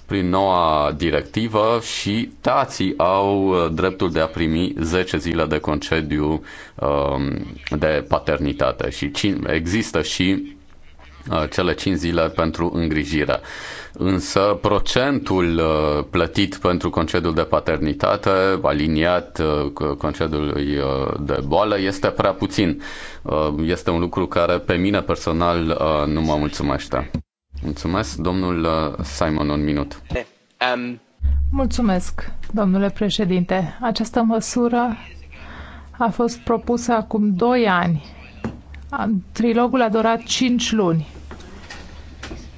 Prin noua directivă și tații au uh, dreptul de a primi 10 zile de concediu um, de paternitate și există și cele 5 zile pentru îngrijire. Însă procentul uh, plătit pentru concediul de paternitate, aliniat uh, concediului uh, de boală, este prea puțin. Este un lucru care pe mine personal nu mă mulțumește. Mulțumesc, domnul Simon, un minut. Um, Mulțumesc, domnule președinte. Această măsură a fost propusă acum 2 ani. Trilogul a durat 5 luni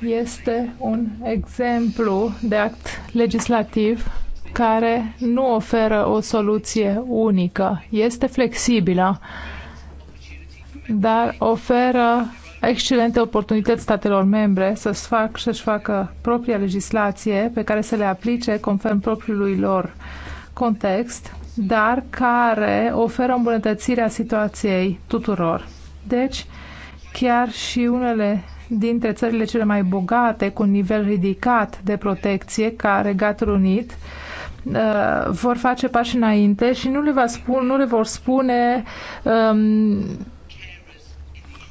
este un exemplu de act legislativ care nu oferă o soluție unică. Este flexibilă, dar oferă excelente oportunități statelor membre să-și fac, să facă propria legislație pe care să le aplice conform propriului lor context, dar care oferă îmbunătățirea situației tuturor. Deci, chiar și unele dintre țările cele mai bogate, cu un nivel ridicat de protecție, ca Regatul Unit, uh, vor face pași înainte și nu le, va spun, nu le vor spune um,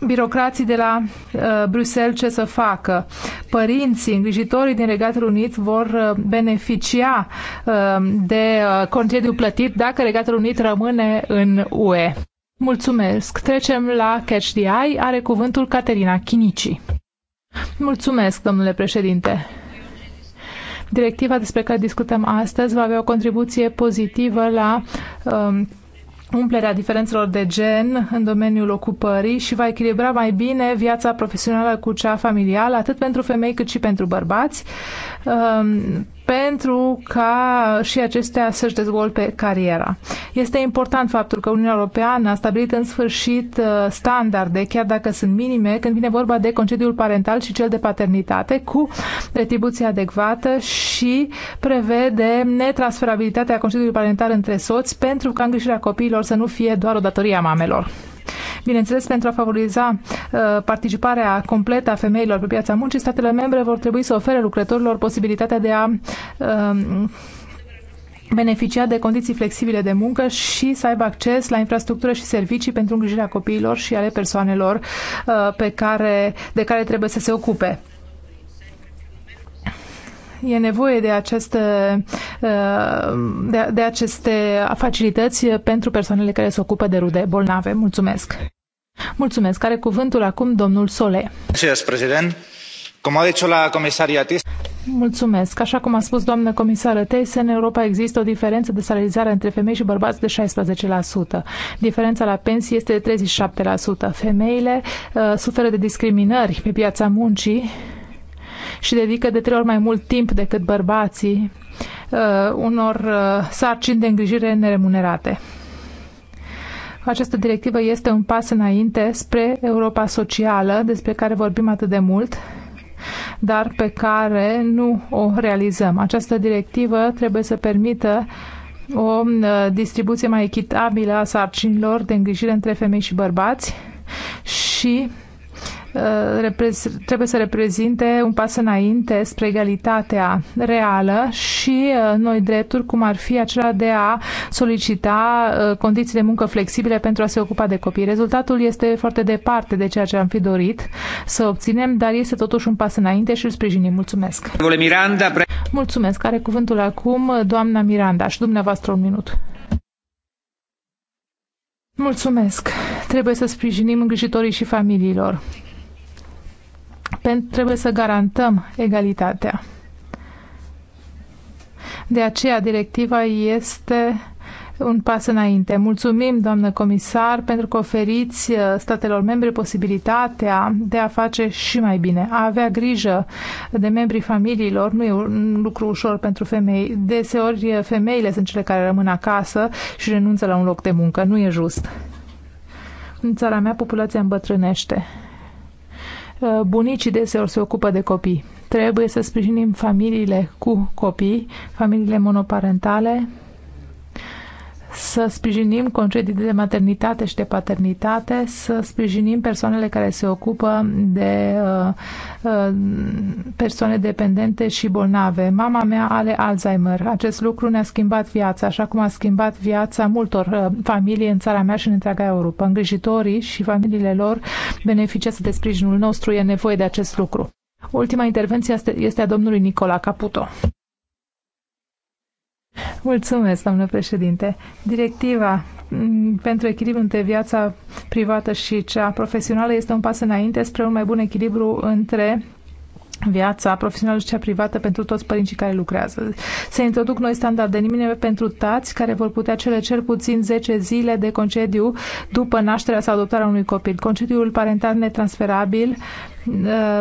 birocrații de la uh, Bruxelles ce să facă. Părinții, îngrijitorii din Regatul Unit vor uh, beneficia uh, de uh, concediu plătit dacă Regatul Unit rămâne în UE. Mulțumesc. Trecem la Catch the Eye. Are cuvântul Caterina Chinici. Mulțumesc, domnule președinte. Directiva despre care discutăm astăzi va avea o contribuție pozitivă la um, umplerea diferențelor de gen în domeniul ocupării și va echilibra mai bine viața profesională cu cea familială, atât pentru femei cât și pentru bărbați. Um, pentru ca și acestea să-și dezvolte cariera. Este important faptul că Uniunea Europeană a stabilit în sfârșit uh, standarde, chiar dacă sunt minime, când vine vorba de concediul parental și cel de paternitate, cu retribuție adecvată și prevede netransferabilitatea concediului parental între soți pentru ca îngrijirea copiilor să nu fie doar o datorie a mamelor. Bineînțeles, pentru a favoriza uh, participarea completă a femeilor pe piața muncii, statele membre vor trebui să ofere lucrătorilor posibilitatea de a um, beneficia de condiții flexibile de muncă și să aibă acces la infrastructură și servicii pentru îngrijirea copiilor și ale persoanelor uh, pe care, de care trebuie să se ocupe e nevoie de aceste, uh, de, de aceste facilități pentru persoanele care se ocupă de rude bolnave. Mulțumesc! Mulțumesc. Are cuvântul acum domnul Sole. Mulțumesc, președinte. Cum a dicho la comisaria Mulțumesc. Așa cum a spus doamnă comisară Tese, în Europa există o diferență de salarizare între femei și bărbați de 16%. Diferența la pensii este de 37%. Femeile uh, suferă de discriminări pe piața muncii și dedică de trei ori mai mult timp decât bărbații uh, unor uh, sarcini de îngrijire neremunerate. Această directivă este un pas înainte spre Europa socială, despre care vorbim atât de mult, dar pe care nu o realizăm. Această directivă trebuie să permită o uh, distribuție mai echitabilă a sarcinilor de îngrijire între femei și bărbați și Uh, trebuie să reprezinte un pas înainte spre egalitatea reală și uh, noi drepturi, cum ar fi acela de a solicita uh, condiții de muncă flexibile pentru a se ocupa de copii. Rezultatul este foarte departe de ceea ce am fi dorit să obținem, dar este totuși un pas înainte și îl sprijinim. Mulțumesc! Miranda, pre- Mulțumesc! Are cuvântul acum doamna Miranda și dumneavoastră un minut. Mulțumesc! Trebuie să sprijinim îngrijitorii și familiilor Trebuie să garantăm egalitatea. De aceea, directiva este un pas înainte. Mulțumim, doamnă comisar, pentru că oferiți uh, statelor membre posibilitatea de a face și mai bine. A avea grijă de membrii familiilor nu e un lucru ușor pentru femei. Deseori uh, femeile sunt cele care rămân acasă și renunță la un loc de muncă. Nu e just. În țara mea populația îmbătrânește Uh, bunicii deseori se ocupă de copii. Trebuie să sprijinim familiile cu copii, familiile monoparentale, să sprijinim concedii de maternitate și de paternitate, să sprijinim persoanele care se ocupă de uh, uh, persoane dependente și bolnave. Mama mea are Alzheimer. Acest lucru ne-a schimbat viața, așa cum a schimbat viața multor uh, familii în țara mea și în întreaga Europa. Îngrijitorii și familiile lor beneficiază de sprijinul nostru, e nevoie de acest lucru. Ultima intervenție este a domnului Nicola Caputo. Mulțumesc, doamnă președinte. Directiva mm, pentru echilibru între viața privată și cea profesională este un pas înainte spre un mai bun echilibru între viața profesională și cea privată pentru toți părinții care lucrează. Se introduc noi standarde minime pentru tați care vor putea cele cel puțin 10 zile de concediu după nașterea sau adoptarea unui copil. Concediul parental netransferabil uh,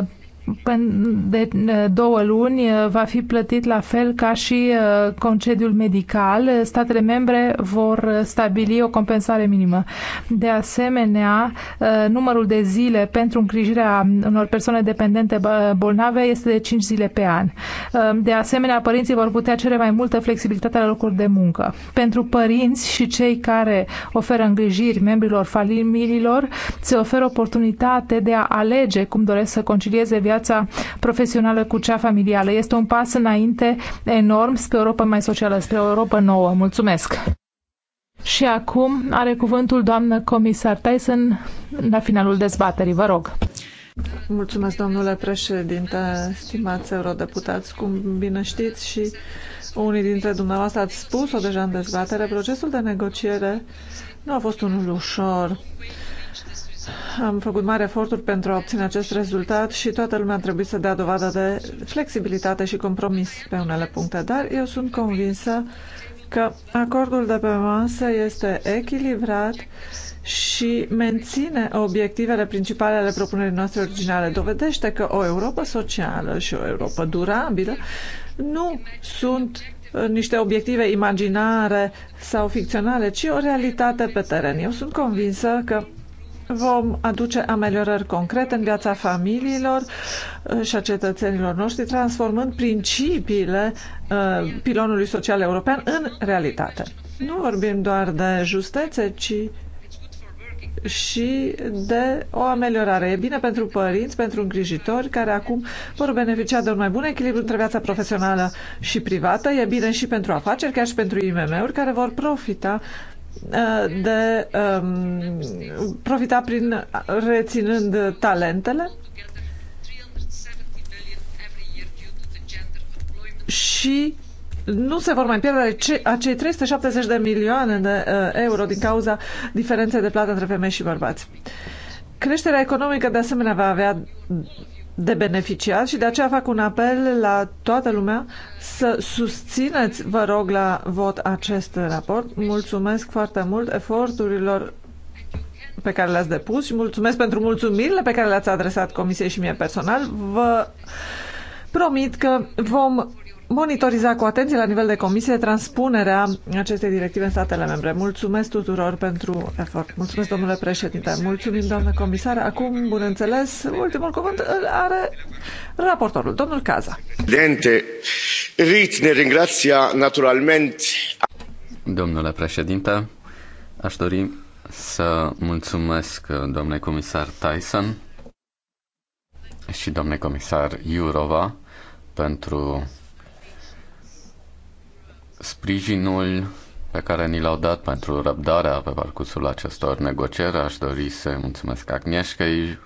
de două luni uh, va fi plătit la fel ca și uh, concediul medical. Statele membre vor stabili o compensare minimă. De asemenea, uh, numărul de zile pentru îngrijirea unor persoane dependente bolnave este de 5 zile pe an. De asemenea, părinții vor putea cere mai multă flexibilitate la locuri de muncă. Pentru părinți și cei care oferă îngrijiri membrilor familiilor, se oferă oportunitate de a alege cum doresc să concilieze viața viața profesională cu cea familială. Este un pas înainte enorm spre Europa mai socială, spre Europa nouă. Mulțumesc! Și acum are cuvântul doamnă comisar Tyson la finalul dezbaterii. Vă rog! Mulțumesc, domnule președinte, stimați eurodeputați. Cum bine știți și unii dintre dumneavoastră ați spus-o deja în dezbatere, procesul de negociere nu a fost unul ușor. Am făcut mari eforturi pentru a obține acest rezultat și toată lumea trebuie să dea dovadă de flexibilitate și compromis pe unele puncte, dar eu sunt convinsă că acordul de pe masă este echilibrat și menține obiectivele principale ale propunerii noastre originale. Dovedește că o Europa socială și o Europa durabilă nu sunt uh, niște obiective imaginare sau ficționale, ci o realitate pe teren. Eu sunt convinsă că vom aduce ameliorări concrete în viața familiilor uh, și a cetățenilor noștri, transformând principiile uh, pilonului social european în realitate. Nu vorbim doar de justețe, ci și de o ameliorare. E bine pentru părinți, pentru îngrijitori, care acum vor beneficia de un mai bun echilibru între viața profesională și privată. E bine și pentru afaceri, chiar și pentru IMM-uri, care vor profita Uh, de um, profita prin reținând talentele și nu se vor mai pierde acei 370 de milioane de uh, euro din cauza diferenței de plată între femei și bărbați. Creșterea economică, de asemenea, va avea de beneficiat și de aceea fac un apel la toată lumea să susțineți, vă rog, la vot acest raport. Mulțumesc foarte mult eforturilor pe care le-ați depus și mulțumesc pentru mulțumirile pe care le-ați adresat Comisiei și mie personal. Vă promit că vom monitoriza cu atenție la nivel de comisie transpunerea acestei directive în statele membre. Mulțumesc tuturor pentru efort. Mulțumesc, domnule președinte. Mulțumim, doamnă comisară. Acum, bun înțeles, ultimul cuvânt îl are raportorul, domnul Caza. Dente, rit ne ringrazia naturalmente. Domnule președinte, aș dori să mulțumesc domnule comisar Tyson și domnule comisar Iurova pentru sprijinul pe care ni l-au dat pentru răbdarea pe parcursul acestor negocieri. Aș dori să mulțumesc Agnieszkei,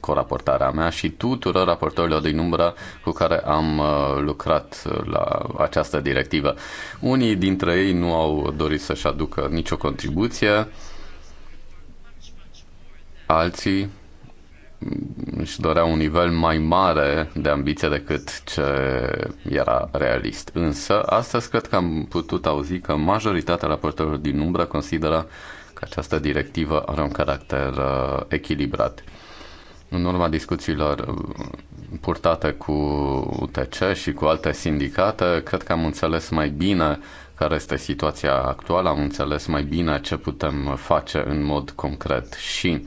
coraportarea mea și tuturor raportorilor din umbră cu care am uh, lucrat la această directivă. Unii dintre ei nu au dorit să-și aducă nicio contribuție, alții își dorea un nivel mai mare de ambiție decât ce era realist. Însă, astăzi cred că am putut auzi că majoritatea raportorilor din umbră consideră că această directivă are un caracter uh, echilibrat. În urma discuțiilor uh, purtate cu UTC și cu alte sindicate, cred că am înțeles mai bine care este situația actuală, am înțeles mai bine ce putem face în mod concret și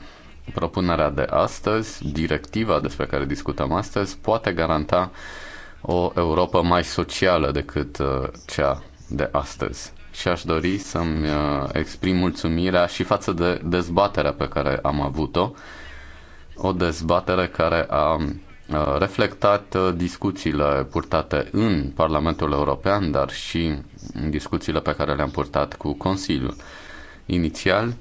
propunerea de astăzi, directiva despre care discutăm astăzi, poate garanta o Europa mai socială decât uh, cea de astăzi. Și aș dori să-mi uh, exprim mulțumirea și față de dezbaterea pe care am avut-o, o dezbatere care a uh, reflectat discuțiile purtate în Parlamentul European, dar și discuțiile pe care le-am purtat cu Consiliul. Inițial,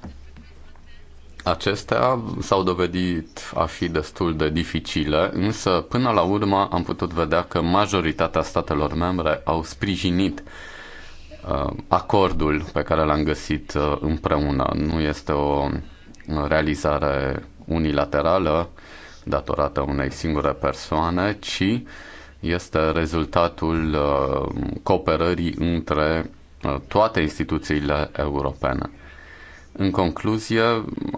Acestea s-au dovedit a fi destul de dificile, însă până la urmă am putut vedea că majoritatea statelor membre au sprijinit uh, acordul pe care l-am găsit uh, împreună. Nu este o realizare unilaterală datorată unei singure persoane, ci este rezultatul uh, cooperării între toate instituțiile europene. În concluzie,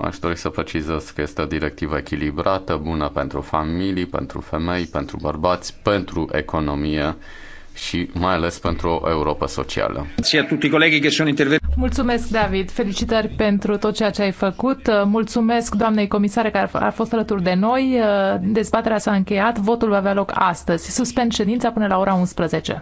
aș dori să precizez că este o directivă echilibrată, bună pentru familii, pentru femei, pentru bărbați, pentru economie și mai ales pentru o Europa socială. Mulțumesc, David. Felicitări pentru tot ceea ce ai făcut. Mulțumesc doamnei comisare care a fost alături de noi. Dezbaterea s-a încheiat. Votul va avea loc astăzi. Suspend ședința până la ora 11.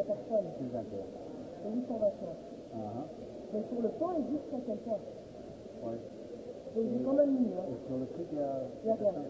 n'y a personne. Deci, C'est lui qu'on va faire. Uh -huh. Mais sur le temps, il existe qu'il y a quelqu'un. Păi, ouais. Donc j'ai quand même mis. Hein. Et sur le truc, il y a. Il y a rien.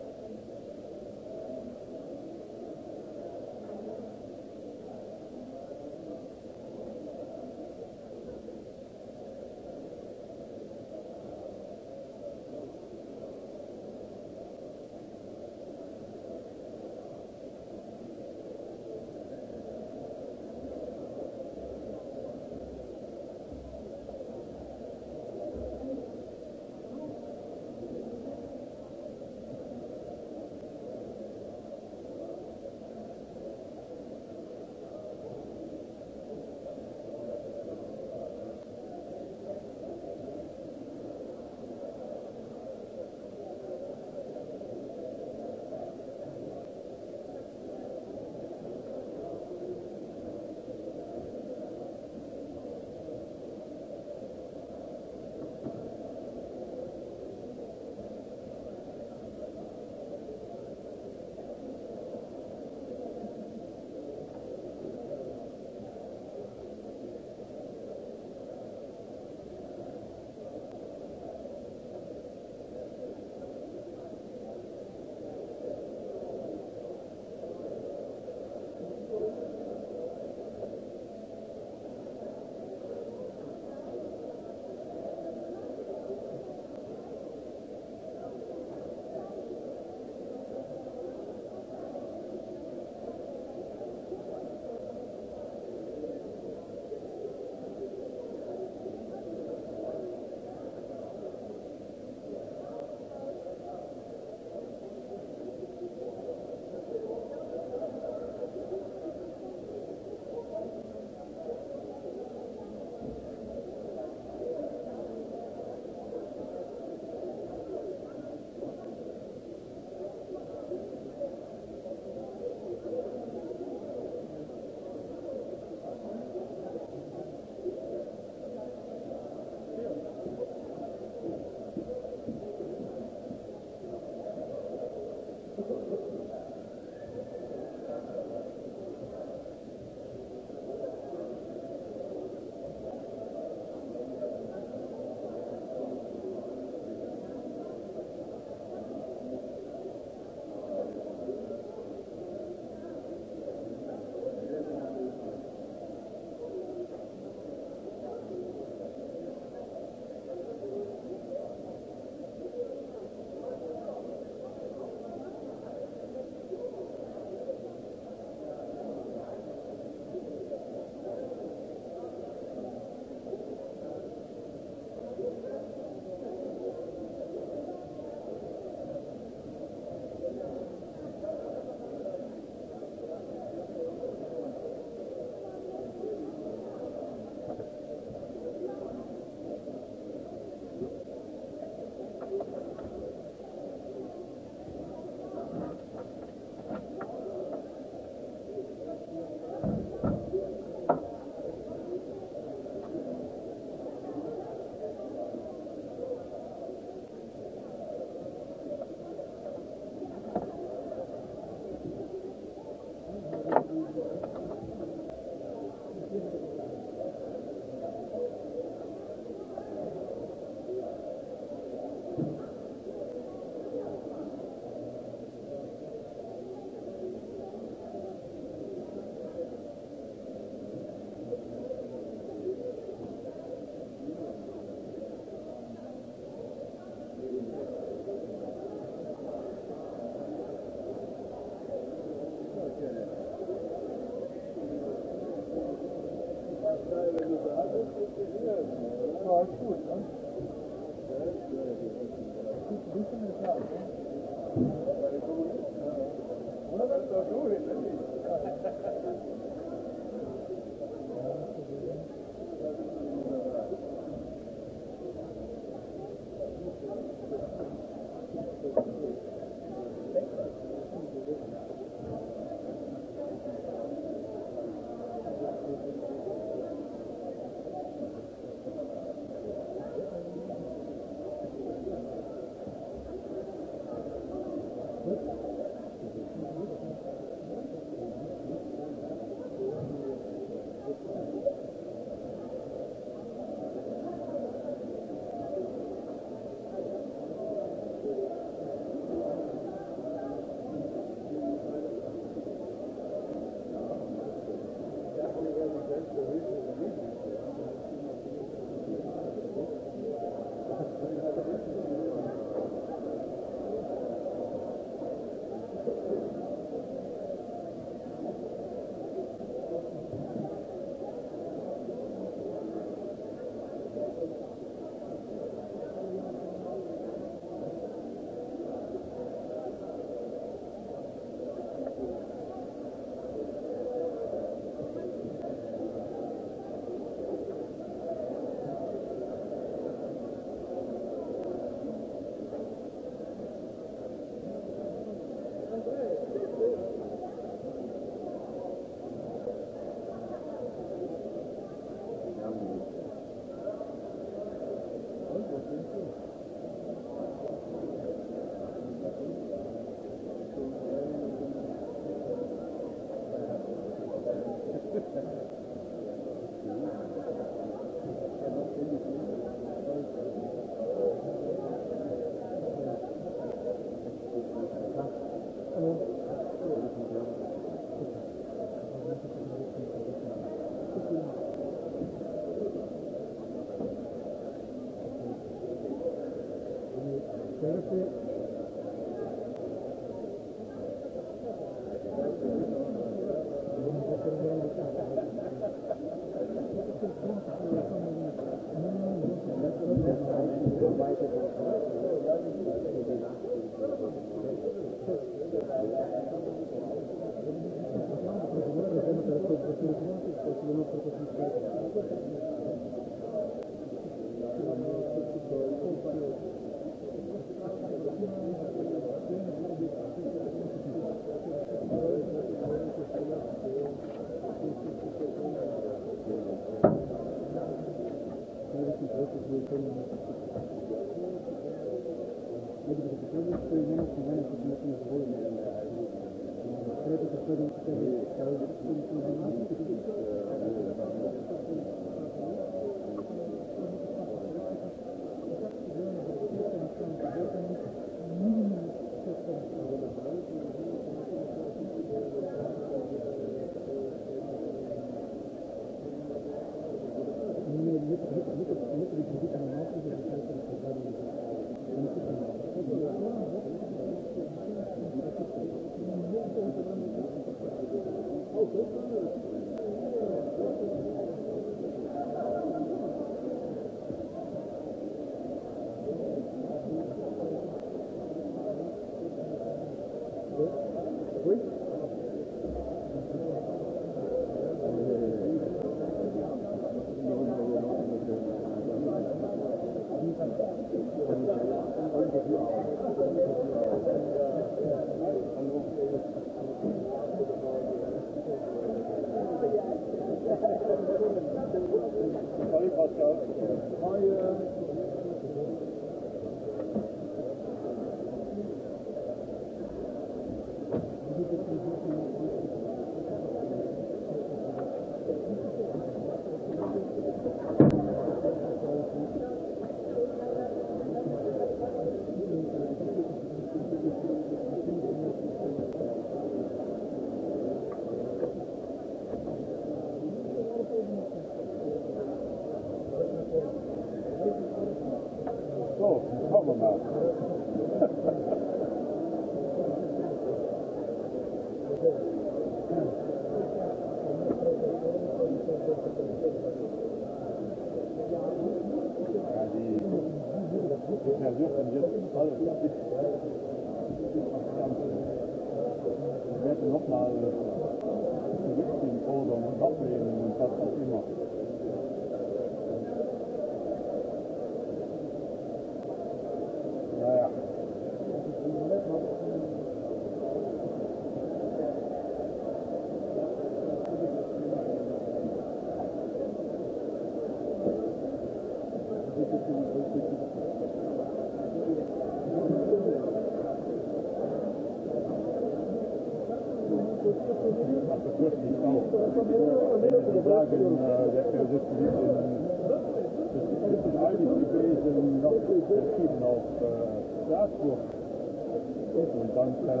Doamne,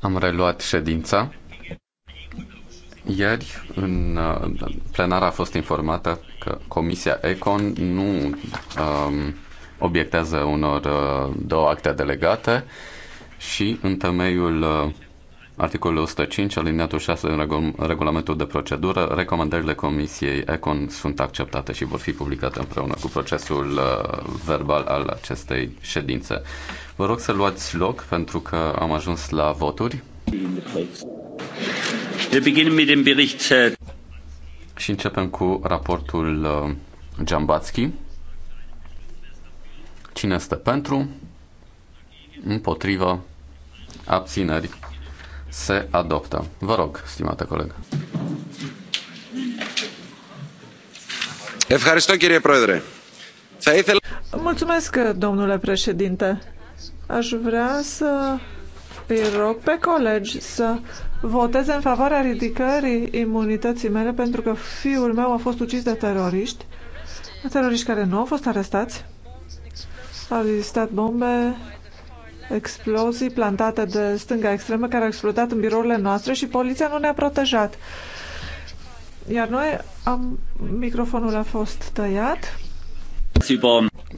Am reluat ședința. Ieri, în uh, plenar a fost informată că Comisia Econ nu um, obiectează unor uh, două acte delegate și în temeiul uh, articolul 105, alineatul 6 în regulamentul de procedură, recomandările Comisiei ECON sunt acceptate și vor fi publicate împreună cu procesul uh, verbal al acestei ședințe. Vă rog să luați loc pentru că am ajuns la voturi. Äh, și începem cu raportul uh, Giambatski. Cine este pentru? Împotrivă? Abțineri? se adoptă. Vă rog, stimată colegă. Mulțumesc, domnule președinte. Aș vrea să îi rog pe colegi să voteze în favoarea ridicării imunității mele pentru că fiul meu a fost ucis de teroriști, teroriști care nu au fost arestați. Au existat bombe explozii plantate de stânga extremă care au explodat în birourile noastre și poliția nu ne-a protejat. Iar noi am... Microfonul a fost tăiat.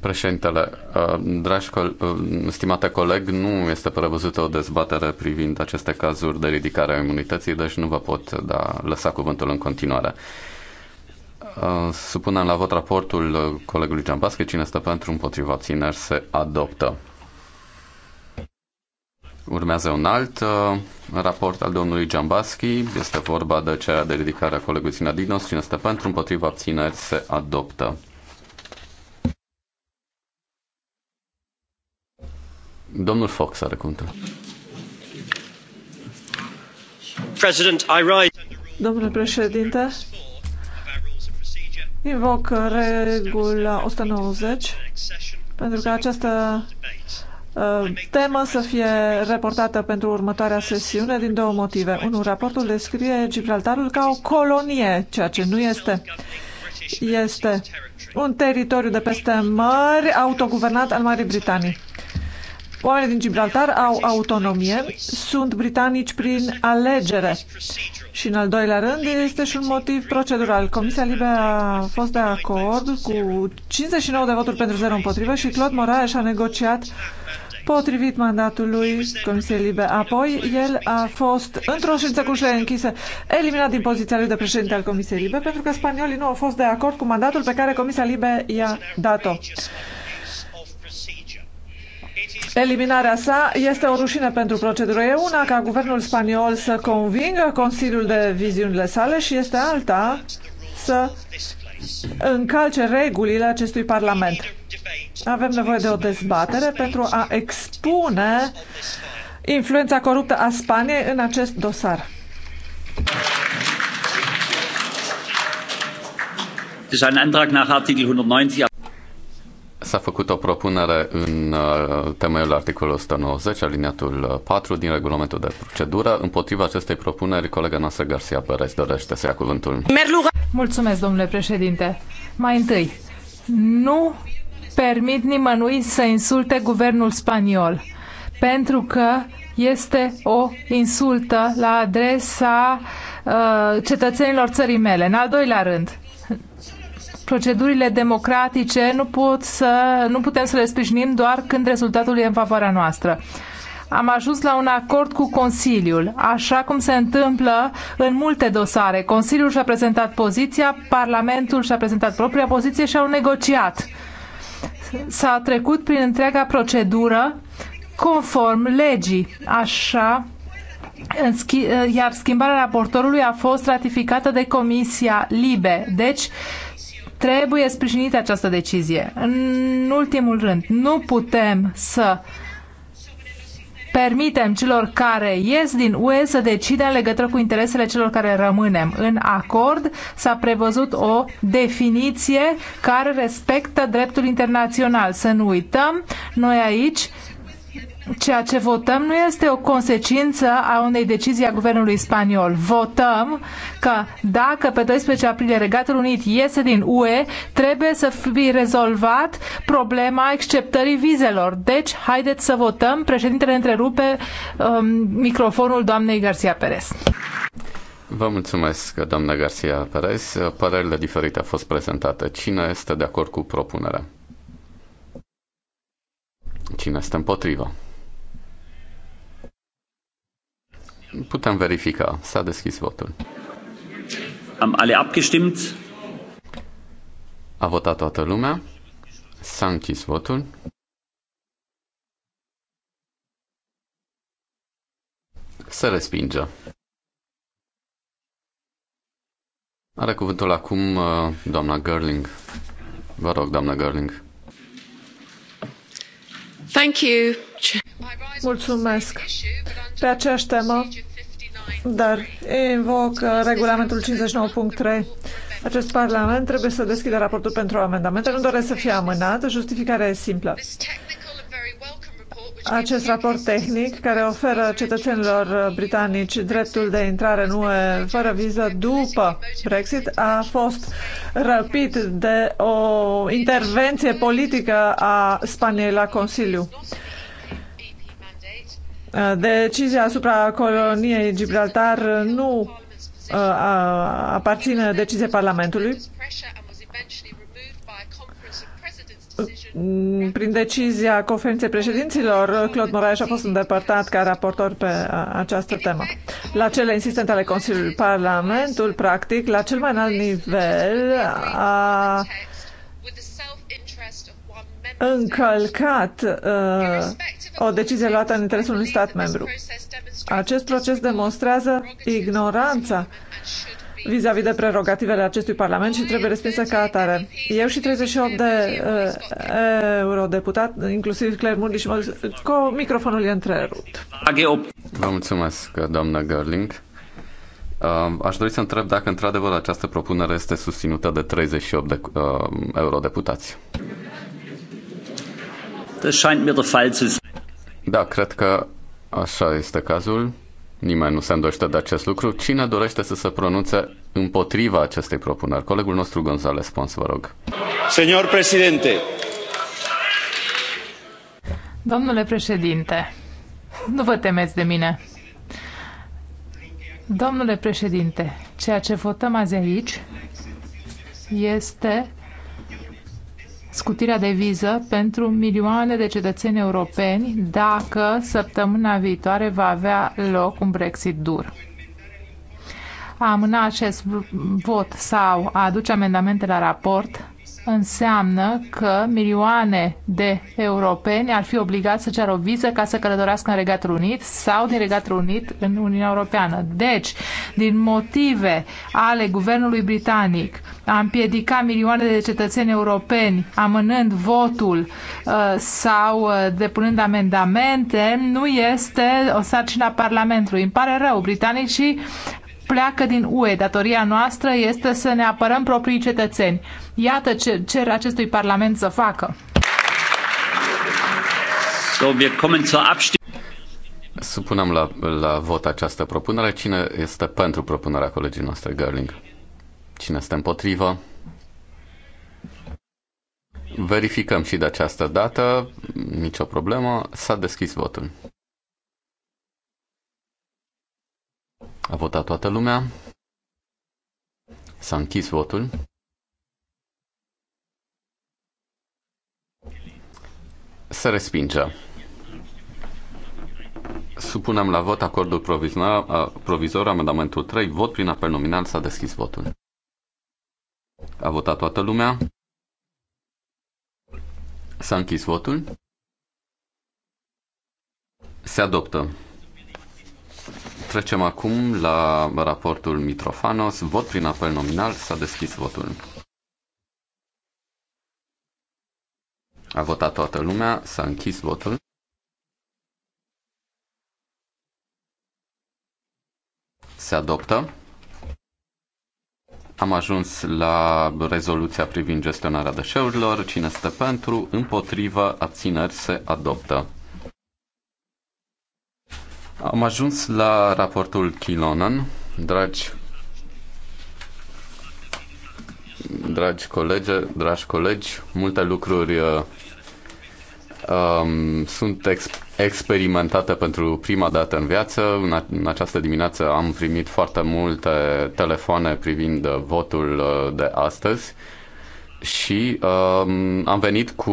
Președintele, uh, dragi co uh, stimate coleg, nu este prevăzută o dezbatere privind aceste cazuri de ridicare a imunității, deci nu vă pot da, lăsa cuvântul în continuare. Uh, supunem la vot raportul colegului Giambaschi. Cine stă pentru, împotriva, țineri, se adoptă. Urmează un alt uh, raport al domnului Giambaschi. Este vorba de cea de ridicare a colegului Sinadinos. Cine este pentru, împotriva abțineri, se adoptă. Domnul Fox are cuvântul. President, I rise... Domnul președinte, invoc regula 190 pentru că această Uh, temă să fie reportată pentru următoarea sesiune din două motive. Unul, raportul descrie Gibraltarul ca o colonie, ceea ce nu este. Este un teritoriu de peste mări autoguvernat al Marii Britanii. Oamenii din Gibraltar au autonomie, sunt britanici prin alegere și în al doilea rând este și un motiv procedural. Comisia Libe a fost de acord cu 59 de voturi pentru 0 împotrivă și Claude Moraes a negociat potrivit mandatului Comisiei Libe. Apoi, el a fost, într-o ședință cu ușile închise, eliminat din poziția lui de președinte al Comisiei Libe pentru că spaniolii nu au fost de acord cu mandatul pe care Comisia Libe i-a dat-o. Eliminarea sa este o rușine pentru procedură. E una ca guvernul spaniol să convingă Consiliul de viziunile sale și este alta să încalce regulile acestui Parlament. Avem nevoie de o dezbatere pentru a expune influența coruptă a Spaniei în acest dosar. Este un Antrag nach Artikel 190. S-a făcut o propunere în uh, temeiul articolului 190, aliniatul 4 uh, din regulamentul de procedură. Împotriva acestei propuneri, colega noastră Garcia Perez dorește să ia cuvântul. Mulțumesc, domnule președinte. Mai întâi, nu permit nimănui să insulte guvernul spaniol, pentru că este o insultă la adresa uh, cetățenilor țării mele. În al doilea rând, Procedurile democratice nu, pot să, nu putem să le sprijinim doar când rezultatul e în favoarea noastră am ajuns la un acord cu Consiliul, așa cum se întâmplă în multe dosare. Consiliul și-a prezentat poziția, Parlamentul și-a prezentat propria poziție și au negociat. S-a trecut prin întreaga procedură conform legii, așa iar schimbarea raportorului a fost ratificată de Comisia Libe. Deci, Trebuie sprijinită această decizie. În ultimul rând, nu putem să permitem celor care ies din UE să decide în legătură cu interesele celor care rămânem. În acord s-a prevăzut o definiție care respectă dreptul internațional. Să nu uităm, noi aici Ceea ce votăm nu este o consecință a unei decizii a guvernului spaniol. Votăm că dacă pe 12 aprilie Regatul Unit iese din UE, trebuie să fie rezolvat problema acceptării vizelor. Deci, haideți să votăm. Președintele întrerupe um, microfonul doamnei Garcia Perez. Vă mulțumesc, doamna Garcia Perez. Părerile diferite au fost prezentate. Cine este de acord cu propunerea? Cine este împotrivă? Putem verifica. S-a deschis votul. Am ale abgestimmt? A votat toată lumea. S-a închis votul. Se respinge. Are cuvântul acum uh, doamna Gerling. Vă rog, doamna Gerling. Mulțumesc. Pe aceeași temă, dar invoc uh, regulamentul 59.3. Acest Parlament trebuie să deschidă raportul pentru amendamente. Nu doresc să fie amânat. Justificarea e simplă acest raport tehnic care oferă cetățenilor uh, britanici dreptul de intrare în UE fără viză după Brexit a fost răpit de o intervenție politică a Spaniei la Consiliu. Uh, decizia asupra coloniei Gibraltar nu uh, aparține deciziei Parlamentului prin decizia conferinței președinților, Claude Moraes a fost îndepărtat ca raportor pe această temă. La cele insistente ale Consiliului, Parlamentul, practic, la cel mai înalt nivel, a încălcat uh, o decizie luată în interesul unui stat membru. Acest proces demonstrează ignoranța vis-a-vis de prerogativele acestui Parlament și trebuie respinsă ca atare. Eu și 38 de uh, eurodeputat, inclusiv Claire Mundi și mă, cu microfonul e întrerupt. Vă mulțumesc, doamna Gerling. Uh, aș dori să întreb dacă într-adevăr această propunere este susținută de 38 de uh, eurodeputați. Da, cred că așa este cazul. Nimeni nu se îndoiește de acest lucru. Cine dorește să se pronunțe împotriva acestei propuneri? Colegul nostru González Pons, vă rog. Senor președinte. Domnule președinte, nu vă temeți de mine. Domnule președinte, ceea ce votăm azi aici este scutirea de viză pentru milioane de cetățeni europeni dacă săptămâna viitoare va avea loc un Brexit dur. A amâna acest vot sau a aduce amendamente la raport înseamnă că milioane de europeni ar fi obligați să ceară o viză ca să călătorească în Regatul Unit sau din Regatul Unit în Uniunea Europeană. Deci, din motive ale guvernului britanic, a împiedica milioane de cetățeni europeni amânând votul uh, sau uh, depunând amendamente, nu este o sarcină a Parlamentului. Îmi pare rău, britanicii pleacă din UE. Datoria noastră este să ne apărăm proprii cetățeni. Iată ce cer acestui Parlament să facă. So, wir kommen zur Abstimmung. Supunem la, la vot această propunere. Cine este pentru propunerea colegii noastre, Gerling? Cine este împotrivă? Verificăm și de această dată, nicio problemă, s-a deschis votul. A votat toată lumea. S-a închis votul. Se respinge. Supunem la vot acordul provizor, amendamentul 3. Vot prin apel nominal s-a deschis votul. A votat toată lumea. S-a închis votul. Se adoptă. Trecem acum la raportul Mitrofanos. Vot prin apel nominal. S-a deschis votul. A votat toată lumea. S-a închis votul. Se adoptă. Am ajuns la rezoluția privind gestionarea deșeurilor. Cine stă pentru, împotriva, abțineri, se adoptă. Am ajuns la raportul Kilonan, dragi dragi colegi, dragi colegi, multe lucruri uh, um, sunt ex- experimentate pentru prima dată în viață. În, a- în această dimineață am primit foarte multe telefoane privind votul uh, de astăzi și um, am venit cu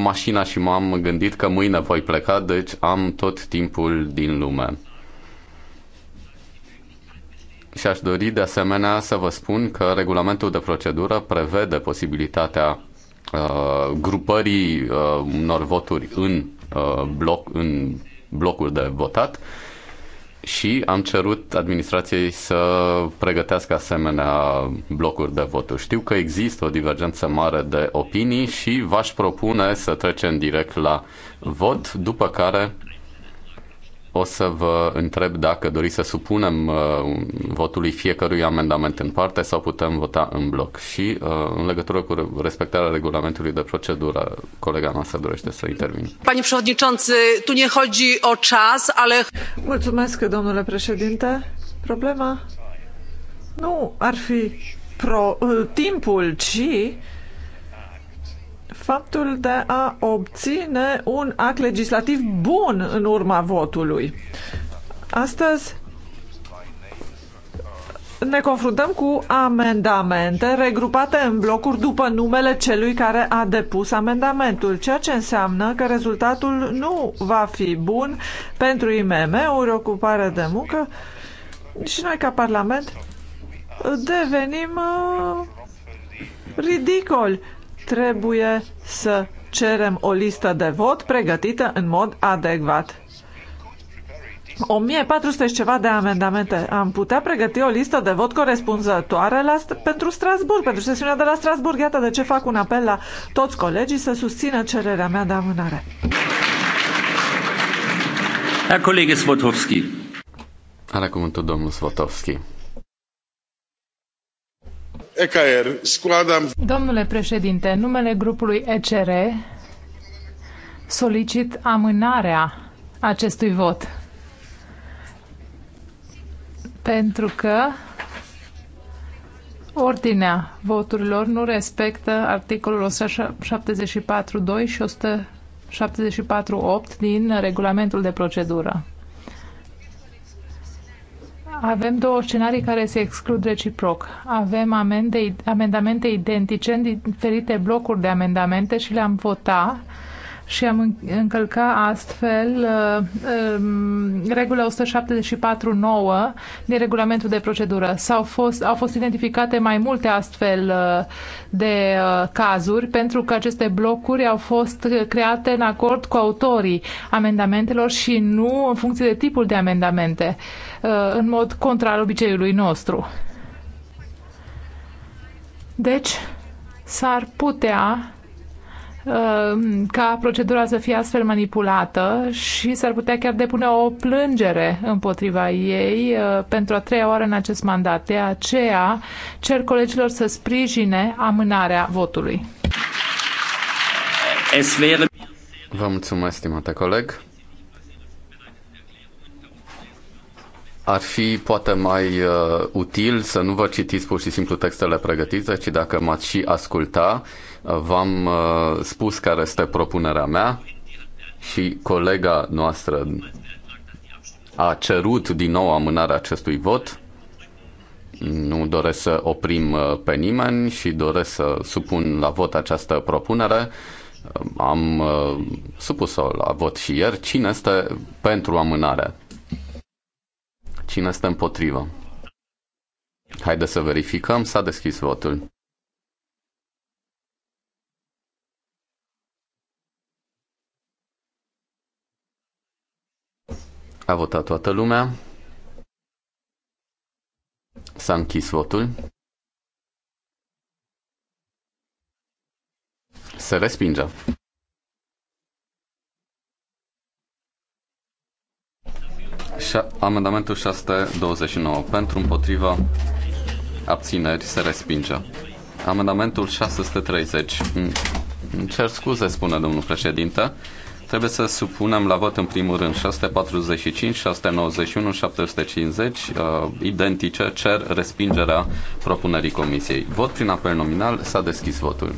mașina și m-am gândit că mâine voi pleca, deci am tot timpul din lume. Și aș dori de asemenea să vă spun că regulamentul de procedură prevede posibilitatea uh, grupării uh, unor voturi în, uh, bloc, în blocul de votat și am cerut administrației să pregătească asemenea blocuri de voturi. Știu că există o divergență mare de opinii și v-aș propune să trecem direct la vot, după care o să vă întreb dacă doriți să supunem uh, votului fiecărui amendament în parte sau putem vota în bloc. Și uh, în legătură cu respectarea regulamentului de procedură, colega noastră dorește să intervină. Panie președinte, tu ne chodzi o czas, ale... Mulțumesc, domnule președinte. Problema nu ar fi pro, uh, timpul, ci faptul de a obține un act legislativ bun în urma votului. Astăzi ne confruntăm cu amendamente regrupate în blocuri după numele celui care a depus amendamentul, ceea ce înseamnă că rezultatul nu va fi bun pentru imm o ocupare de muncă și noi ca Parlament devenim uh, ridicoli trebuie să cerem o listă de vot pregătită în mod adecvat. 1400 și ceva de amendamente. Am putea pregăti o listă de vot corespunzătoare la, pentru Strasburg, pentru sesiunea de la Strasburg. Iată de ce fac un apel la toți colegii să susțină cererea mea de amânare. Herr Kollege Svotovski. Are cuvântul domnul Svotovski. EKR er, Domnule președinte, în numele grupului ECR solicit amânarea acestui vot. Pentru că ordinea voturilor nu respectă articolul 174.2 și 174.8 din regulamentul de procedură avem două scenarii care se exclud reciproc. Avem amende, amendamente identice în diferite blocuri de amendamente și le-am vota și am încălca astfel uh, uh, regula 174.9 din regulamentul de procedură. S-au fost, au fost identificate mai multe astfel uh, de uh, cazuri pentru că aceste blocuri au fost create în acord cu autorii amendamentelor și nu în funcție de tipul de amendamente. Uh, Uh, în mod contra al obiceiului nostru. Deci, s-ar putea uh, ca procedura să fie astfel manipulată și s-ar putea chiar depune o plângere împotriva ei uh, pentru a treia oară în acest mandat. De aceea cer colegilor să sprijine amânarea votului. Vă mulțumesc, stimate coleg. ar fi poate mai uh, util să nu vă citiți pur și simplu textele pregătite, ci dacă m-ați și asculta, uh, v-am uh, spus care este propunerea mea și colega noastră a cerut din nou amânarea acestui vot. Nu doresc să oprim uh, pe nimeni și doresc să supun la vot această propunere. Am uh, supus-o la vot și ieri. Cine este pentru amânare? Cine este împotrivă? Haideți să verificăm. S-a deschis votul. A votat toată lumea. S-a închis votul. Se respinge. Amendamentul 629 pentru împotriva abțineri se respinge. Amendamentul 630. Îmi cer scuze, spune domnul președinte. Trebuie să supunem la vot în primul rând 645, 691, 750, uh, identice, cer respingerea propunerii comisiei. Vot prin apel nominal, s-a deschis votul.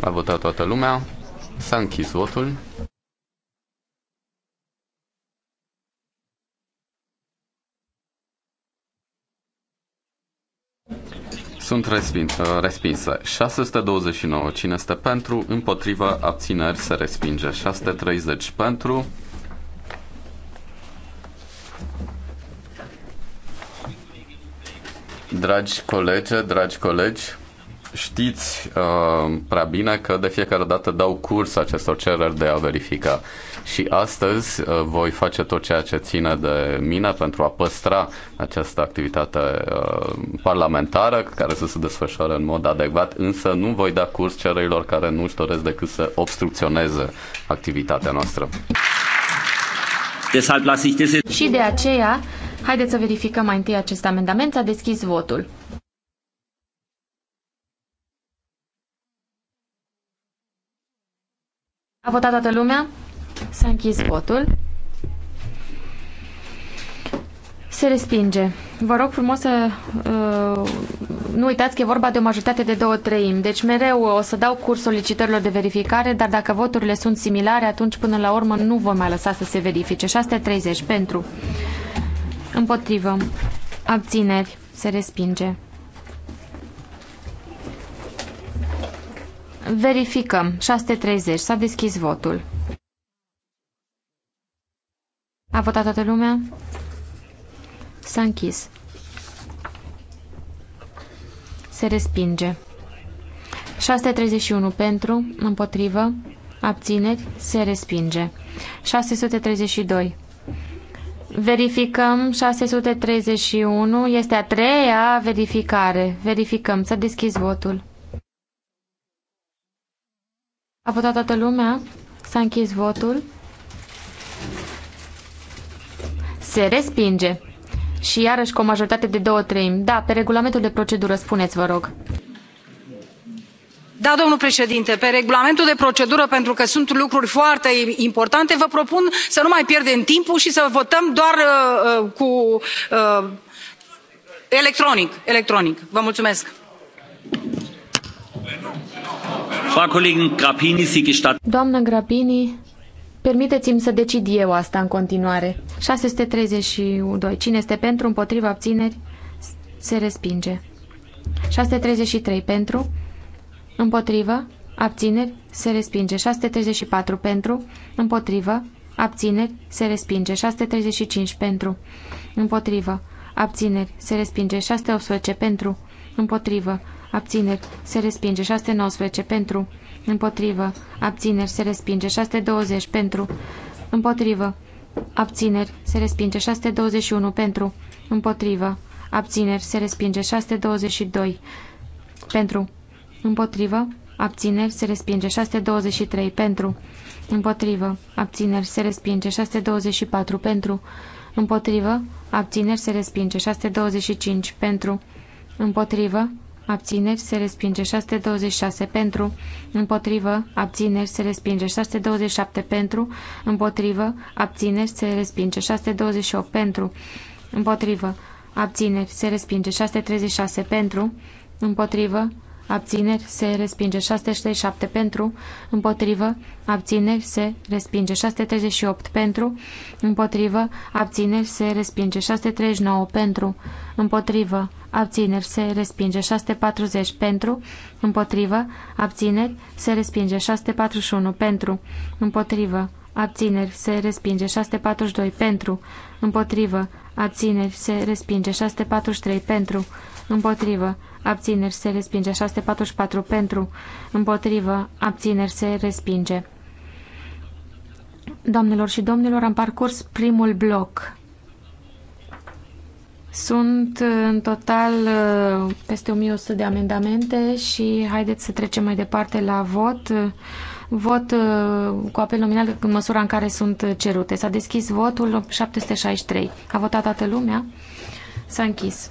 A votat toată lumea, s-a închis votul. Sunt respins, uh, respinse. 629. Cine este pentru? Împotriva abțineri se respinge. 630 pentru. Dragi colegi, dragi colegi, știți uh, prea bine că de fiecare dată dau curs acestor cereri de a verifica. Și astăzi uh, voi face tot ceea ce ține de mine pentru a păstra această activitate uh, parlamentară care să se desfășoare în mod adecvat, însă nu voi da curs cererilor care nu își doresc decât să obstrucționeze activitatea noastră. Și de aceea, haideți să verificăm mai întâi acest amendament. S-a deschis votul. A votat toată lumea? S-a închis votul. Se respinge. Vă rog frumos să uh, nu uitați că e vorba de o majoritate de două treimi. Deci mereu uh, o să dau curs solicitărilor de verificare, dar dacă voturile sunt similare, atunci până la urmă nu vom mai lăsa să se verifice. 630 pentru. Împotrivă. Abțineri. Se respinge. Verificăm. 630. S-a deschis votul. A votat toată lumea? S-a închis. Se respinge. 631 pentru, împotrivă, abțineri, se respinge. 632. Verificăm 631, este a treia verificare. Verificăm, s-a deschis votul. A votat toată lumea? S-a închis votul. Se respinge. Și iarăși cu o majoritate de două treimi. Da, pe regulamentul de procedură, spuneți, vă rog. Da, domnul președinte, pe regulamentul de procedură, pentru că sunt lucruri foarte importante, vă propun să nu mai pierdem timpul și să votăm doar uh, uh cu uh, electronic. Electronic. Vă mulțumesc. Doamnă Grapini, permiteți-mi să decid eu asta în continuare. 632. Cine este pentru, împotriva, abțineri, se respinge. 633. Pentru, împotriva, abțineri, se respinge. 634. Pentru, împotriva, abțineri, se respinge. 635. Pentru, împotriva, abțineri, se respinge. 618. Pentru, împotrivă, abțineri, se respinge. 619 pentru, împotrivă, abțineri, se respinge. 620 pentru, împotrivă, abțineri, se respinge. 621 pentru, împotrivă, abțineri, se respinge. 622 pentru, împotrivă, abțineri, se respinge. 623 pentru, împotrivă, abțineri, se respinge. 624 pentru, împotrivă, abțineri, se respinge. 625 pentru, împotrivă, abțineri se respinge 626 pentru, împotrivă, abțineri se respinge 627 pentru, împotrivă, abțineri se respinge 628 pentru, împotrivă, abțineri se respinge 636 pentru, împotrivă, abțineri, se respinge. 637 pentru, împotrivă, abțineri, se respinge. 638 pentru, împotrivă, abțineri, se respinge. 639 pentru, împotrivă, abțineri, se respinge. 640 pentru, împotrivă, abțineri, se respinge. 641 pentru, împotrivă, abțineri, se respinge. 642 pentru, împotrivă, abțineri, se respinge. 643 pentru, împotrivă, abțineri se respinge. 644 pentru, împotrivă, abțineri se respinge. Doamnelor și domnilor, am parcurs primul bloc. Sunt în total peste 1100 de amendamente și haideți să trecem mai departe la vot. Vot uh, cu apel nominal în măsura în care sunt cerute. S-a deschis votul 763. A votat toată lumea? S-a închis.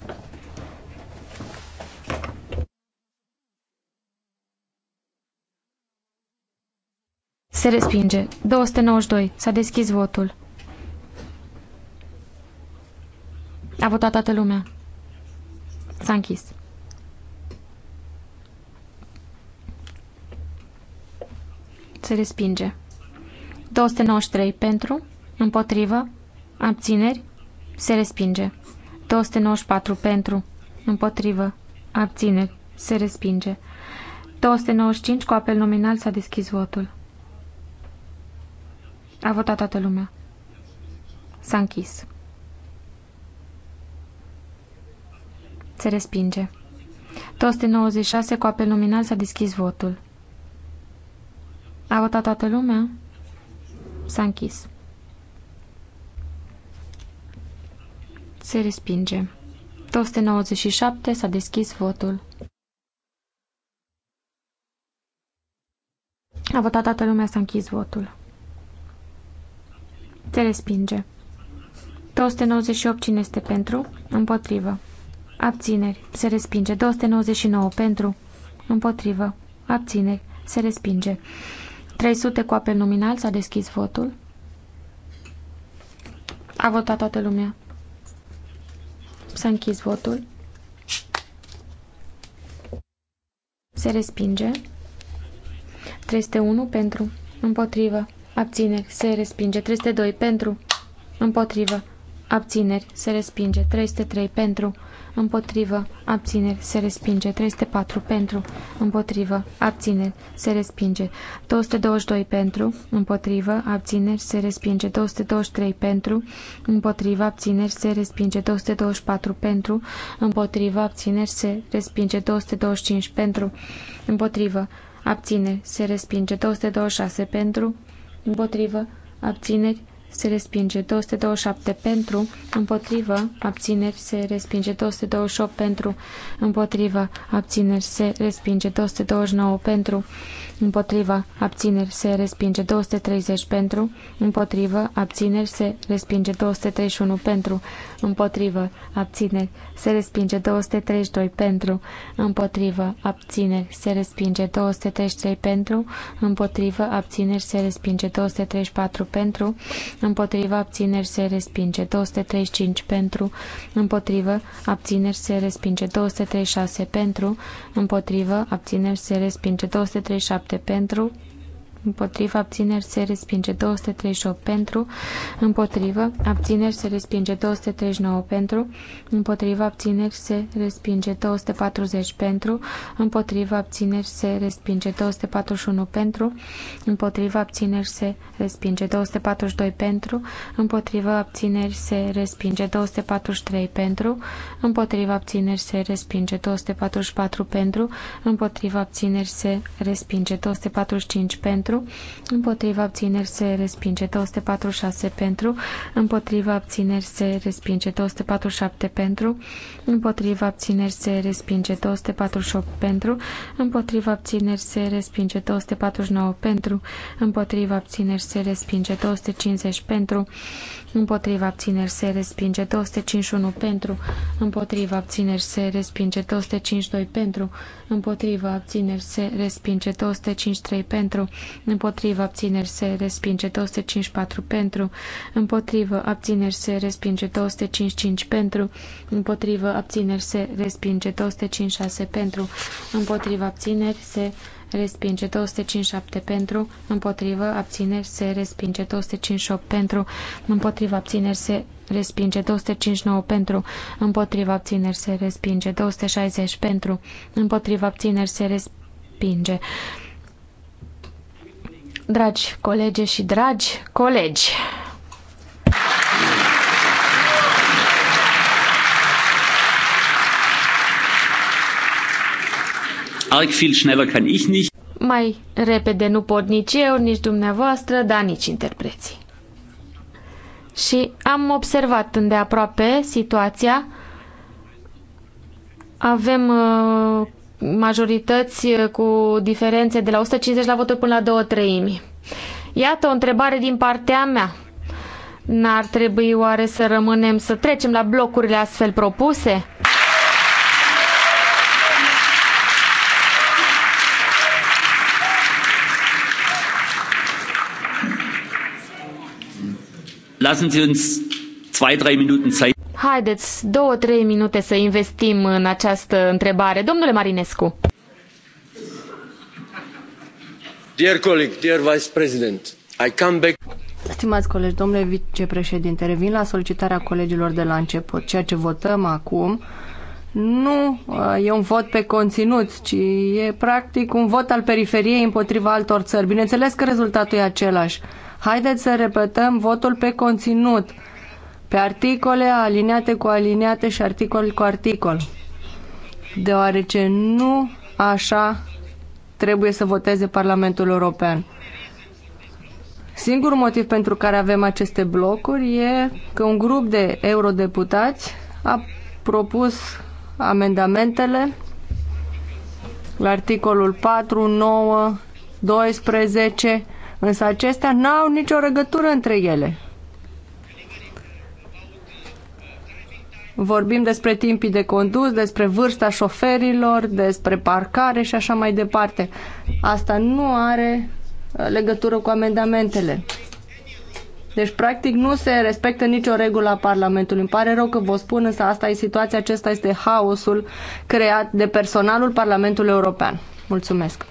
Se respinge. 292. S-a deschis votul. A votat toată lumea. S-a închis. Se respinge. 293 pentru, împotrivă, abțineri, se respinge. 294 pentru, împotrivă, abțineri, se respinge. 295 cu apel nominal s-a deschis votul. A votat toată lumea. S-a închis. Se respinge. 296 cu apel nominal s-a deschis votul. A votat toată lumea? S-a închis. Se respinge. 297 s-a deschis votul. A votat toată lumea, s-a închis votul. Se respinge. 298 cine este pentru? Împotrivă. Abțineri. Se respinge. 299 pentru? Împotrivă. Abțineri. Se respinge. 300 cu apel nominal s-a deschis votul. A votat toată lumea. S-a închis votul. Se respinge. 301 pentru. Împotrivă. Abțineri. Se respinge. 302 pentru. Împotrivă. Abțineri. Se respinge. 303 pentru împotrivă, abțineri, se respinge. 304 pentru, împotrivă, abțineri, se respinge. 222 pentru, împotrivă, abțineri, se respinge. 223 pentru, împotrivă, abțineri, se respinge. 224 pentru, împotrivă, abțineri, se respinge. 225 pentru, împotrivă, abțineri, se respinge. 226 pentru, împotrivă, abțineri, se respinge. 227 pentru, împotrivă, abțineri, se respinge. 228 pentru, împotrivă, abțineri, se respinge. 229 pentru, împotriva, abțineri, se respinge 230 pentru, împotrivă, abțineri, se respinge 231 pentru, împotrivă, abțineri, se respinge 232 pentru, împotrivă, abțineri, se respinge 233 pentru, împotrivă, abțineri, se respinge 234 pentru, împotrivă, abțineri, se respinge 235 pentru, împotrivă, abțineri, se respinge 236 pentru, împotrivă, abțineri, se respinge 237 pentru împotrivă, abțineri se respinge 238 pentru, împotrivă, abțineri se respinge 239 pentru, împotrivă, abțineri se respinge 240 pentru, împotrivă, abțineri se respinge 241 pentru, împotrivă, abțineri se respinge 242 pentru, împotrivă, abțineri se respinge 243 pentru, împotrivă, abțineri se respinge 244 pentru, împotrivă, abțineri se respinge 245 pentru, pentru, împotriva abțineri se respinge 246 pentru, împotriva abțineri se respinge 247 pentru, împotriva abțineri se respinge 248 pentru, împotriva abțineri se respinge 249 pentru, împotriva abțineri se respinge 250 pentru, împotriva abțineri se respinge 251 pentru, împotriva abțineri se respinge 252 pentru, împotriva abțineri se respinge 253 pentru, împotriva abțineri se respinge 254 pentru, împotriva abțineri se respinge 255 pentru, împotriva abțineri se respinge 256 pentru, împotriva abțineri se respinge respinge. 257 pentru, împotrivă, abțineri, se respinge. 258 pentru, împotrivă, abțineri, se respinge. 259 pentru, împotrivă, abțineri, se respinge. 260 pentru, împotrivă, abțineri, se respinge. Dragi colege și dragi colegi! Arg viel schneller kann ich nicht. Mai repede nu pot nici eu, nici dumneavoastră, dar nici interpreții. Și am observat îndeaproape situația. Avem uh, majorități uh, cu diferențe de la 150 la voturi până la două treimi. Iată o întrebare din partea mea. N-ar trebui oare să rămânem să trecem la blocurile astfel propuse? Lassen Sie uns zwei, drei Minuten Zeit. Haideți două, trei minute să investim în această întrebare. Domnule Marinescu. Dear colleague, dear vice president, I come back... Stimați colegi, domnule vicepreședinte, revin la solicitarea colegilor de la început. Ceea ce votăm acum nu uh, e un vot pe conținut, ci e practic un vot al periferiei împotriva altor țări. Bineînțeles că rezultatul e același. Haideți să repetăm votul pe conținut, pe articole, aliniate cu aliniate și articol cu articol. Deoarece nu așa trebuie să voteze Parlamentul European. Singurul motiv pentru care avem aceste blocuri e că un grup de eurodeputați a propus amendamentele la articolul 4, 9, 12 Însă acestea n-au nicio legătură între ele. Vorbim despre timpii de condus, despre vârsta șoferilor, despre parcare și așa mai departe. Asta nu are uh, legătură cu amendamentele. Deci, practic, nu se respectă nicio regulă a Parlamentului. Îmi pare rău că vă spun, însă asta e situația, acesta este haosul creat de personalul Parlamentului European. Mulțumesc!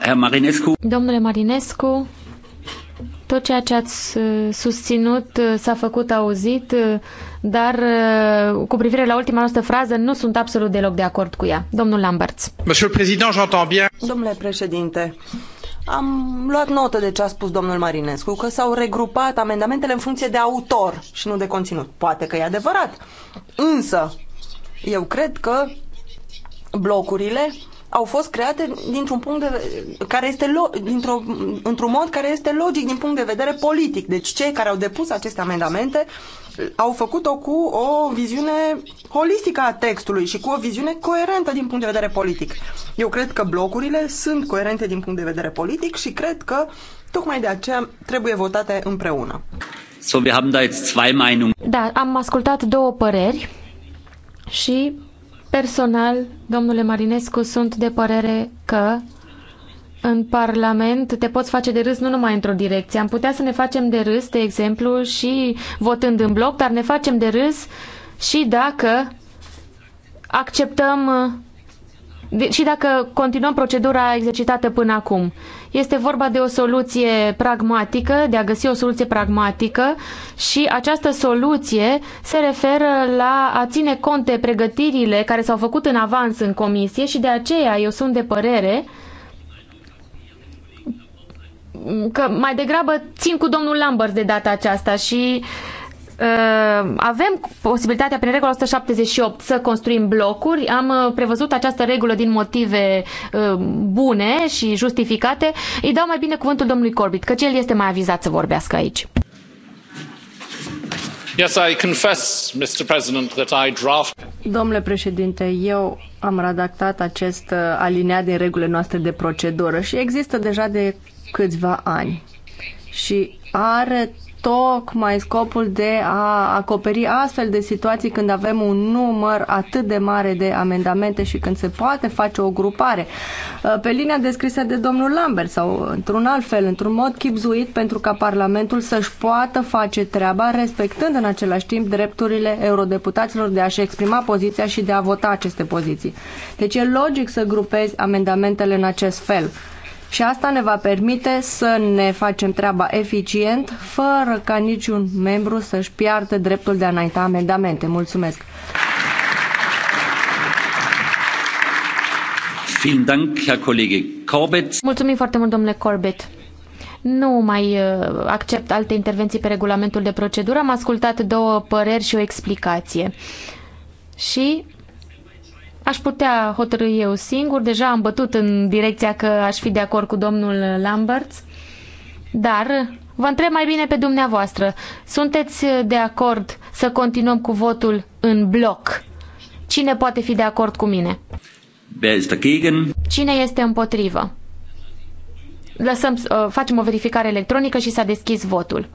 Herr Marinescu. Domnule Marinescu, tot ceea ce ați uh, susținut uh, s-a făcut auzit, uh, dar cu privire la ultima noastră frază nu sunt absolut deloc de acord cu ea. Domnul Lamberts. Domnule președinte, am luat notă de ce a spus domnul Marinescu, că s-au regrupat amendamentele în funcție de autor și nu de conținut. Poate că e adevărat. Însă, eu cred că blocurile au fost create dintr-un punct de, care este dintr-o, într-un mod care este logic din punct de vedere politic. Deci cei care au depus aceste amendamente uh, au făcut-o cu o viziune holistică a textului și cu o viziune coerentă din punct de vedere politic. Eu cred că blocurile sunt coerente din punct de vedere politic și cred că tocmai de aceea trebuie votate împreună. So, wir haben da jetzt zwei Da, am ascultat două păreri și Personal, domnule Marinescu, sunt de părere că în Parlament te poți face de râs nu numai într-o direcție. Am putea să ne facem de râs, de exemplu, și votând în bloc, dar ne facem de râs și dacă acceptăm și dacă continuăm procedura exercitată până acum. Este vorba de o soluție pragmatică, de a găsi o soluție pragmatică și această soluție se referă la a ține cont de pregătirile care s-au făcut în avans în comisie și de aceea eu sunt de părere că mai degrabă țin cu domnul Lambert de data aceasta și uh, Uh, avem posibilitatea prin regula 178 să construim blocuri. Am uh, prevăzut această regulă din motive uh, bune și justificate. Îi dau mai bine cuvântul domnului Corbett, căci el este mai avizat să vorbească aici. Yes, I confess, Mr. President, that I draft... Domnule președinte, eu am redactat acest alineat din regulile noastre de procedură și există deja de câțiva ani și are tocmai scopul de a acoperi astfel de situații când avem un număr atât de mare de amendamente și când se poate face o grupare. Uh, pe linia descrisă de domnul Lambert sau într-un alt fel, într-un mod chipzuit pentru ca Parlamentul să-și poată face treaba respectând în același timp drepturile eurodeputaților de a-și exprima poziția și de a vota aceste poziții. Deci e logic să grupezi amendamentele în acest fel și asta ne va permite să ne facem treaba eficient, fără ca niciun membru să-și piardă dreptul de a înainta amendamente. Mulțumesc! Mulțumim foarte mult, domnule Corbett. Nu mai uh, accept alte intervenții pe regulamentul de procedură. Am ascultat două păreri și o explicație. Și Aș putea hotărâi eu singur, deja am bătut în direcția că aș fi de acord cu domnul Lamberts, dar vă întreb mai bine pe dumneavoastră. Sunteți de acord să continuăm cu votul în bloc? Cine poate fi de acord cu mine? Cine este împotrivă? Lăsăm, uh, facem o verificare electronică și s-a deschis votul.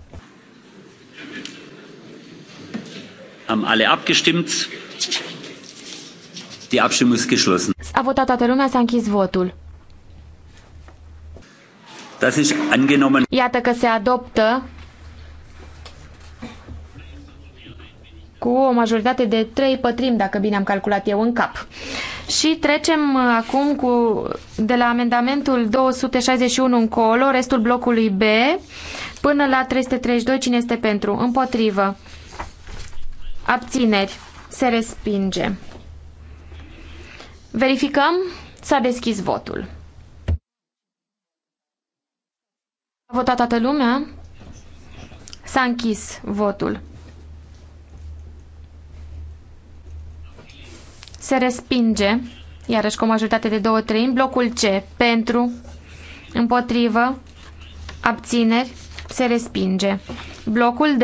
Am alle abgestimmt? Die Abstimmung ist geschlossen. A votat toată lumea, s-a închis votul. Das ist angenommen. Iată că se adoptă cu o majoritate de trei pătrim, dacă bine am calculat eu în cap. Și trecem uh, acum cu, de la amendamentul 261 încolo, restul blocului B, până la 332, cine este pentru? Împotrivă. Abțineri. Se respinge. Verificăm. S-a deschis votul. A votat toată lumea. S-a închis votul. Se respinge, iarăși cu o majoritate de două treimi, blocul C pentru, împotrivă, abțineri, se respinge. Blocul D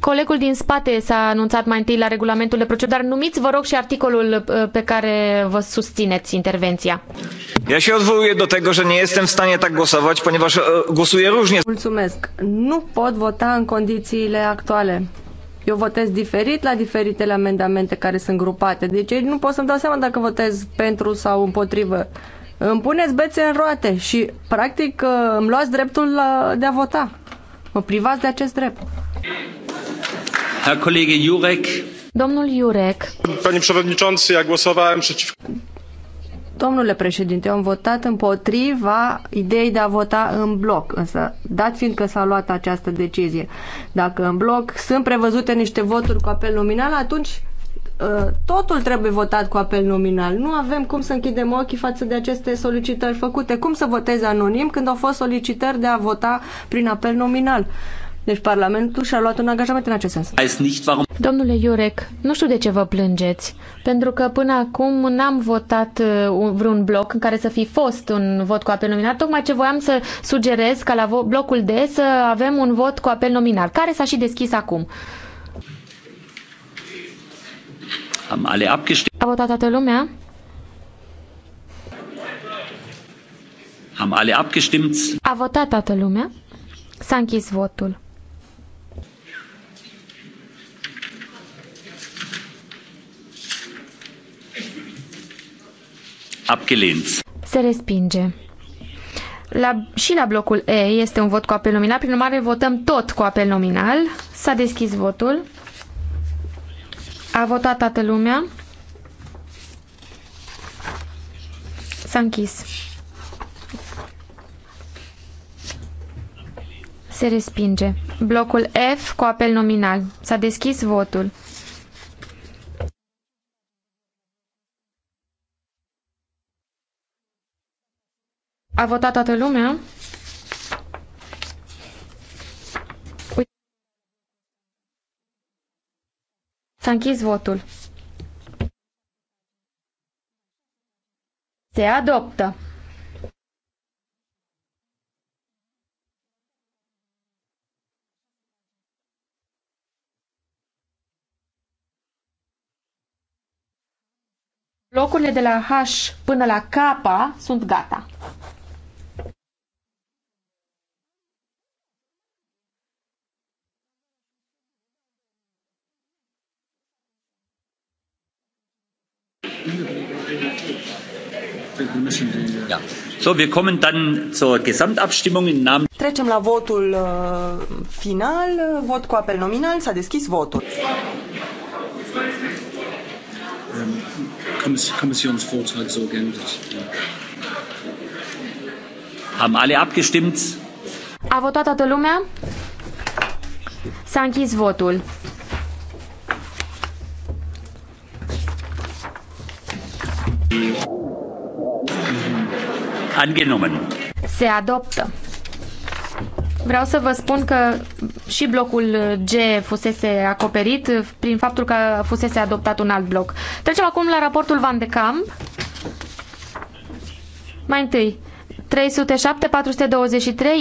Colegul din spate s-a anunțat mai întâi la regulamentul de procedură. Numiți, vă rog, și articolul uh, pe care vă susțineți intervenția. Ja się odwołuję do tego, że nie jestem w stanie tak głosować, ponieważ głosuję różnie. Mulțumesc. Nu pot vota în condițiile actuale. Eu votez diferit la diferitele amendamente care sunt grupate. Deci nu pot să-mi dau seama dacă votez pentru sau împotrivă. Îmi puneți bețe în roate și, practic, uh, îmi luați dreptul uh, de a vota. Mă privați de acest drept. Jurek. Domnul Jurek. Domnule președinte, eu am votat împotriva ideii de a vota în bloc, însă dat fiind că s-a luat această decizie. Dacă în bloc sunt prevăzute niște voturi cu apel nominal, atunci Uh, totul trebuie votat cu apel nominal. Nu avem cum să închidem ochii față de aceste solicitări făcute. Cum să voteze anonim când au fost solicitări de a vota prin apel nominal? Deci Parlamentul și-a luat un angajament în acest sens. Domnule Iurec, nu știu de ce vă plângeți, pentru că până acum n-am votat uh, vreun bloc în care să fi fost un vot cu apel nominal, tocmai ce voiam să sugerez ca la blocul D să avem un vot cu apel nominal, care s-a și deschis acum. Am alle abgestimmt. A votat toată lumea? Am alle abgestimmt. A votat toată lumea? S-a închis votul. Abgelehnt. Se respinge. La, și la blocul E este un vot cu apel nominal, prin urmare votăm tot cu apel nominal. S-a deschis votul. A votat toată lumea. S-a închis. Se respinge. Blocul F cu apel nominal. S-a deschis votul. A votat toată lumea? S-a închis votul. Se adoptă. Locurile de la H până la K sunt gata. So, wir kommen dann zur Gesamtabstimmung in Namen. Trecem la votul uh, final, vot cu apel nominal, s-a deschis votul. Ähm, Kommissionsvortrag so geändert. Haben alle abgestimmt? A votat toată lumea? S-a închis votul. Angenommen. Se adoptă. Vreau să vă spun că și blocul G fusese acoperit prin faptul că fusese adoptat un alt bloc. Trecem acum la raportul Van de Camp. Mai întâi, 307-423,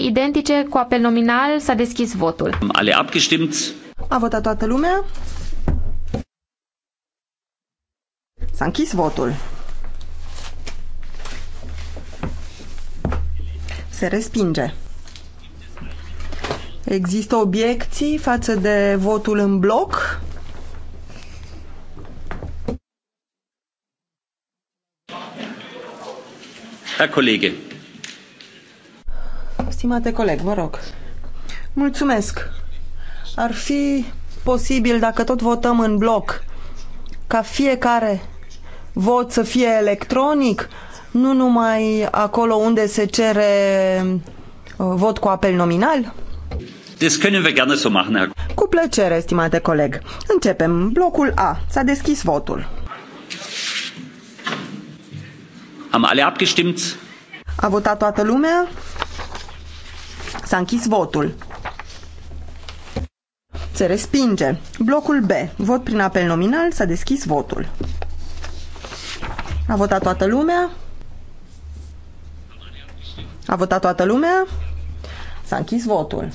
identice, cu apel nominal, s-a deschis votul. Ale abgestimmt. A votat toată lumea. S-a închis votul. Se respinge. Există obiecții față de votul în bloc? Herr Kollege. Stimate coleg, vă rog. Mulțumesc. Ar fi posibil, dacă tot votăm în bloc, ca fiecare vot să fie electronic, nu numai acolo unde se cere uh, vot cu apel nominal? Cu plăcere, estimate coleg. Începem. Blocul A. S-a deschis votul. Am alea abgestimmt? A votat toată lumea? S-a închis votul. Se respinge. Blocul B. Vot prin apel nominal. S-a deschis votul. A votat toată lumea? A votat toată lumea? S-a închis votul.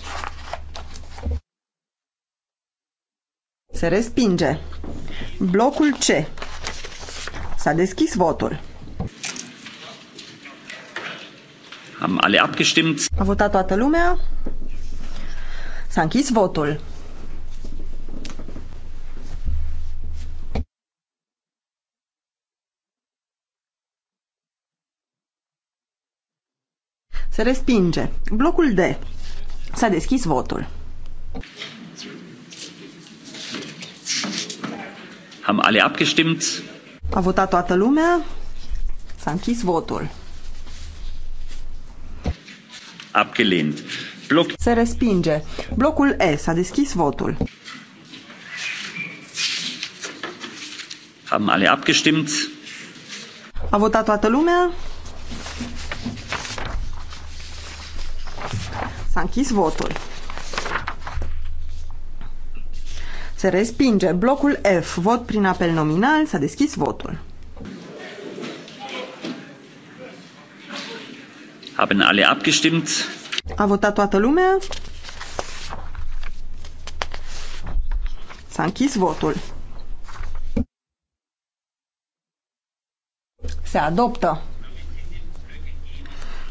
Se respinge. Blocul C. S-a deschis votul. Am ale abgestimmt. A votat toată lumea? S-a închis votul. Se respinge. Blocul D. S-a deschis votul. Am alle abgestimmt? A votat toată lumea. S-a închis votul. Abgelehnt. Bloc... Se respinge. Blocul E. S-a deschis votul. Haben alle abgestimmt? A votat toată lumea. S-a închis votul. Se respinge. Blocul F. Vot prin apel nominal. S-a deschis votul. Haben alle abgestimmt? A votat toată lumea? S-a închis votul. Se adoptă.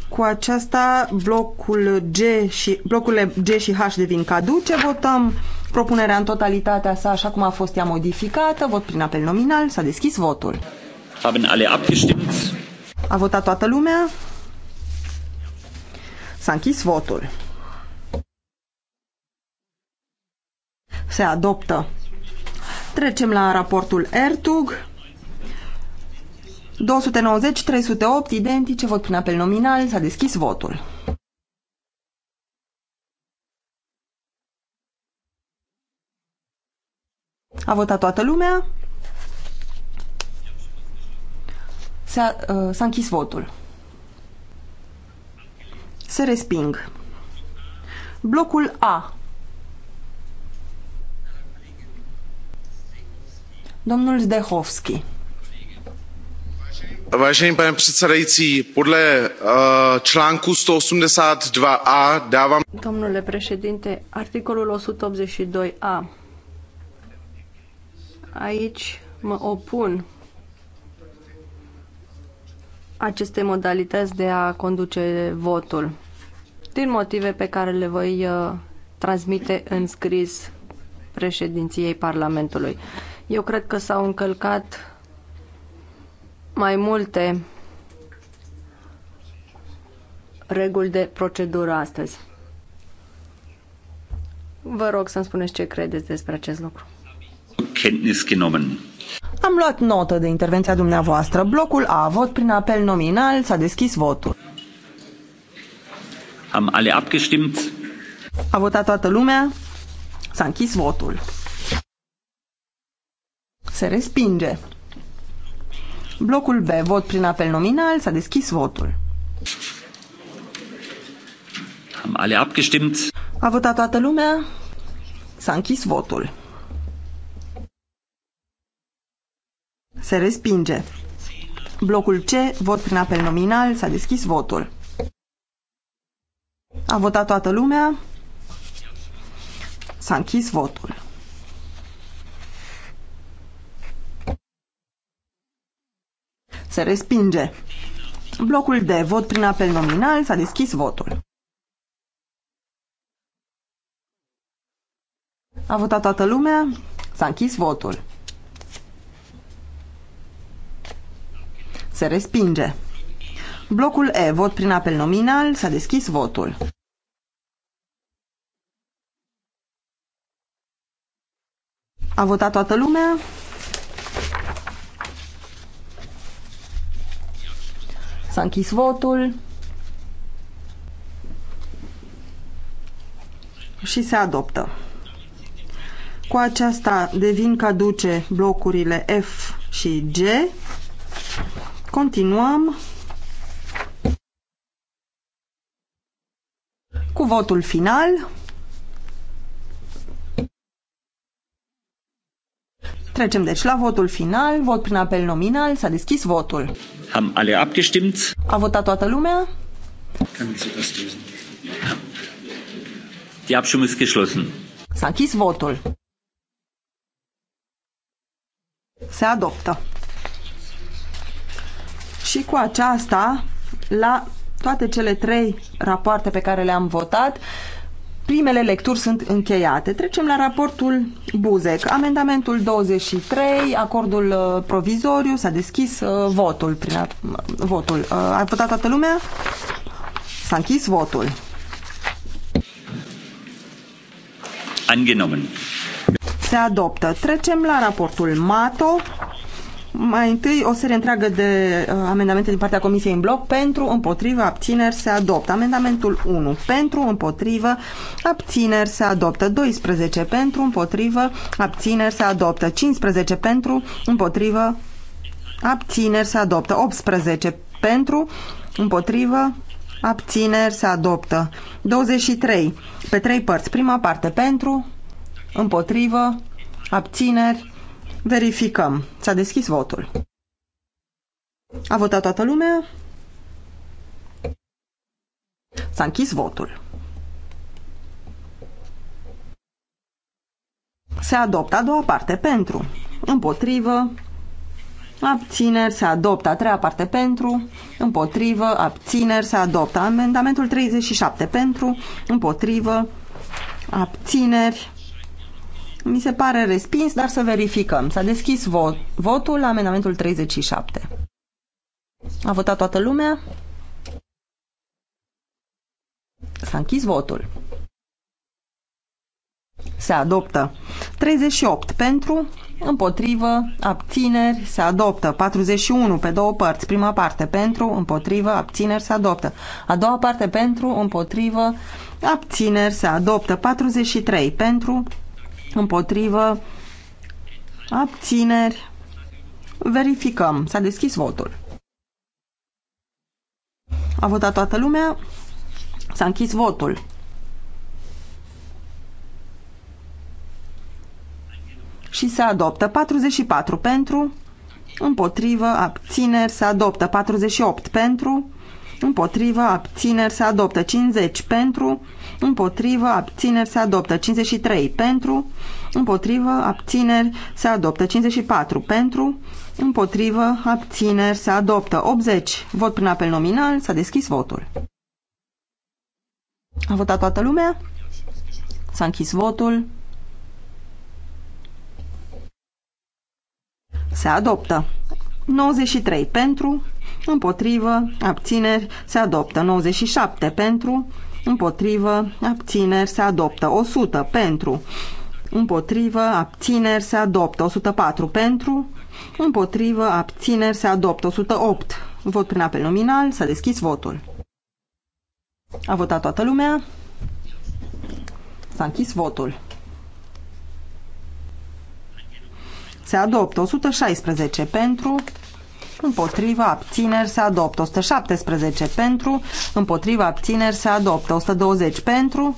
Cu aceasta blocul G și, blocurile G și H devin caduce. Votăm propunerea în totalitatea sa așa cum a fost ea modificată. Vot prin apel nominal. S-a deschis votul. Haben alle abgestimmt. A votat toată lumea. S-a închis votul. Se adoptă. Trecem la raportul Ertug. 290-308 identice, vot prin apel nominal, s-a deschis votul. A votat toată lumea. S-a uh, închis votul. Se resping. Blocul A. Domnul Zdehovski pane předsedající podle eh, článku sto osmdesát dva a dávám. domnule președinte articolul o sută optzeci și doi a aici mă opun acestei modalități de a conduce votul din motive pe care le voi eh, transmite în scris președinției Parlamentului. Eu cred că s-au încălcat mai multe reguli de procedură astăzi. Vă rog să-mi spuneți ce credeți despre acest lucru. Am luat notă de intervenția dumneavoastră. Blocul A, vot prin apel nominal, s-a deschis votul. Am ale abgestimmt. A votat toată lumea, s-a închis votul. Se respinge. Blocul B, vot prin apel nominal, s-a deschis votul. Am alle abgestimmt. A votat toată lumea, s-a închis votul. Se respinge. Blocul C, vot prin apel nominal, s-a deschis votul. A votat toată lumea, s-a închis votul. Se respinge. Blocul de vot prin apel nominal s-a deschis votul. A votat toată lumea, s-a închis votul. Se respinge. Blocul E, vot prin apel nominal, s-a deschis votul. A votat toată lumea, S-a închis votul. Și se adoptă. Cu aceasta devin caduce blocurile F și G. Continuăm cu votul final. Trecem deci la votul final, vot prin apel nominal, s-a deschis votul. Am alle abgestimmt. A votat toată lumea? Die Abstimmung ist geschlossen. S-a închis votul. Se adoptă. Și cu aceasta, la toate cele trei rapoarte pe care le-am votat, Primele lecturi sunt încheiate. Trecem la raportul Buzec. Amendamentul 23, acordul uh, provizoriu, s-a deschis uh, votul. Prin, a, votul. Uh, a votat toată lumea? S-a închis votul. Angenommen. Se adoptă. Trecem la raportul MATO. Mai întâi o serie întreagă de uh, amendamente din partea Comisiei în bloc pentru, împotrivă, abțineri se adoptă. Amendamentul 1 pentru, împotrivă, abțineri se adoptă. 12 pentru, împotrivă, abțineri se adoptă. 15 pentru, împotrivă, abțineri se adoptă. 18 pentru, împotrivă, abțineri se adoptă. 23 pe trei părți. Prima parte pentru, împotrivă, abțineri Verificăm. S-a deschis votul. A votat toată lumea? S-a închis votul. Se adoptă a doua parte pentru, împotrivă, abțineri, se adoptă a treia parte pentru, împotrivă, abțineri, se adoptă amendamentul 37 pentru, împotrivă, abțineri, mi se pare respins, dar să verificăm. S-a deschis vot, votul la amendamentul 37. A votat toată lumea? S-a închis votul. Se adoptă. 38 pentru, împotrivă, abțineri, se adoptă. 41 pe două părți. Prima parte pentru, împotrivă, abțineri, se adoptă. A doua parte pentru, împotrivă, abțineri, se adoptă. 43 pentru, împotrivă, abțineri, verificăm. S-a deschis votul. A votat toată lumea, s-a închis votul. Și se adoptă 44 pentru, împotrivă, abțineri, se adoptă 48 pentru, împotrivă, abțineri se adoptă. 50 pentru, împotrivă, abțineri se adoptă. 53 pentru, împotrivă, abțineri se adoptă. 54 pentru, împotrivă, abțineri se adoptă. 80 vot prin apel nominal, s-a deschis votul. A votat toată lumea? S-a închis votul. Se adoptă. 93 pentru, împotrivă, abțineri, se adoptă. 97 pentru, împotrivă, abțineri, se adoptă. 100 pentru, împotrivă, abțineri, se adoptă. 104 pentru, împotrivă, abțineri, se adoptă. 108. Vot prin apel nominal, s-a deschis votul. A votat toată lumea. S-a închis votul. se adoptă 116 pentru, împotriva abțineri se adoptă 117 pentru, împotriva abțineri se adoptă 120 pentru,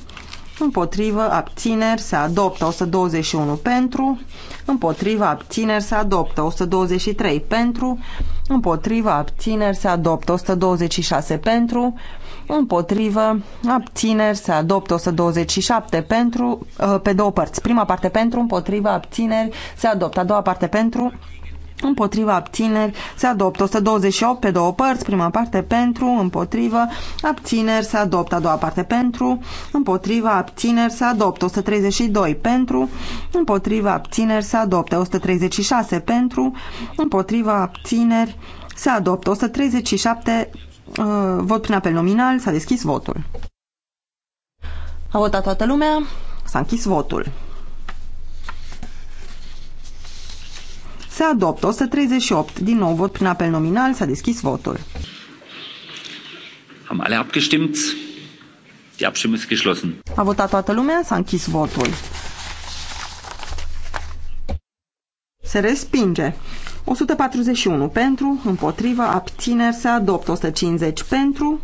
împotrivă, abțineri, se adoptă 121 pentru, împotrivă, abțineri, se adoptă 123 pentru, împotrivă, abțineri, se adoptă 126 pentru, împotrivă, abțineri, se adoptă 127 pentru, uh, pe două părți. Prima parte pentru, împotrivă, abțineri, se adoptă a doua parte pentru, împotriva abțineri se adoptă 128 pe două părți, prima parte pentru, împotriva abțineri se adoptă a doua parte pentru, împotriva abțineri se adoptă 132 pentru, împotriva abțineri se adoptă 136 pentru, împotriva abțineri se adoptă 137 uh, vot prin apel nominal, s-a deschis votul. A votat toată lumea, s-a închis votul. Se adoptă 138. Din nou vot prin apel nominal. S-a deschis votul. Am alle abgestimmt. Die Abstimmung ist geschlossen. A votat toată lumea, s-a închis votul. Se respinge. 141 pentru, împotrivă, abțineri, se adoptă 150 pentru,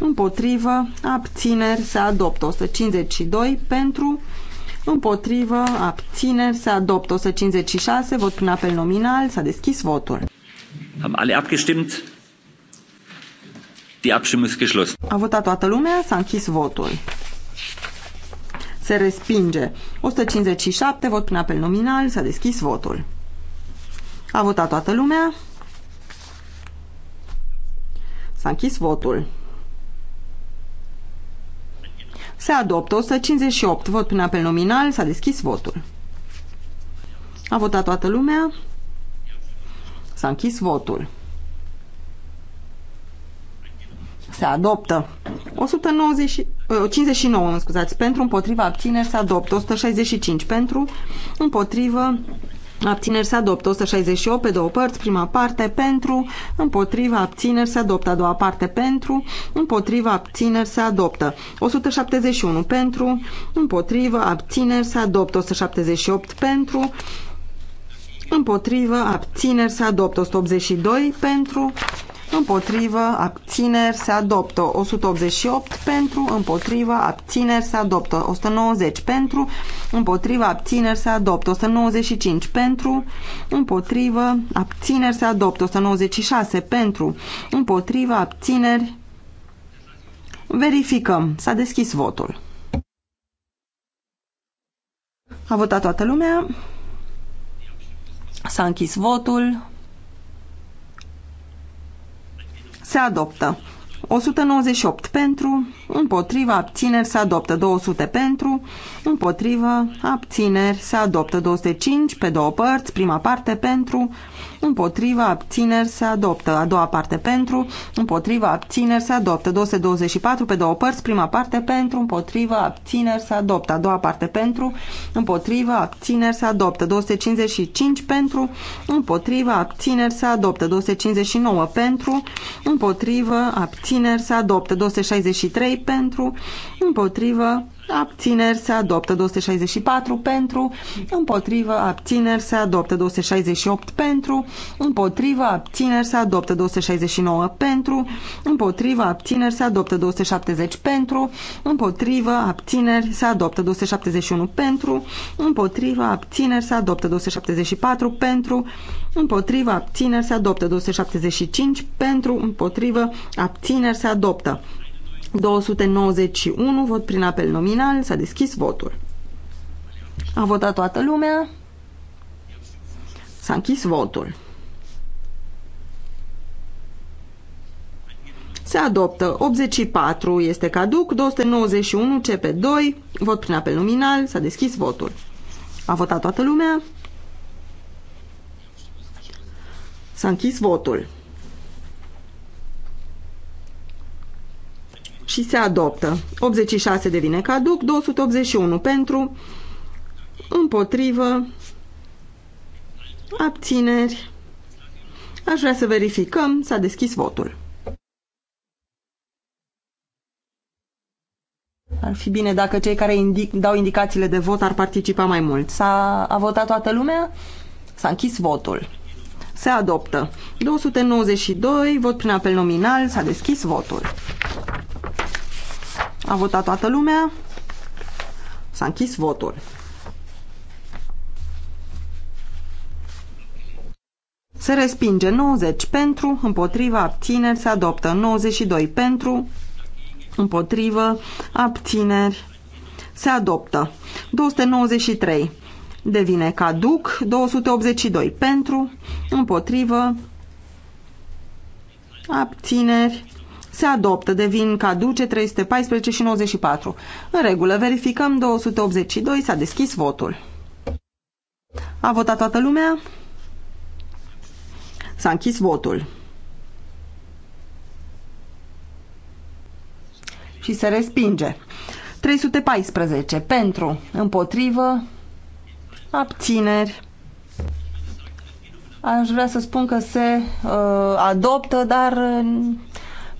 împotrivă, abțineri, se adoptă 152 pentru, împotrivă, abțineri, se adoptă 156, vot prin apel nominal, s-a deschis votul. Am alle abgestimmt? Die Abstimmung ist geschlossen. A votat toată lumea, s-a închis votul. Se respinge. 157, vot prin apel nominal, s-a deschis votul. A votat toată lumea. S-a închis votul. Se adoptă 158. Vot prin apel nominal. S-a deschis votul. A votat toată lumea. S-a închis votul. Se adoptă. 190, 59, ă, scuzați, pentru, împotriva, abțineri, se adoptă. 165 pentru, împotrivă, Abțineri se adoptă 168 pe două părți, prima parte pentru, împotriva abțineri se adoptă a doua parte pentru, împotriva abțineri se adoptă 171 pentru, împotriva abțineri se adoptă 178 pentru, împotriva abțineri se adoptă 182 pentru, împotrivă, abțineri, se adoptă 188 pentru, împotrivă, abțineri, se adoptă 190 pentru, împotrivă, abțineri, se adoptă 195 pentru, împotrivă, abțineri, se adoptă 196 pentru, împotrivă, abțineri. Verificăm. S-a deschis votul. A votat toată lumea. S-a închis votul. se adoptă. 198 pentru, împotriva abțineri se adoptă 200 pentru, împotriva abțineri se adoptă 205 pe două părți, prima parte pentru, împotriva abțineri se adoptă a doua parte pentru, împotriva abțineri se adoptă 224 pe două părți, prima parte pentru, împotriva abțineri se adoptă a doua parte pentru, împotriva abțineri se adoptă 255 pentru, împotriva abțineri se adoptă 259 pentru, împotriva abțineri abțineri se adoptă. 263 pentru, împotrivă, abțineri se adoptă 264 pentru, împotrivă abțineri se adoptă 268 pentru, împotrivă abțineri se adoptă 269 pentru, împotrivă abțineri se adoptă 270 pentru, împotrivă abțineri se adoptă 271 pentru, împotrivă abțineri se adoptă 274 pentru, împotrivă abțineri se adoptă 275 pentru, împotrivă abțineri se adoptă 291, vot prin apel nominal, s-a deschis votul. A votat toată lumea, s-a închis votul. Se adoptă 84 este caduc, 291 CP2, vot prin apel nominal, s-a deschis votul. A votat toată lumea, s-a închis votul. și se adoptă. 86 devine caduc, 281 pentru, împotrivă, abțineri. Aș vrea să verificăm, s-a deschis votul. Ar fi bine dacă cei care indic, dau indicațiile de vot ar participa mai mult. S-a a votat toată lumea? S-a închis votul. Se adoptă. 292, vot prin apel nominal, s-a deschis votul. A votat toată lumea. S-a închis votul. Se respinge 90 pentru, împotriva, abțineri, se adoptă 92 pentru, împotrivă, abțineri, se adoptă 293 devine caduc, 282 pentru, împotrivă, abțineri, se adoptă, devin caduce 314 și 94. În regulă, verificăm 282, s-a deschis votul. A votat toată lumea? S-a închis votul. Și se respinge. 314 pentru, împotrivă, abțineri. Aș vrea să spun că se uh, adoptă, dar uh,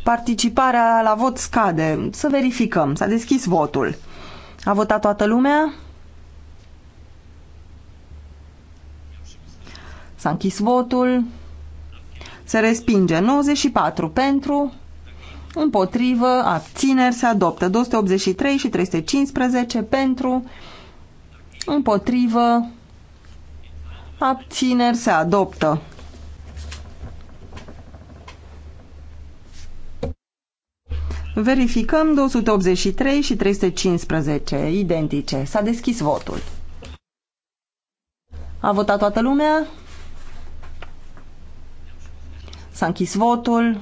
participarea la vot scade. Să verificăm. S-a deschis votul. A votat toată lumea? S-a închis votul. Se respinge 94 pentru, împotrivă, abțineri, se adoptă 283 și 315 pentru, împotrivă, abțineri, se adoptă Verificăm 283 și 315, identice. S-a deschis votul. A votat toată lumea? S-a închis votul.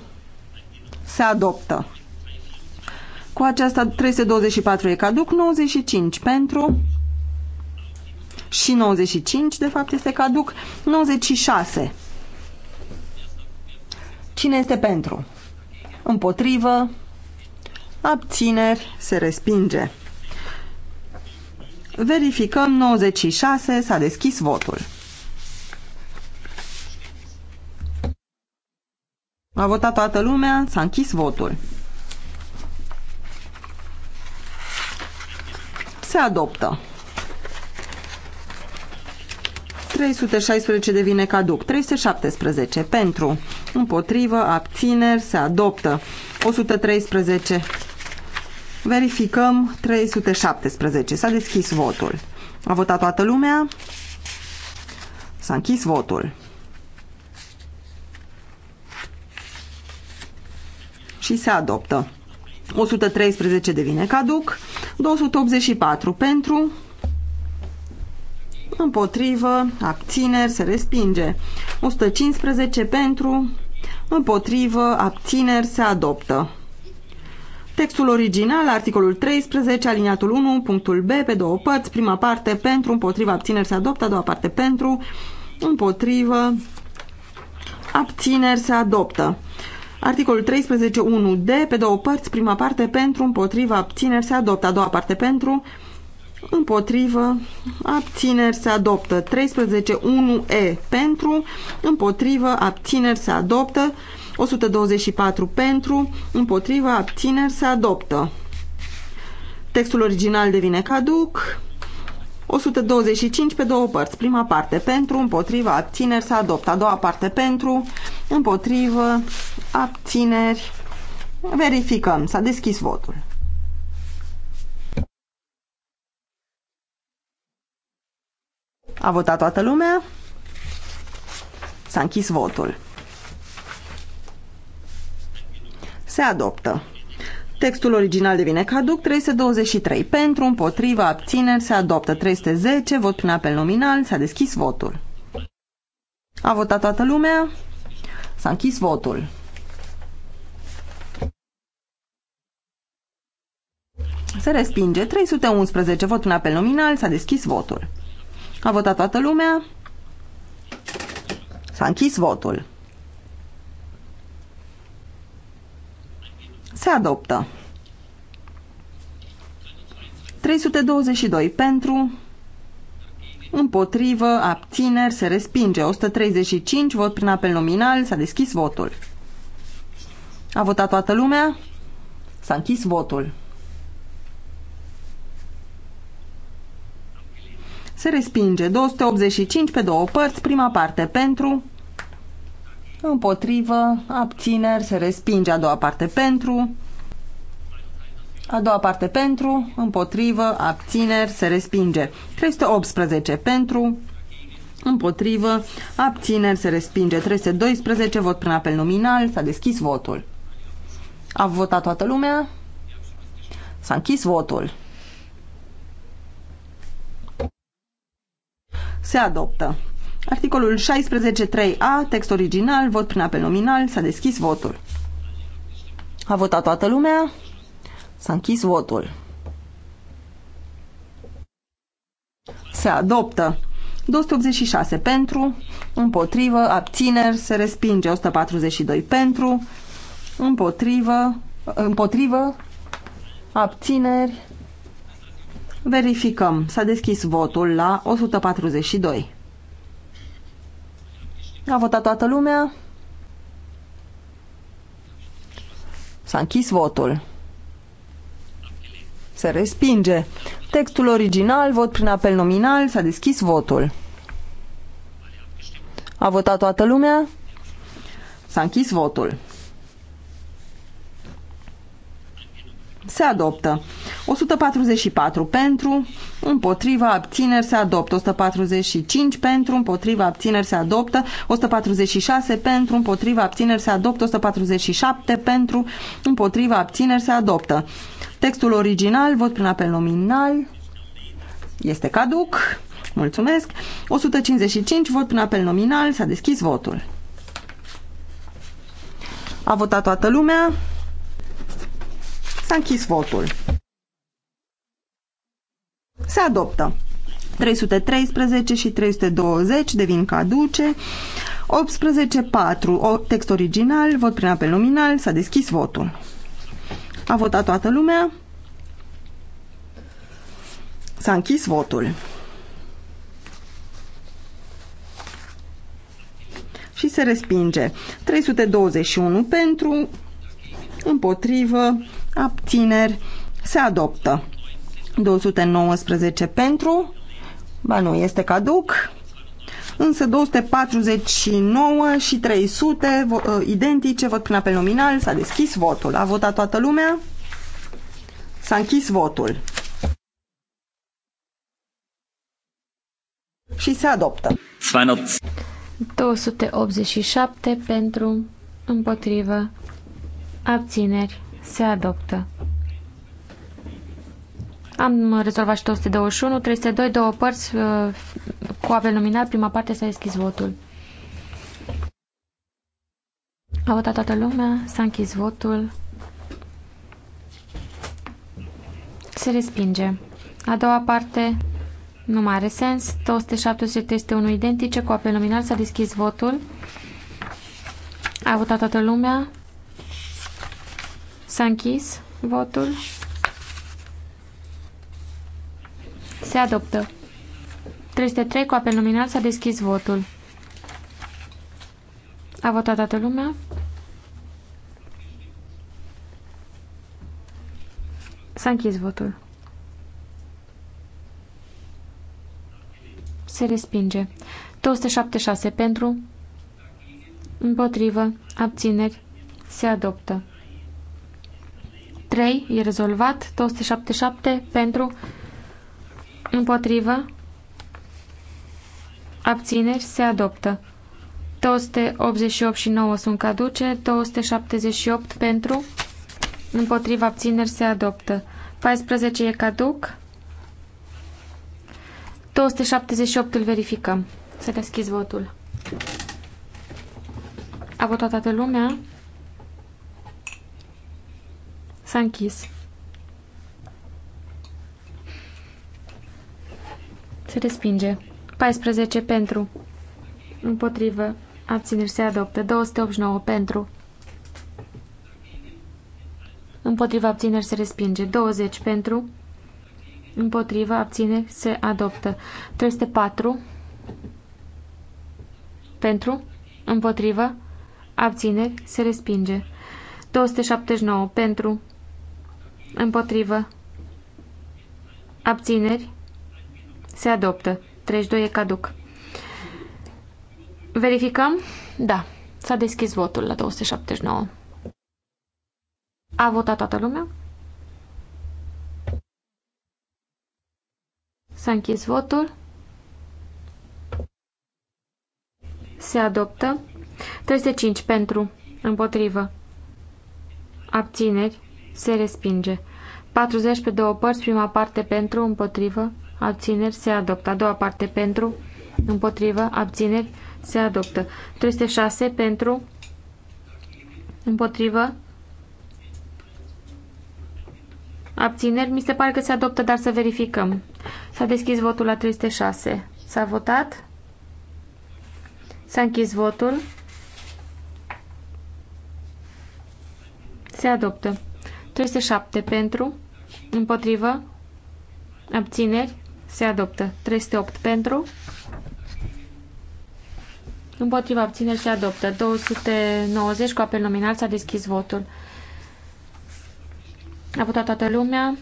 Se adoptă. Cu aceasta 324 e caduc, 95 pentru și 95 de fapt este caduc, 96. Cine este pentru? Împotrivă? abțineri, se respinge. Verificăm 96, s-a deschis votul. A votat toată lumea, s-a închis votul. Se adoptă. 316 devine caduc. 317 pentru, împotrivă, abțineri, se adoptă. 113 Verificăm 317. S-a deschis votul. A votat toată lumea. S-a închis votul. Și se adoptă. 113 devine caduc. 284 pentru. Împotrivă. Abțineri. Se respinge. 115 pentru. Împotrivă. Abțineri. Se adoptă. Textul original, articolul 13, aliniatul 1, punctul B, pe două părți, prima parte pentru, împotriva, abțineri se adoptă, a doua parte pentru, împotrivă, abțineri se adoptă. Articolul 1 d pe două părți, prima parte pentru, împotriva, abțineri se adoptă, a doua parte pentru, împotrivă, abțineri se adoptă. 1 e pentru, împotrivă, abțineri se adoptă. 124 pentru, împotriva, abțineri, se adoptă. Textul original devine caduc. 125 pe două părți. Prima parte pentru, împotriva, abțineri, se adoptă. A doua parte pentru, împotrivă, abțineri. Verificăm. S-a deschis votul. A votat toată lumea? S-a închis votul. Se adoptă. Textul original devine caduc 323. Pentru, împotriva, abțineri, se adoptă 310. Vot prin apel nominal. S-a deschis votul. A votat toată lumea. S-a închis votul. Se respinge 311. Vot prin apel nominal. S-a deschis votul. A votat toată lumea. S-a închis votul. Se adoptă. 322 pentru, împotrivă, abțineri, se respinge. 135, vot prin apel nominal, s-a deschis votul. A votat toată lumea? S-a închis votul. Se respinge 285 pe două părți, prima parte pentru, împotrivă, abțineri, se respinge a doua parte pentru, a doua parte pentru, împotrivă, abțineri, se respinge. 318 pentru, împotrivă, abțineri, se respinge. 312, vot prin apel nominal, s-a deschis votul. A votat toată lumea? S-a închis votul. Se adoptă. Articolul 16.3a, text original, vot prin apel nominal, s-a deschis votul. A votat toată lumea, s-a închis votul. Se adoptă 286 pentru, împotrivă, abțineri, se respinge 142 pentru, împotrivă, împotrivă, abțineri. Verificăm. S-a deschis votul la 142. A votat toată lumea. S-a închis votul. Se respinge. Textul original, vot prin apel nominal, s-a deschis votul. A votat toată lumea? S-a închis votul. Se adoptă. 144 pentru, împotriva, abțineri se adoptă. 145 pentru, împotriva, abțineri se adoptă. 146 pentru, împotriva, abțineri se adoptă. 147 pentru, împotriva, abțineri se adoptă. Textul original, vot prin apel nominal, este caduc. Mulțumesc. 155, vot prin apel nominal, s-a deschis votul. A votat toată lumea. S-a închis votul. Se adoptă. 313 și 320 devin caduce. 18.4. Text original, vot prin apel nominal, s-a deschis votul. A votat toată lumea. S-a închis votul. Și se respinge. 321 pentru, împotrivă, abțineri, se adoptă. 219 pentru, ba nu, este caduc, însă 249 și 300 ă, identice, vot prin apel nominal, s-a deschis votul. A votat toată lumea? S-a închis votul. Și se adoptă. 287 pentru, împotrivă, abțineri, se adoptă. Am rezolvat și 221, 302, două părți uh, cu apel nominal. Prima parte s-a deschis votul. A votat toată lumea, s-a închis votul. Se respinge. A doua parte nu mai are sens. 270 este unul identice cu apel nominal. S-a deschis votul. A votat toată lumea. S-a închis votul. Se adoptă. 303 cu apel nominal s-a deschis votul. A votat toată lumea? S-a închis votul. Se respinge. 276 pentru, împotrivă, abțineri, se adoptă. 3 e rezolvat, 277 pentru, Împotrivă? Abțineri se adoptă. 288 și 9 sunt caduce, 278 pentru, împotriva abțineri se adoptă. 14 e caduc, 278 îl verificăm. Să deschizi votul. A votat toată lumea. S-a închis. Se respinge. 14 pentru. Împotrivă. Abțineri se adoptă. 289 pentru. Împotriva abțineri se respinge. 20 pentru. Împotriva abțineri se adoptă. 304 pentru. Împotriva abțineri se respinge. 279 pentru. Împotrivă. Abțineri. Se adoptă. 32 e caduc. Verificăm? Da. S-a deschis votul la 279. A votat toată lumea? S-a închis votul. Se adoptă. 35 pentru. Împotrivă. Abțineri. Se respinge. 40 pe două părți, prima parte pentru, împotrivă, abțineri se adoptă. A doua parte pentru, împotrivă, abțineri se adoptă. 306 pentru, împotrivă, abțineri. Mi se pare că se adoptă, dar să verificăm. S-a deschis votul la 306. S-a votat? S-a închis votul. Se adoptă. 307 pentru, împotrivă, abțineri, se adoptă. 308 pentru. Împotriva abțineri se adoptă. 290 cu apel nominal s-a deschis votul. A votat toată lumea.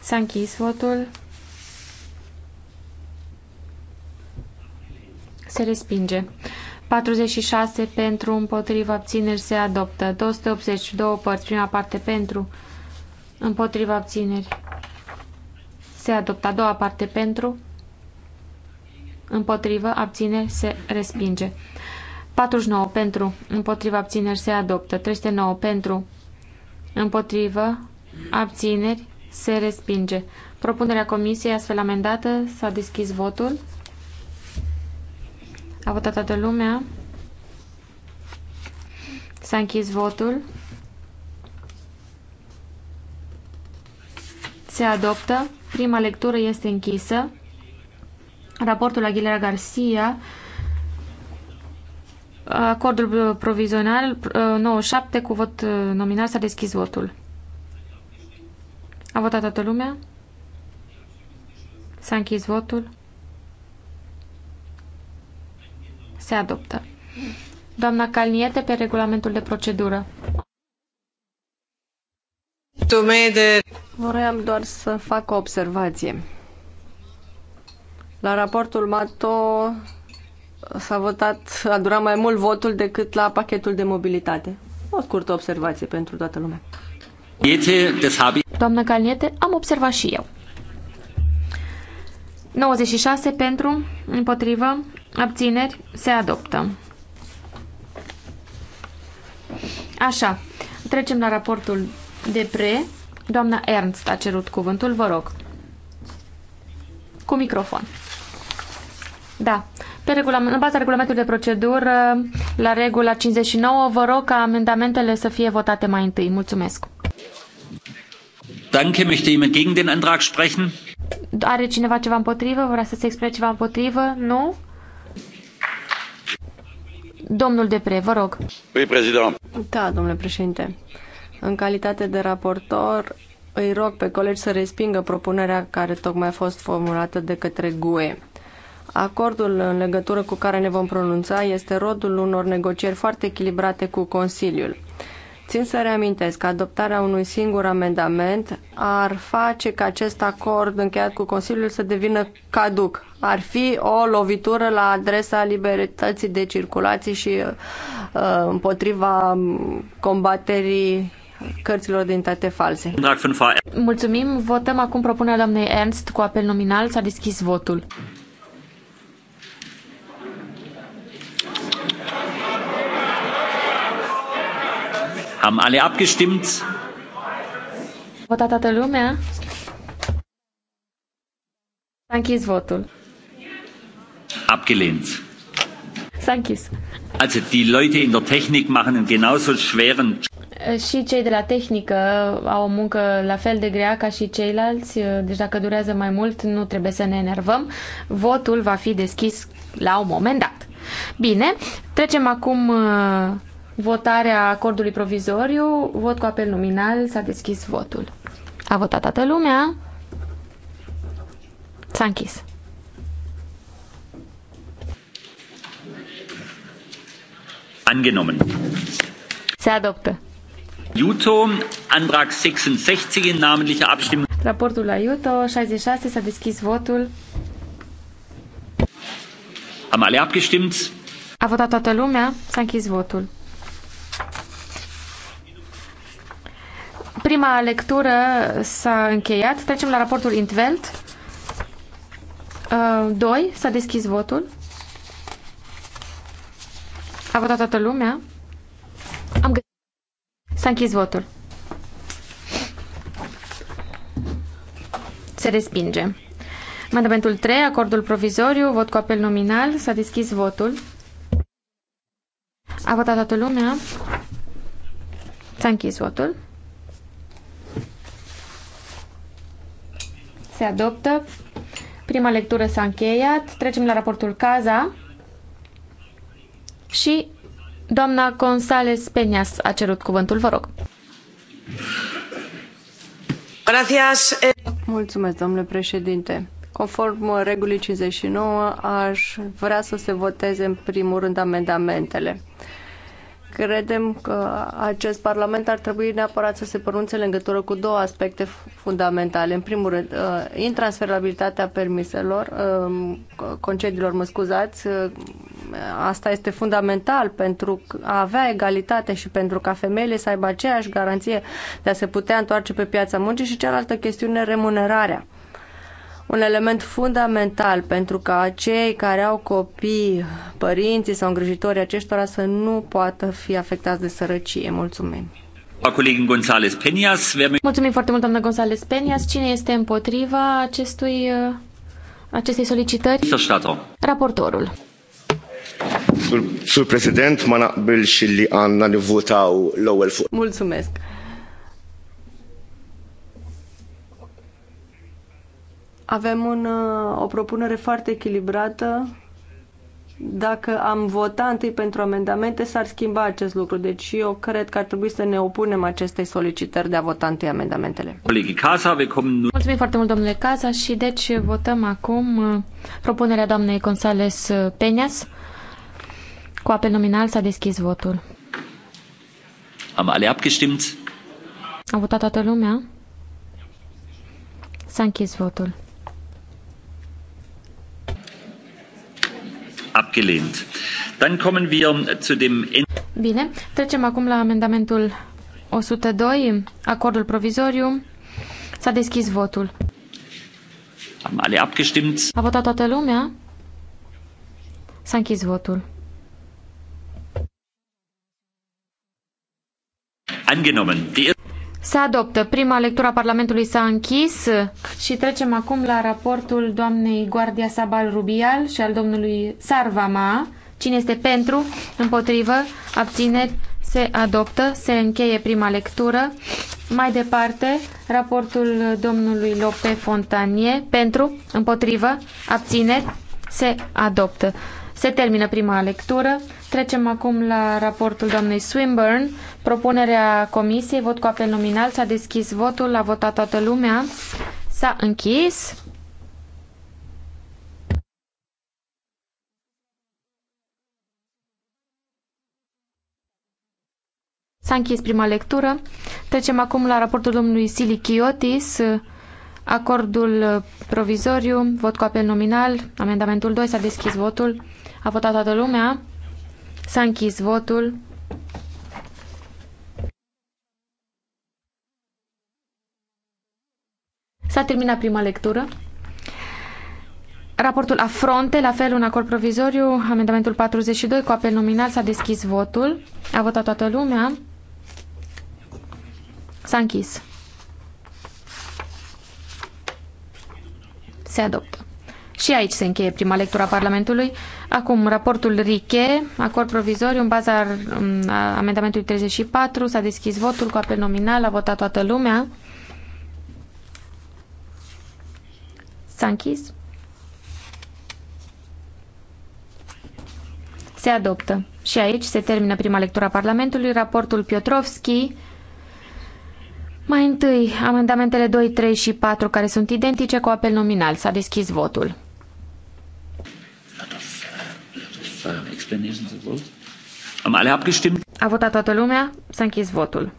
S-a închis votul. Se respinge. 46 pentru, împotriva abțineri se adoptă. 282 părți, prima parte pentru, împotriva abțineri se adoptă. A doua parte pentru, împotrivă, abțineri, se respinge. 49 pentru, împotrivă, abțineri, se adoptă. 309 pentru, împotrivă, abțineri, se respinge. Propunerea comisiei astfel amendată s-a deschis votul. A votat toată lumea. S-a închis votul. Se adoptă Prima lectură este închisă. Raportul Aguilera Garcia, acordul provizional 97 uh, cu vot uh, nominal s-a deschis votul. A votat toată lumea? S-a închis votul? Se adoptă. Doamna Calniete pe regulamentul de procedură. Tomede. Vreau doar să fac o observație. La raportul MATO s-a votat, a durat mai mult votul decât la pachetul de mobilitate. O scurtă observație pentru toată lumea. Doamna Calniete, am observat și eu. 96 pentru, împotrivă, abțineri, se adoptă. Așa, trecem la raportul Depre, doamna Ernst a cerut cuvântul, vă rog. Cu microfon. Da. Pe regulament, în baza regulamentului de procedură, la regula 59, vă rog ca amendamentele să fie votate mai întâi. Mulțumesc. Danke, möchte jemand gegen den Antrag sprechen? Are cineva ceva împotrivă? Vrea să se exprime ceva împotrivă? Nu? Domnul Depre, vă rog. Oui, Da, domnule președinte. În calitate de raportor, îi rog pe colegi să respingă propunerea care tocmai a fost formulată de către GUE. Acordul în legătură cu care ne vom pronunța este rodul unor negocieri foarte echilibrate cu Consiliul. Țin să reamintesc că adoptarea unui singur amendament ar face ca acest acord încheiat cu Consiliul să devină caduc. Ar fi o lovitură la adresa libertății de circulație și uh, împotriva um, combaterii cărților de identitate false. Mulțumim. Votăm acum propunerea doamnei Ernst cu apel nominal. S-a deschis votul. Am alle abgestimmt? Votat toată lumea? S-a închis votul. Abgelehnt. S-a închis. Also die Leute in der Technik machen einen genauso schweren și cei de la tehnică au o muncă la fel de grea ca și ceilalți, deci dacă durează mai mult nu trebuie să ne enervăm. Votul va fi deschis la un moment dat. Bine, trecem acum uh, votarea acordului provizoriu. Vot cu apel nominal, s-a deschis votul. A votat toată lumea. S-a închis. Angenommen. Se adoptă. 66 Raportul la Iuto, 66, s-a deschis votul. Am alle abgestimmt? A votat toată lumea, s-a închis votul. Prima lectură s-a încheiat. Trecem la raportul Intvelt. 2. Uh, s-a deschis votul. A votat toată lumea. S-a închis votul. Se respinge. Mandamentul 3, acordul provizoriu, vot cu apel nominal. S-a deschis votul. A votat toată lumea. S-a închis votul. Se adoptă. Prima lectură s-a încheiat. Trecem la raportul Caza. Și Doamna González Peñas a cerut cuvântul, vă rog. Mulțumesc, domnule președinte. Conform regulii 59, aș vrea să se voteze în primul rând amendamentele. Credem că acest Parlament ar trebui neapărat să se pronunțe în legătură cu două aspecte fundamentale. În primul rând, uh, intransferabilitatea permiselor, um, concediilor, mă scuzați, uh, asta este fundamental pentru a avea egalitate și pentru ca femeile să aibă aceeași garanție de a se putea întoarce pe piața muncii și cealaltă chestiune, remunerarea un element fundamental pentru ca cei care au copii, părinții sau îngrijitorii aceștora să nu poată fi afectați de sărăcie. Mulțumim! Mulțumim foarte mult, doamna González Penias. Cine este împotriva acestui, uh, acestei solicitări? Raportorul. Sul president, manabil Mulțumesc. Avem un, uh, o propunere foarte echilibrată. Dacă am votat întâi pentru amendamente, s-ar schimba acest lucru. Deci eu cred că ar trebui să ne opunem acestei solicitări de a vota întâi amendamentele. Mulțumim foarte mult, domnule Casa, și deci votăm acum uh, propunerea doamnei Consales, uh, Peñas. Cu apel nominal s-a deschis votul. Am ale abgestimt. A votat toată lumea? S-a închis votul. abgelehnt. Dann kommen wir zu dem Bine, trecem acum la amendamentul 102, acordul provizoriu. S-a deschis votul. Am alle abgestimmt. A votat toată lumea. S-a închis votul. Angenommen. Die se adoptă. Prima lectură a Parlamentului s-a închis și trecem acum la raportul doamnei Guardia Sabal Rubial și al domnului Sarvama. Cine este pentru, împotrivă, abțineri, se adoptă, se încheie prima lectură. Mai departe, raportul domnului Lope Fontanie, pentru, împotrivă, abțineri, se adoptă. Se termină prima lectură. Trecem acum la raportul doamnei Swinburne. Propunerea comisiei, vot cu apel nominal, s-a deschis votul, a votat toată lumea, s-a închis. S-a închis prima lectură. Trecem acum la raportul domnului Sili Chiotis, acordul provizoriu, vot cu apel nominal, amendamentul 2, s-a deschis votul, a votat toată lumea. S-a închis votul. S-a terminat prima lectură. Raportul Afronte, la fel un acord provizoriu, amendamentul 42 cu apel nominal s-a deschis votul. A votat toată lumea. S-a închis. Se adoptă. Și aici se încheie prima lectură a Parlamentului. Acum, raportul Riche, acord provizoriu în baza um, amendamentului 34, s-a deschis votul cu apel nominal, a votat toată lumea. S-a închis. Se adoptă. Și aici se termină prima lectură a Parlamentului, raportul Piotrovski. Mai întâi, amendamentele 2, 3 și 4, care sunt identice cu apel nominal. S-a deschis votul. explanations of vote. Am alle abgestimmt? A votat toată lumea? S-a închis votul.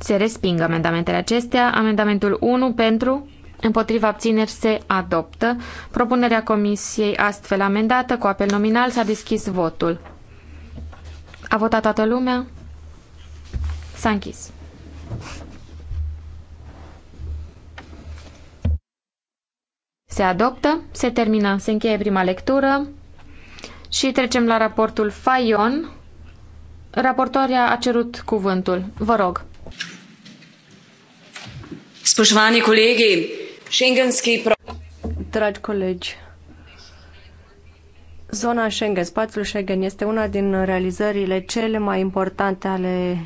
Se resping amendamentele acestea. Amendamentul 1 pentru, împotriva abțineri se adoptă. Propunerea comisiei astfel amendată cu apel nominal s-a deschis votul. A votat toată lumea? S-a închis. Se adoptă, se termină, se încheie prima lectură și trecem la raportul Fayon. Raportoarea a cerut cuvântul. Vă rog. Spășvanii colegi, Schengenski... Dragi colegi, zona Schengen, spațiul Schengen, este una din realizările cele mai importante ale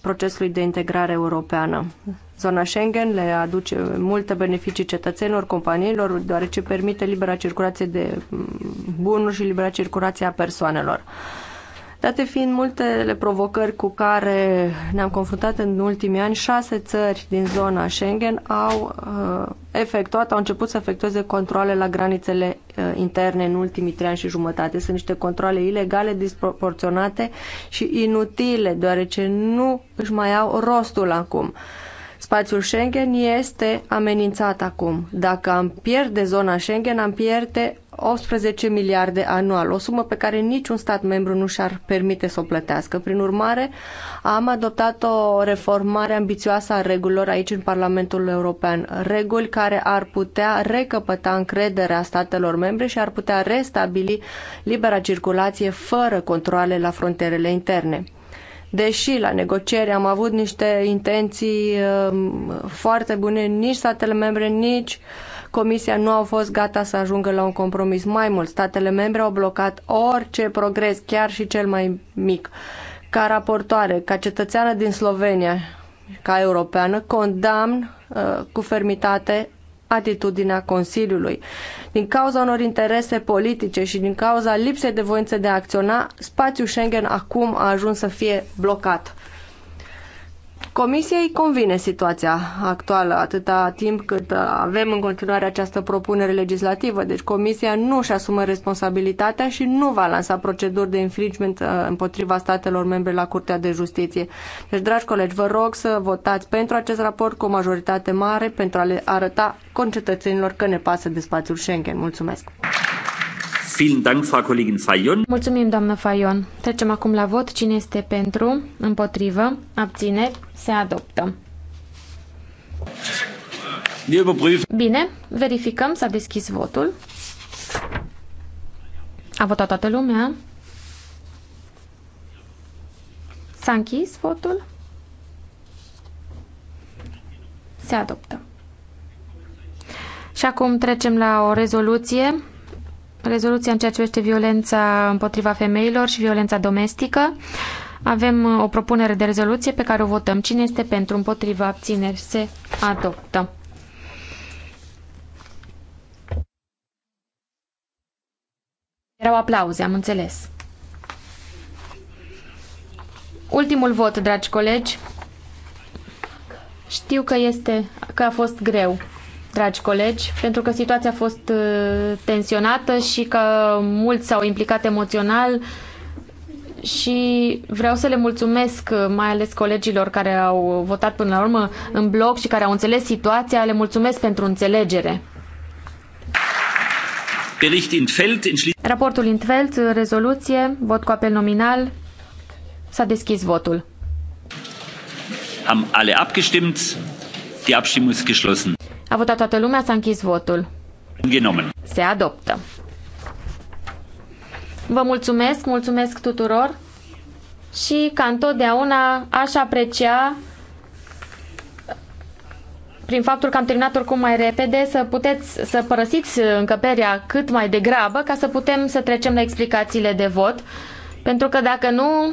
procesului de integrare europeană. Zona Schengen le aduce multe beneficii cetățenilor, companiilor, deoarece permite libera circulație de mm, bunuri și libera circulație a persoanelor. Date fiind multele provocări cu care ne-am confruntat în ultimii ani, șase țări din zona Schengen au uh, efectuat, au început să efectueze controle la granițele uh, interne în ultimii trei ani și jumătate. Sunt niște controle ilegale, disproporționate și inutile, deoarece nu își mai au rostul acum. Uh, Spațiul Schengen este amenințat acum. Dacă am pierde zona Schengen, am pierde 18 miliarde anual, o sumă pe care niciun stat membru nu și-ar permite să o plătească. Prin urmare, am adoptat o reformare ambițioasă a regulilor aici în Parlamentul European, reguli care ar putea recăpăta încrederea statelor membre și ar putea restabili libera circulație fără controle la frontierele interne. Deși la negocieri am avut niște intenții um, foarte bune, nici statele membre, nici Comisia nu au fost gata să ajungă la un compromis. Mai mult, statele membre au blocat orice progres, chiar și cel mai mic. Ca raportoare, ca cetățeană din Slovenia, ca europeană, condamn uh, cu fermitate atitudinea Consiliului. Din cauza unor interese politice și din cauza lipsei de voință de a acționa, spațiul Schengen acum a ajuns să fie blocat. Comisiei convine situația actuală atâta timp cât uh, avem în continuare această propunere legislativă, deci Comisia nu își asumă responsabilitatea și nu va lansa proceduri de infringement uh, împotriva statelor membre la Curtea de Justiție. Deci, dragi colegi, vă rog să votați pentru acest raport cu o majoritate mare pentru a le arăta concetățenilor că ne pasă de spațiul Schengen. Mulțumesc! Mulțumim, doamnă Fayon. Trecem acum la vot. Cine este pentru? Împotrivă? Abțineri? se adoptă. Bine, verificăm, s-a deschis votul. A votat toată lumea. S-a închis votul. Se adoptă. Și acum trecem la o rezoluție. Rezoluția în ceea ce privește violența împotriva femeilor și violența domestică. Avem uh, o propunere de rezoluție pe care o votăm. Cine este pentru, împotriva, abțineri, se adoptă. Erau aplauze, am înțeles. Ultimul vot, dragi colegi. Știu că este, că a fost greu, dragi colegi, pentru că situația a fost uh, tensionată și că mulți s-au implicat emoțional și vreau să le mulțumesc uh, mai ales colegilor care au votat până la urmă în bloc și care au înțeles situația. Le mulțumesc pentru înțelegere. Raportul Intfeld, uh, rezoluție, vot cu apel nominal. S-a deschis votul. Am alle abgestimmt. Die Abstimmung ist geschlossen. A votat toată lumea, s-a închis votul. Genomen. Se adoptă. Vă mulțumesc, mulțumesc tuturor și ca întotdeauna aș aprecia prin faptul că am terminat oricum mai repede, să puteți să părăsiți încăperea cât mai degrabă ca să putem să trecem la explicațiile de vot. Pentru că dacă nu,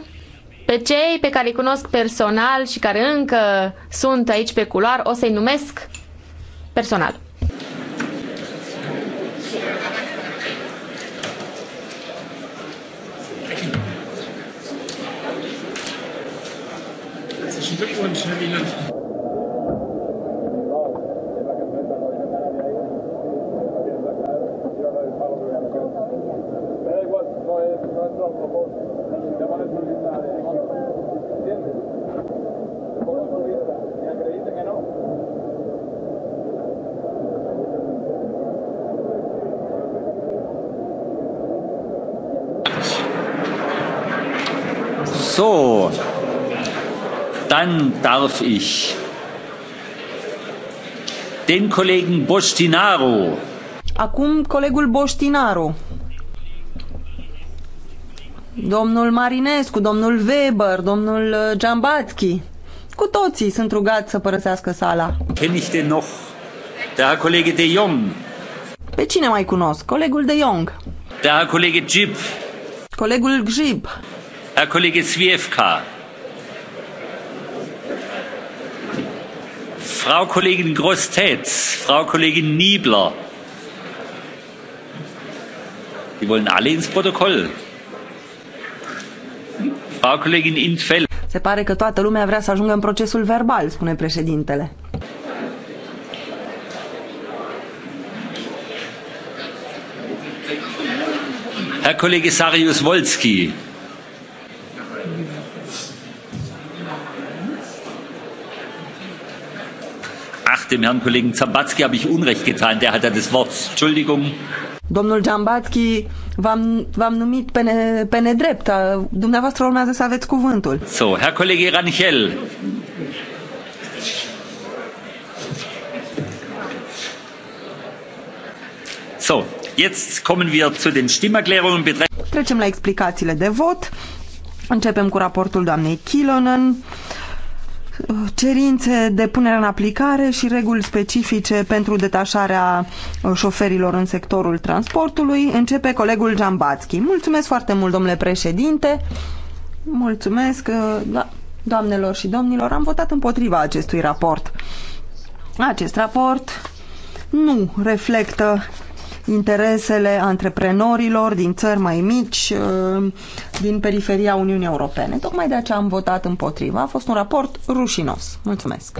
pe cei pe care îi cunosc personal și care încă sunt aici pe culoar, o să-i numesc personal. Glückwunsch, Herr Wieland. dann darf ich den Kollegen Bostinaru. Acum colegul Boștinaru. Domnul Marinescu, domnul Weber, domnul uh, Giambatski. Cu toții sunt rugați să părăsească sala. Kenichte noch. Der Kollege de Jong. Pe cine mai cunosc? Colegul de Jong. Der Kollege Gip. Colegul Gjib. Der Kollege Zwiefka. Frau Kollegin grossette Frau Kollegin Niebler. Die wollen alle ins Protokoll. Frau Kollegin in Intfeld. Se pare că toată lumea vrea să ajungă în procesul verbal, spune președintele. Herr Kollege Sarius Wolski. Dem Herrn Kollegen Zambatski habe ich Unrecht getan, der hat ja das Wort. Entschuldigung. Domnul Zambatski, v-am, v-am numit pe, ne, pe nedrept. Dumneavoastră urmează să aveți cuvântul. So, Herr Kollege Rangel. So, jetzt kommen wir zu den Stimmerklärungen betreffend. Trecem la explicațiile de vot. Începem cu raportul doamnei Kilonen cerințe de punere în aplicare și reguli specifice pentru detașarea uh, șoferilor în sectorul transportului. Începe colegul Jambatski. Mulțumesc foarte mult, domnule președinte. Mulțumesc, uh, da, doamnelor și domnilor. Am votat împotriva acestui raport. Acest raport nu reflectă interesele antreprenorilor din țări mai mici, uh, din periferia Uniunii Europene. Tocmai de aceea am votat împotriva. A fost un raport rușinos. Mulțumesc!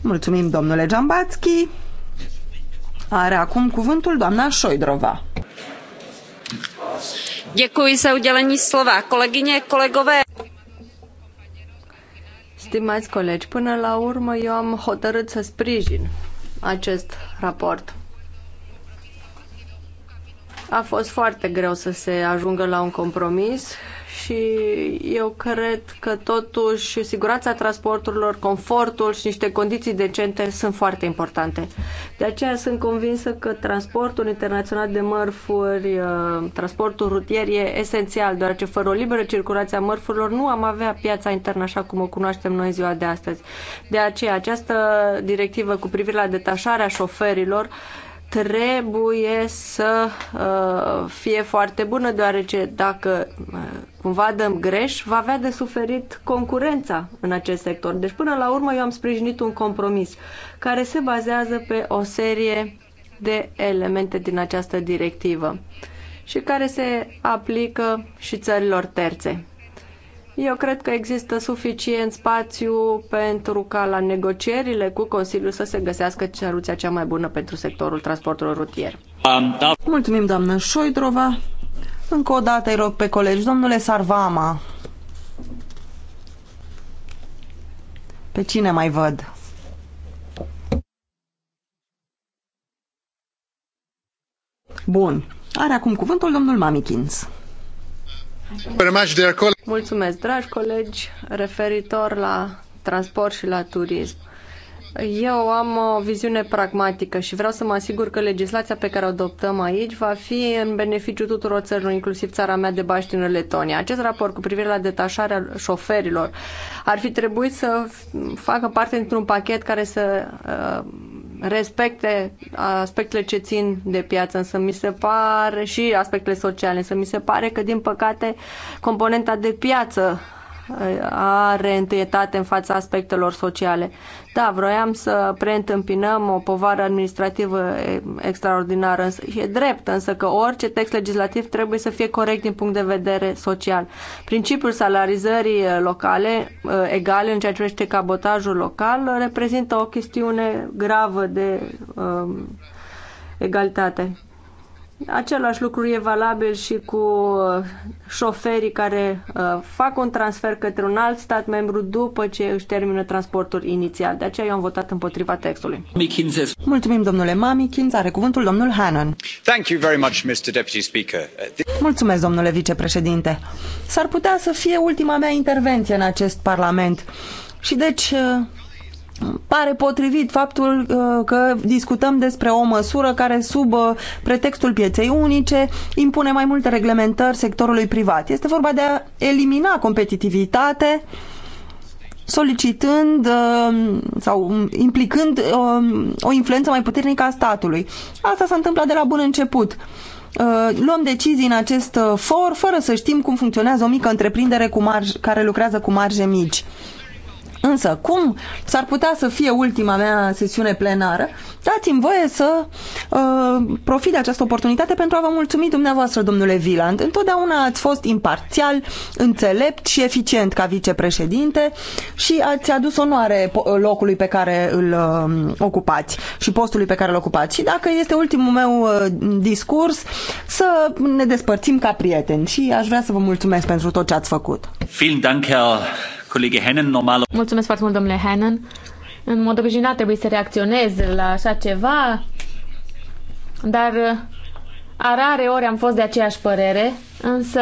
Mulțumim, domnule Jambatski. Are acum cuvântul doamna Șoidrova. Děkuji za udělení slova. Kolegyně, kolegové. Stimați colegi, până la urmă eu am hotărât să sprijin acest raport. A fost foarte greu să se ajungă la un compromis și eu cred că totuși siguranța transporturilor, confortul și niște condiții decente sunt foarte importante. De aceea sunt convinsă că transportul internațional de mărfuri, uh, transportul rutier e esențial, deoarece fără o liberă circulație a mărfurilor nu am avea piața internă așa cum o cunoaștem noi ziua de astăzi. De aceea această directivă cu privire la detașarea șoferilor trebuie să uh, fie foarte bună, deoarece dacă uh, cumva dăm greș, va avea de suferit concurența în acest sector. Deci până la urmă eu am sprijinit un compromis care se bazează pe o serie de elemente din această directivă și care se aplică și țărilor terțe. Eu cred că există suficient spațiu pentru ca la negocierile cu Consiliul să se găsească ceruția cea mai bună pentru sectorul transportului rutier. Da. Mulțumim, doamnă Șoidrova. Încă o dată îi rog pe colegi, domnule Sarvama. Pe cine mai văd? Bun. Are acum cuvântul domnul Mamikins. Mulțumesc, dragi colegi, referitor la transport și la turism. Eu am o viziune pragmatică și vreau să mă asigur că legislația pe care o adoptăm aici va fi în beneficiu tuturor țărilor, inclusiv țara mea de în Letonia. Acest raport cu privire la detașarea șoferilor ar fi trebuit să facă parte dintr-un pachet care să uh, respecte aspectele ce țin de piață, însă mi se pare și aspectele sociale, însă mi se pare că, din păcate, componenta de piață eh, are întâietate în fața aspectelor sociale. Da, vroiam să preîntâmpinăm o povară administrativă extraordinară însă, și e drept, însă că orice text legislativ trebuie să fie corect din punct de vedere social. Principiul salarizării locale, eh, egale în ceea ce privește cabotajul local, reprezintă o chestiune gravă de um, egalitate. Același lucru e valabil și cu uh, șoferii care uh, fac un transfer către un alt stat membru după ce își termină transportul inițial. De aceea eu am votat împotriva textului. Mulțumim, domnule Mami. Kinz are cuvântul domnul Hannan. Thank you very much, Mr. Deputy Speaker. Mulțumesc, domnule vicepreședinte. S-ar putea să fie ultima mea intervenție în acest parlament. Și deci uh, pare potrivit faptul uh, că discutăm despre o măsură care, sub uh, pretextul pieței unice, impune mai multe reglementări sectorului privat. Este vorba de a elimina competitivitate solicitând uh, sau um, implicând um, o influență mai puternică a statului. Asta s-a întâmplat de la bun început luăm decizii în acest for fără să știm cum funcționează o mică întreprindere cu marj, care lucrează cu marje mici. Însă, cum s-ar putea să fie ultima mea sesiune plenară, dați-mi voie să uh, profit de această oportunitate pentru a vă mulțumi dumneavoastră, domnule Viland. Întotdeauna ați fost imparțial, înțelept și eficient ca vicepreședinte și ați adus onoare uh, locului pe care îl uh, ocupați și postului pe care îl ocupați. Și dacă este ultimul meu uh, discurs, să ne despărțim ca prieteni și aș vrea să vă mulțumesc pentru tot ce ați făcut. Vielen Dank, Herr Mulțumesc foarte mult, domnule Hannon. În mod obișnuit trebuie să reacționez la așa ceva, dar uh, a rare ori am fost de aceeași părere, însă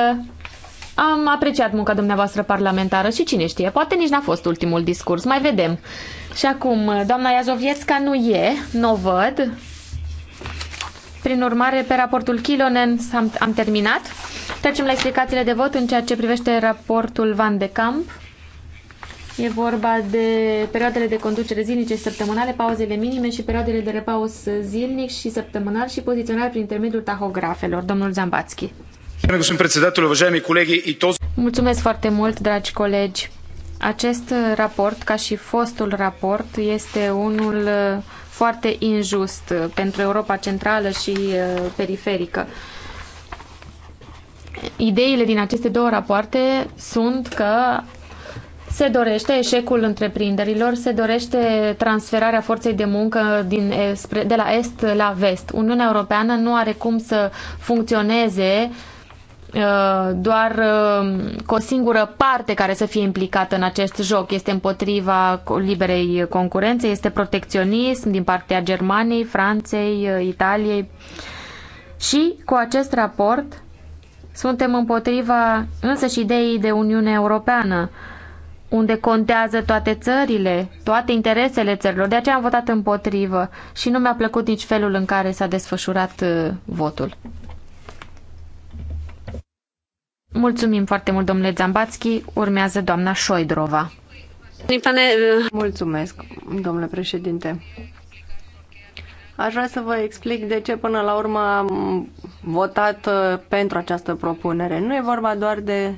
am apreciat munca dumneavoastră parlamentară și cine știe, poate nici n-a fost ultimul discurs, mai vedem. Și acum, uh, doamna Iazovietska nu e, nu o văd. Prin urmare, pe raportul Kilonen am, am terminat. Trecem la explicațiile de vot în ceea ce privește raportul Van de Camp. E vorba de perioadele de conducere zilnice și săptămânale, pauzele minime și perioadele de repaus zilnic și săptămânal și poziționare prin intermediul tahografelor. Domnul Zambatski. Mulțumesc foarte mult, dragi colegi. Acest raport, ca și fostul raport, este unul foarte injust pentru Europa Centrală și uh, periferică. Ideile din aceste două rapoarte sunt că se dorește eșecul întreprinderilor, se dorește transferarea forței de muncă din, spre, de la est la vest. Uniunea Europeană nu are cum să funcționeze uh, doar uh, cu o singură parte care să fie implicată în acest joc. Este împotriva liberei concurențe, este protecționism din partea Germaniei, Franței, uh, Italiei. Și cu acest raport suntem împotriva însăși ideii de Uniune Europeană unde contează toate țările, toate interesele țărilor. De aceea am votat împotrivă și nu mi-a plăcut nici felul în care s-a desfășurat uh, votul. Mulțumim foarte mult, domnule Zambatski. Urmează doamna Șoidrova. Mulțumesc, domnule președinte. Aș vrea să vă explic de ce până la urmă am votat uh, pentru această propunere. Nu e vorba doar de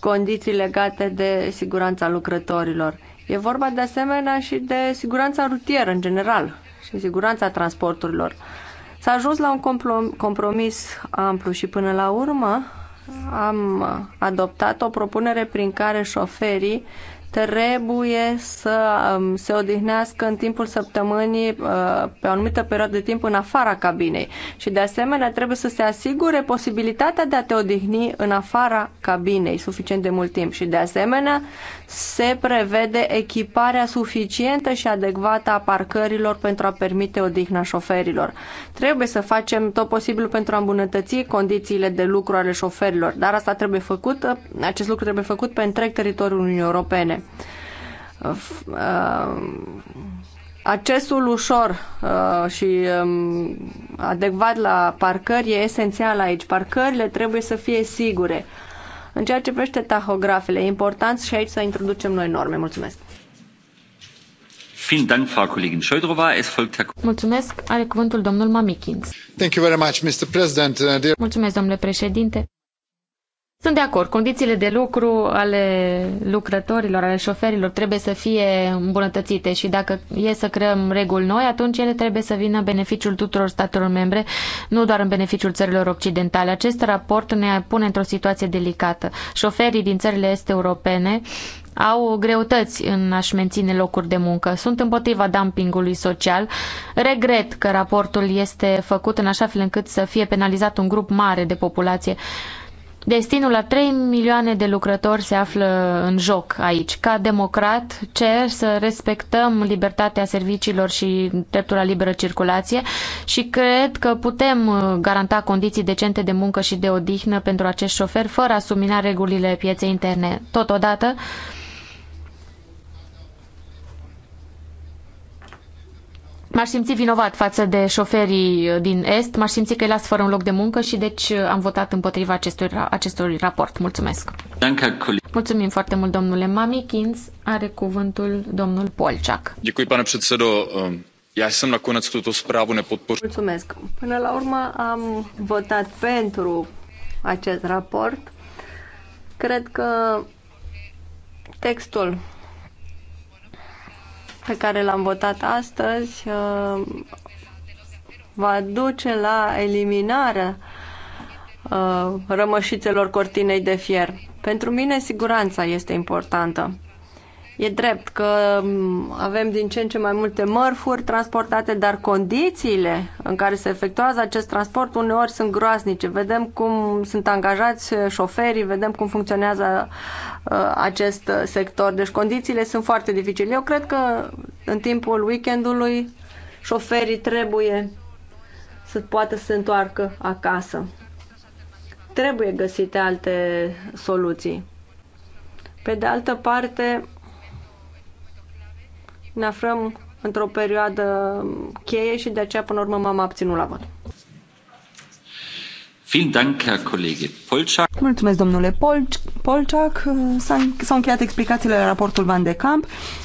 condiții legate de siguranța lucrătorilor. E vorba de asemenea și de siguranța rutieră în general și siguranța transporturilor. S-a ajuns la un compromis amplu și până la urmă am adoptat o propunere prin care șoferii trebuie să um, se odihnească în timpul săptămânii uh, pe o anumită perioadă de timp în afara cabinei și de asemenea trebuie să se asigure posibilitatea de a te odihni în afara cabinei suficient de mult timp și de asemenea se prevede echiparea suficientă și adecvată a parcărilor pentru a permite odihna șoferilor. Trebuie să facem tot posibilul pentru a îmbunătăți condițiile de lucru ale șoferilor, dar asta trebuie făcut, acest lucru trebuie făcut pe întreg teritoriul Uniunii Europene. Uh, accesul ușor uh, și um, adecvat la parcări e esențial aici. Parcările trebuie să fie sigure. În ceea ce privește tahografele, e important și aici să introducem noi norme. Mulțumesc! Mulțumesc. Are cuvântul domnul Mamikins. Uh, Mulțumesc, domnule președinte. Sunt de acord, condițiile de lucru ale lucrătorilor, ale șoferilor trebuie să fie îmbunătățite și dacă e să creăm reguli noi, atunci ele trebuie să vină în beneficiul tuturor statelor membre, nu doar în beneficiul țărilor occidentale. Acest raport ne pune într-o situație delicată. Șoferii din țările este europene au greutăți în a-și menține locuri de muncă. Sunt împotriva dumpingului social. Regret că raportul este făcut în așa fel încât să fie penalizat un grup mare de populație. Destinul a 3 milioane de lucrători se află în joc aici. Ca democrat, cer să respectăm libertatea serviciilor și dreptul la liberă circulație și cred că putem uh, garanta condiții decente de muncă și de odihnă pentru acești șoferi fără a submina regulile pieței interne. Totodată, M-aș simți vinovat față de șoferii din Est, m-aș simți că îi las fără un loc de muncă și deci am votat împotriva acestui, acestui raport. Mulțumesc! Mulțumim foarte mult, domnule Kins. Are cuvântul domnul Polciac. Děkuji, pane předsedo. Ehm, já jsem nakonec tuto zprávu nepodpořil. Mulțumesc. Până la urmă am votat pentru acest raport. Cred că textul pe care l-am votat astăzi uh, va duce la eliminarea uh, rămășițelor cortinei de fier. Pentru mine siguranța este importantă. E drept că mm, avem din ce în ce mai multe mărfuri transportate, dar condițiile în care se efectuează acest transport uneori sunt groaznice. Vedem cum sunt angajați șoferii, vedem cum funcționează ă, acest sector. Deci condițiile sunt foarte dificile. Eu cred că în timpul weekendului șoferii trebuie să poată să se întoarcă acasă. Trebuie găsite alte soluții. Pe de altă parte, ne aflăm într-o perioadă cheie și de aceea, până la urmă, m-am abținut la vot. Mulțumesc, domnule Polciac. S-au încheiat explicațiile la raportul Van de Camp.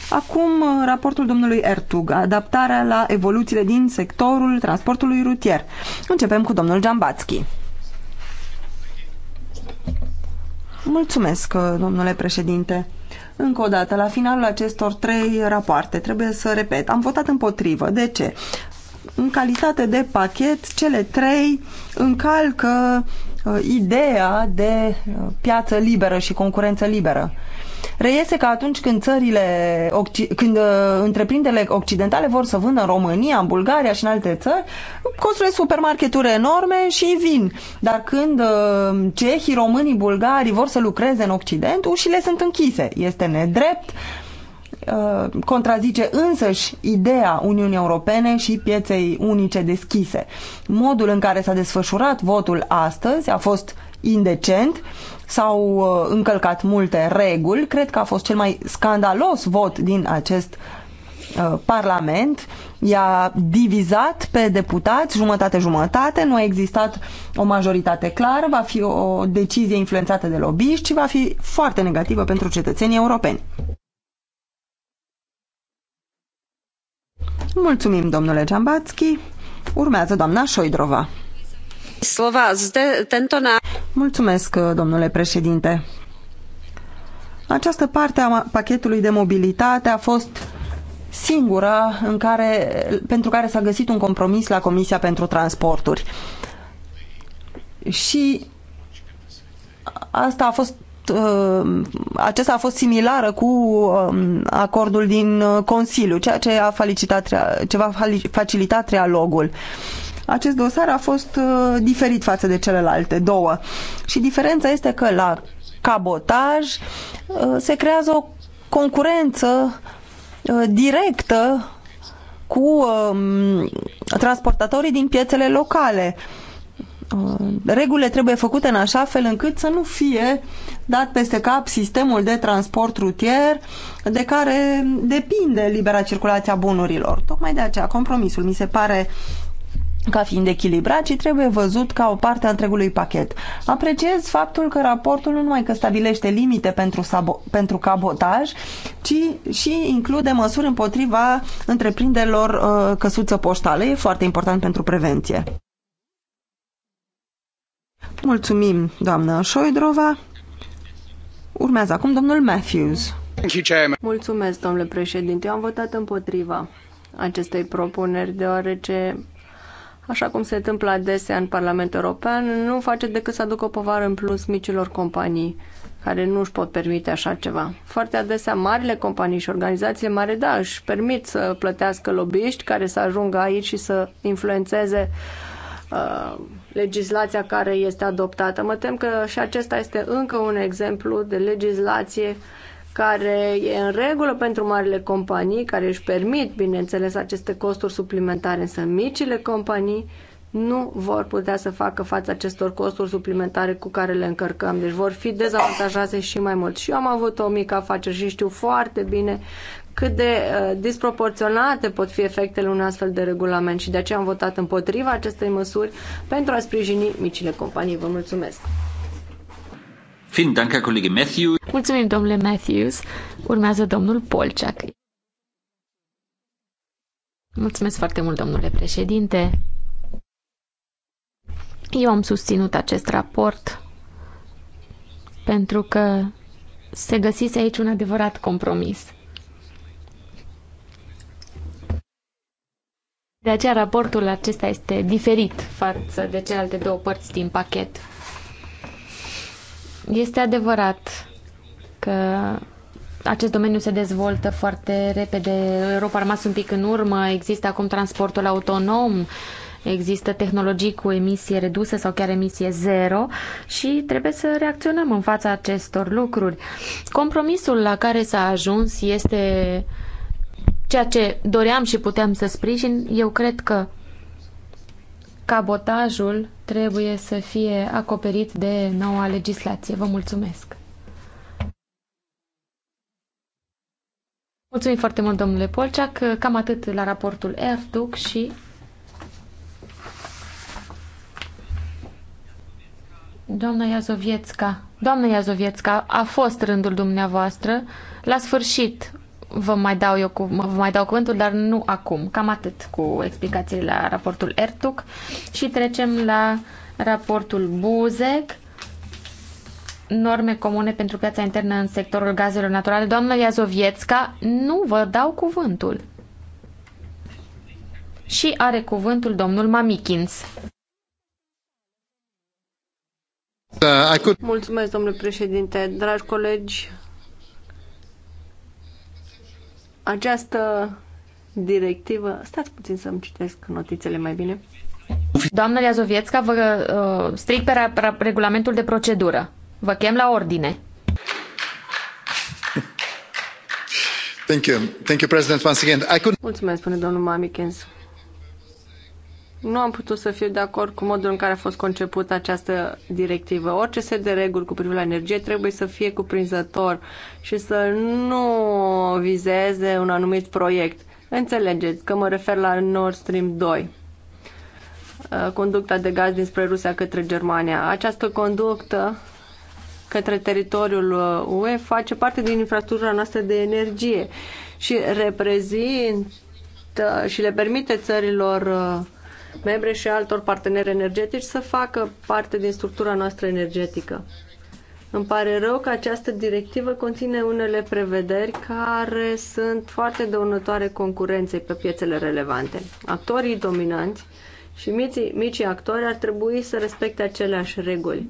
Acum, uh, raportul domnului Ertug, adaptarea la evoluțiile din sectorul transportului rutier. Începem cu domnul Giambatski. Mulțumesc, uh, domnule președinte. Încă o dată, la finalul acestor trei rapoarte, trebuie să repet, am votat împotrivă. De ce? În calitate de pachet, cele trei încalcă Uh, ideea de uh, piață liberă și concurență liberă. Reiese că atunci când țările, când uh, întreprinderile occidentale vor să vândă în România, în Bulgaria și în alte țări, construiesc supermarketuri enorme și vin. Dar când cehii, românii, bulgarii vor să lucreze în Occident, ușile sunt închise. Este nedrept Uh, contrazice însăși ideea Uniunii Europene și pieței unice deschise. Modul în care s-a desfășurat votul astăzi a fost indecent, s-au uh, încălcat multe reguli, cred că a fost cel mai scandalos vot din acest uh, Parlament, i-a divizat pe deputați jumătate-jumătate, nu a existat o majoritate clară, va fi o decizie influențată de lobbyiști și va fi foarte negativă pentru cetățenii europeni. Mulțumim, domnule Jambatski, Urmează doamna Șoidrova. Slova zde, tentona... Mulțumesc, domnule președinte. Această parte a pachetului de mobilitate a fost singura în care, pentru care s-a găsit un compromis la Comisia pentru Transporturi. Și asta a fost Uh, acesta a fost similară cu um, acordul din uh, Consiliu, ceea ce, a facilitat, ce va facilita trialogul acest dosar a fost uh, diferit față de celelalte două. Și diferența este că la cabotaj se creează o concurență directă cu um, transportatorii din piețele locale. Uh, regulile trebuie făcute în așa fel încât să nu fie dat peste cap sistemul de transport rutier de care depinde libera circulație a bunurilor. Tocmai de aceea compromisul mi se pare ca fiind echilibrat și trebuie văzut ca o parte a întregului pachet. Apreciez faptul că raportul nu numai că stabilește limite pentru, sabo- pentru cabotaj, ci și include măsuri împotriva întreprinderilor uh, căsuță poștală. E foarte important pentru prevenție. Mulțumim, doamnă Șoidrova. Urmează acum domnul Matthews. Mulțumesc, domnule președinte. Eu am votat împotriva acestei propuneri, deoarece, așa cum se întâmplă adesea în Parlamentul European, nu face decât să aducă o povară în plus micilor companii care nu își pot permite așa ceva. Foarte adesea marile companii și organizațiile mari, da, își permit să plătească lobbyiști care să ajungă aici și să influențeze uh, Uh, legislația care este adoptată. Mă tem că și acesta este încă un exemplu de legislație care e în regulă pentru marile companii, care își permit, bineînțeles, aceste costuri suplimentare, însă micile companii nu vor putea să facă față acestor costuri suplimentare cu care le încărcăm. Deci vor fi dezavantajate și mai mult. Și eu am avut o mică afacere și știu foarte bine cât de uh, disproporționate pot fi efectele unui astfel de regulament și de aceea am votat împotriva acestei măsuri pentru a sprijini micile companii. Vă mulțumesc! Mulțumim, domnule Matthews. Urmează domnul Polciac. Mulțumesc foarte mult, domnule președinte. Eu am susținut acest raport pentru că se găsise aici un adevărat compromis. De aceea raportul acesta este diferit față de celelalte două părți din pachet. Este adevărat că acest domeniu se dezvoltă foarte repede. Europa a rămas un pic în urmă, există acum transportul autonom, există tehnologii cu emisie redusă sau chiar emisie zero și trebuie să reacționăm în fața acestor lucruri. Compromisul la care s-a ajuns este uh, ceea ce doream și puteam să sprijin, eu cred că cabotajul trebuie să fie acoperit de noua legislație. Vă mulțumesc! Mulțumim foarte mult, domnule Polceac. Cam atât la raportul ERDUC și Doamna Iazovietska, doamna Iazovietska, a fost rândul dumneavoastră. La sfârșit, vă mai dau eu cu, vă mai dau cuvântul, dar nu acum. Cam atât cu explicațiile la raportul Ertuc și trecem la raportul Buzek norme comune pentru piața internă în sectorul gazelor naturale. Doamna Iazovietska, nu vă dau cuvântul. Și are cuvântul domnul Mamikins. Da, Mulțumesc, domnule președinte. Dragi colegi, această directivă... Stați puțin să-mi citesc notițele mai bine. Doamna Iazovietska, vă uh, stric pe regulamentul de procedură. Vă chem la ordine. Thank you. Thank you, President, once again. I could... Mulțumesc, spune domnul Mamikens nu am putut să fiu de acord cu modul în care a fost concepută această directivă. Orice set de reguli cu privire la energie trebuie să fie cuprinzător și să nu vizeze un anumit proiect. Înțelegeți că mă refer la Nord Stream 2 uh, conducta de gaz dinspre Rusia către Germania. Această conductă către teritoriul uh, UE face parte din infrastructura noastră de energie și reprezintă și le permite țărilor uh, membre și altor parteneri energetici să facă parte din structura noastră energetică. Îmi pare rău că această directivă conține unele prevederi care sunt foarte dăunătoare concurenței pe piețele relevante. Actorii dominanți și micii, micii actori ar trebui să respecte aceleași reguli.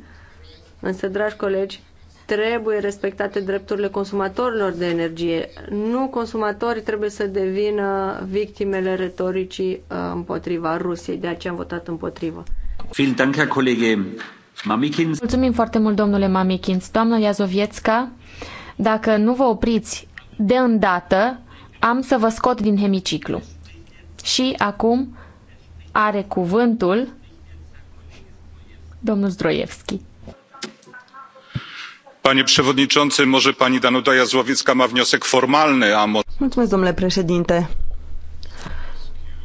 Însă, dragi colegi, Trebuie respectate drepturile consumatorilor de energie. Nu consumatorii trebuie să devină victimele retoricii uh, împotriva Rusiei. De aceea am votat împotrivă. Mulțumim foarte mult, domnule Mamikins. doamna Iazovietska, dacă nu vă opriți de îndată, am să vă scot din hemiciclu. Și acum are cuvântul domnul Zdroievski panie przewodniczący może pani danuta jazłowiecka ma wniosek formalny a może. mulțumesc domnule președinte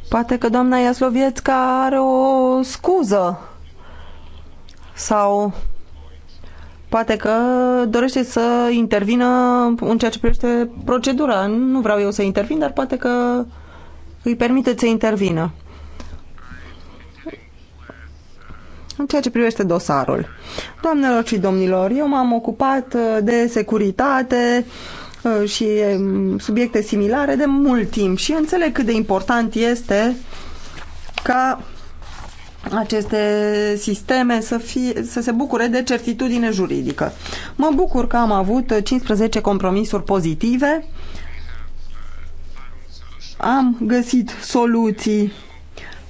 poate că doamna jazłowiecka are o scuză sau poate că dorește să intervină în ceea ce privește procedura. Nu vreau eu să intervin, dar poate că îi permite să intervină. În ceea ce privește dosarul. Doamnelor și domnilor, eu m-am ocupat uh, de securitate uh, și um, subiecte similare de mult timp și înțeleg cât de important este ca aceste sisteme să, fie, să se bucure de certitudine juridică. Mă bucur că am avut 15 compromisuri pozitive, am găsit soluții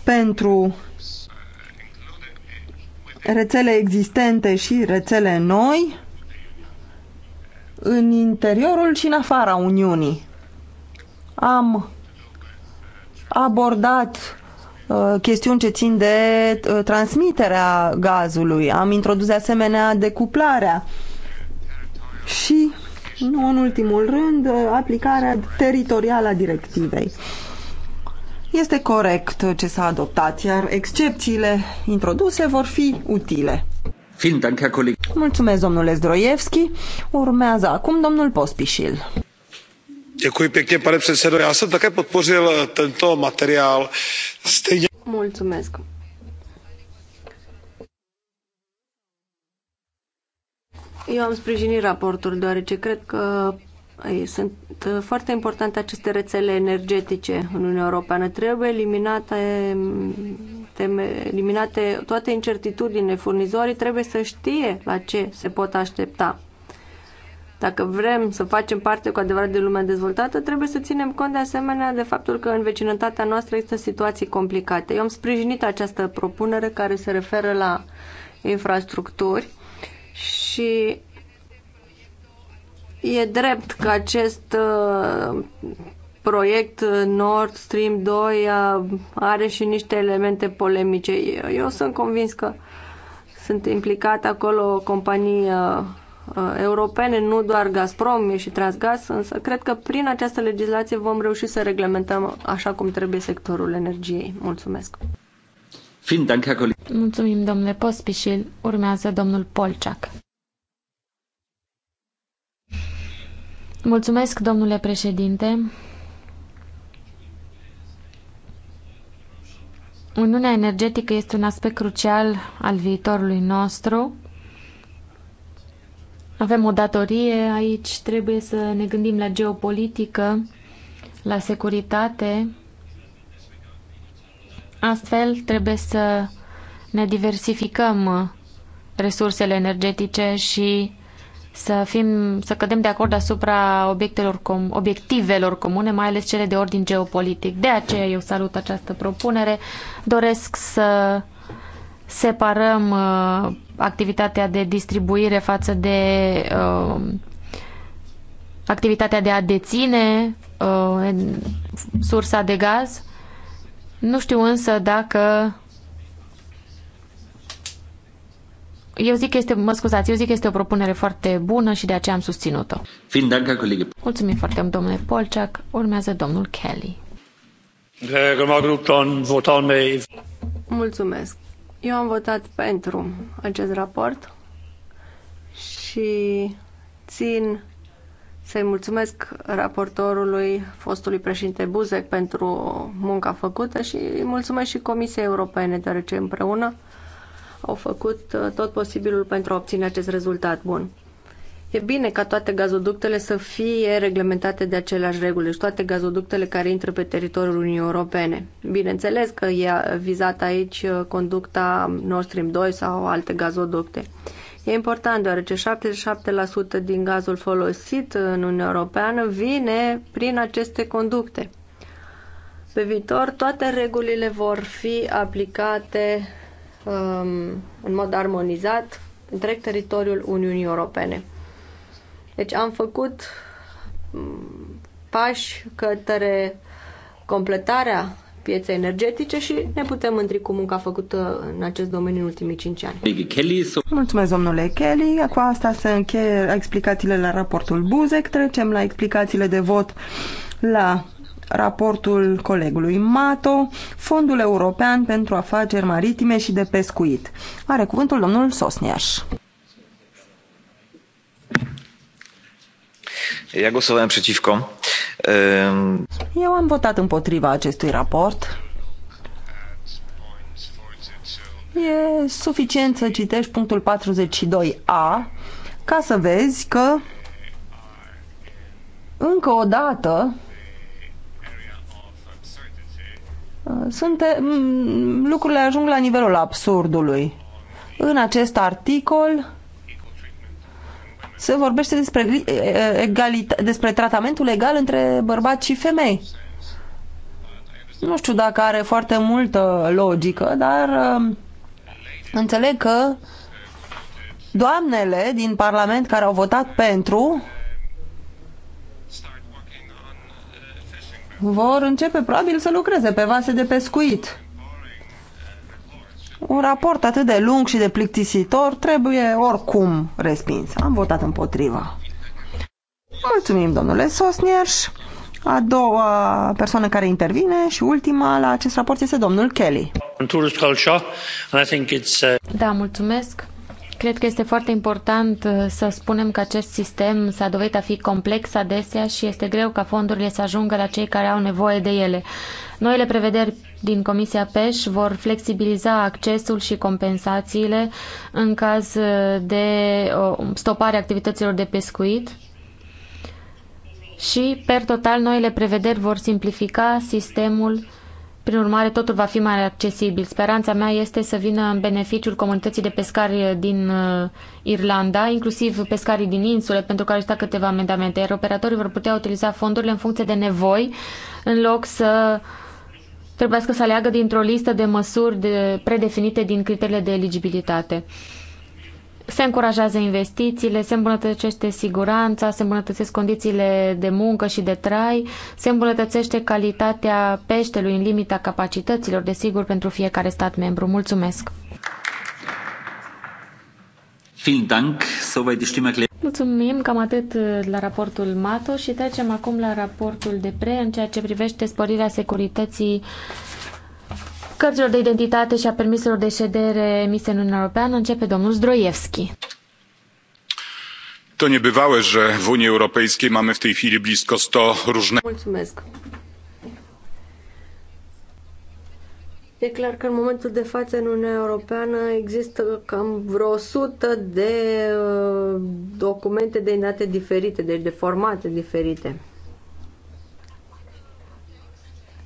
pentru rețele existente și rețele noi în interiorul și în afara Uniunii. Am abordat uh, chestiuni ce țin de uh, transmiterea gazului. Am introdus de asemenea decuplarea și, nu în ultimul rând, uh, aplicarea teritorială a directivei. Este corect ce s-a adoptat, iar excepțiile introduse vor fi utile. Mulțumesc, domnule Zdroievski. Urmează acum domnul Pospișil. Děkuji pěkně, pane předsedo. Já jsem také podpořil eh, tento materiál. Stejně... Mulțumesc. Eu am sprijinit raportul, deoarece cred că sunt uh, foarte importante aceste rețele energetice în Uniunea Europeană. Trebuie eliminate, mm, teme, eliminate toate incertitudinile. Furnizorii trebuie să știe la ce se pot aștepta. Dacă vrem să facem parte cu adevărat de lumea dezvoltată, trebuie să ținem cont de asemenea de faptul că în vecinătatea noastră există situații complicate. Eu am sprijinit această propunere care se referă la infrastructuri și E drept că acest uh, proiect Nord Stream 2 uh, are și niște elemente polemice. Eu sunt convins că sunt implicate acolo companii uh, europene, nu doar Gazprom, e și Transgaz, însă cred că prin această legislație vom reuși să reglementăm așa cum trebuie sectorul energiei. Mulțumesc! Mulțumim, domnule Pospișil. Urmează domnul Polciac. Mulțumesc, domnule președinte. Uniunea energetică este un aspect crucial al viitorului nostru. Avem o datorie aici, trebuie să ne gândim la geopolitică, la securitate. Astfel, trebuie să ne diversificăm resursele energetice și să, fim, să cădem de acord asupra obiectelor com, obiectivelor comune, mai ales cele de ordin geopolitic. De aceea eu salut această propunere. Doresc să separăm uh, activitatea de distribuire față de uh, activitatea de a deține uh, sursa de gaz. Nu știu însă dacă eu zic că este, mă scuzați, eu zic că este o propunere foarte bună și de aceea am susținut-o. Mulțumim foarte mult, domnule Polceac. Urmează domnul Kelly. Mulțumesc. Eu am votat pentru acest raport și țin să-i mulțumesc raportorului, fostului președinte Buzek pentru munca făcută și îi mulțumesc și Comisiei Europene, deoarece împreună au făcut uh, tot posibilul pentru a obține acest rezultat bun. E bine ca toate gazoductele să fie reglementate de aceleași reguli și deci toate gazoductele care intră pe teritoriul Uniunii Europene. Bineînțeles că e vizată aici uh, conducta Nord Stream 2 sau alte gazoducte. E important deoarece 77% din gazul folosit în Uniunea Europeană vine prin aceste conducte. Pe viitor, toate regulile vor fi aplicate Um, în mod armonizat întreg teritoriul Uniunii Europene. Deci am făcut um, pași către completarea pieței energetice și ne putem mândri cu munca făcută în acest domeniu în ultimii 5 ani. Mulțumesc, domnule Kelly. Cu asta se încheie explicațiile la raportul Buzek. Trecem la explicațiile de vot la raportul colegului Mato, Fondul European pentru Afaceri Maritime și de Pescuit. Are cuvântul domnul Sosniaș. Ja głosowałem przeciwko. Eu am votat împotriva acestui raport. E suficient să citești punctul 42a ca să vezi că încă o dată sunt, mm, lucrurile ajung la nivelul absurdului. În acest articol se vorbește despre, eh, eh, egalita, despre tratamentul egal între bărbați și femei. Nu știu dacă are foarte multă logică, dar eh, înțeleg că doamnele din Parlament care au votat pentru vor începe probabil să lucreze pe vase de pescuit. Un raport atât de lung și de plictisitor trebuie oricum respins. Am votat împotriva. Mulțumim, domnule Sosnierș. A doua persoană care intervine și ultima la acest raport este domnul Kelly. Uh, da, mulțumesc. Cred că este foarte important uh, să spunem că acest sistem s-a dovedit a fi complex adesea și este greu ca fondurile să ajungă la cei care au nevoie de ele. Noile prevederi din Comisia PEș vor flexibiliza accesul și compensațiile în caz uh, de stopare activităților de pescuit și, per total, noile prevederi vor simplifica sistemul prin urmare, totul va fi mai accesibil. Speranța mea este să vină în beneficiul comunității de pescari din uh, Irlanda, inclusiv pescarii din insule, pentru care au câteva amendamente. Iar operatorii vor putea utiliza fondurile în funcție de nevoi, în loc să trebuiască să aleagă dintr-o listă de măsuri de, predefinite din criteriile de eligibilitate se încurajează investițiile, se îmbunătățește siguranța, se îmbunătățesc condițiile de muncă și de trai, se îmbunătățește calitatea peștelui în limita capacităților, desigur, pentru fiecare stat membru. Mulțumesc! Mulțumim, cam atât uh, la raportul MATO și trecem acum la raportul de pre în ceea ce privește sporirea securității cărților de identitate și a permiselor de ședere emise în Uniunea Europeană începe domnul Zdroievski. To niebywałe, że w Unii Europejskiej mamy w tej chwili blisko 100 różnych... Mulțumesc. E clar că în momentul de față în Uniunea Europeană există cam vreo 100 de uh, documente de date diferite, deci de formate diferite.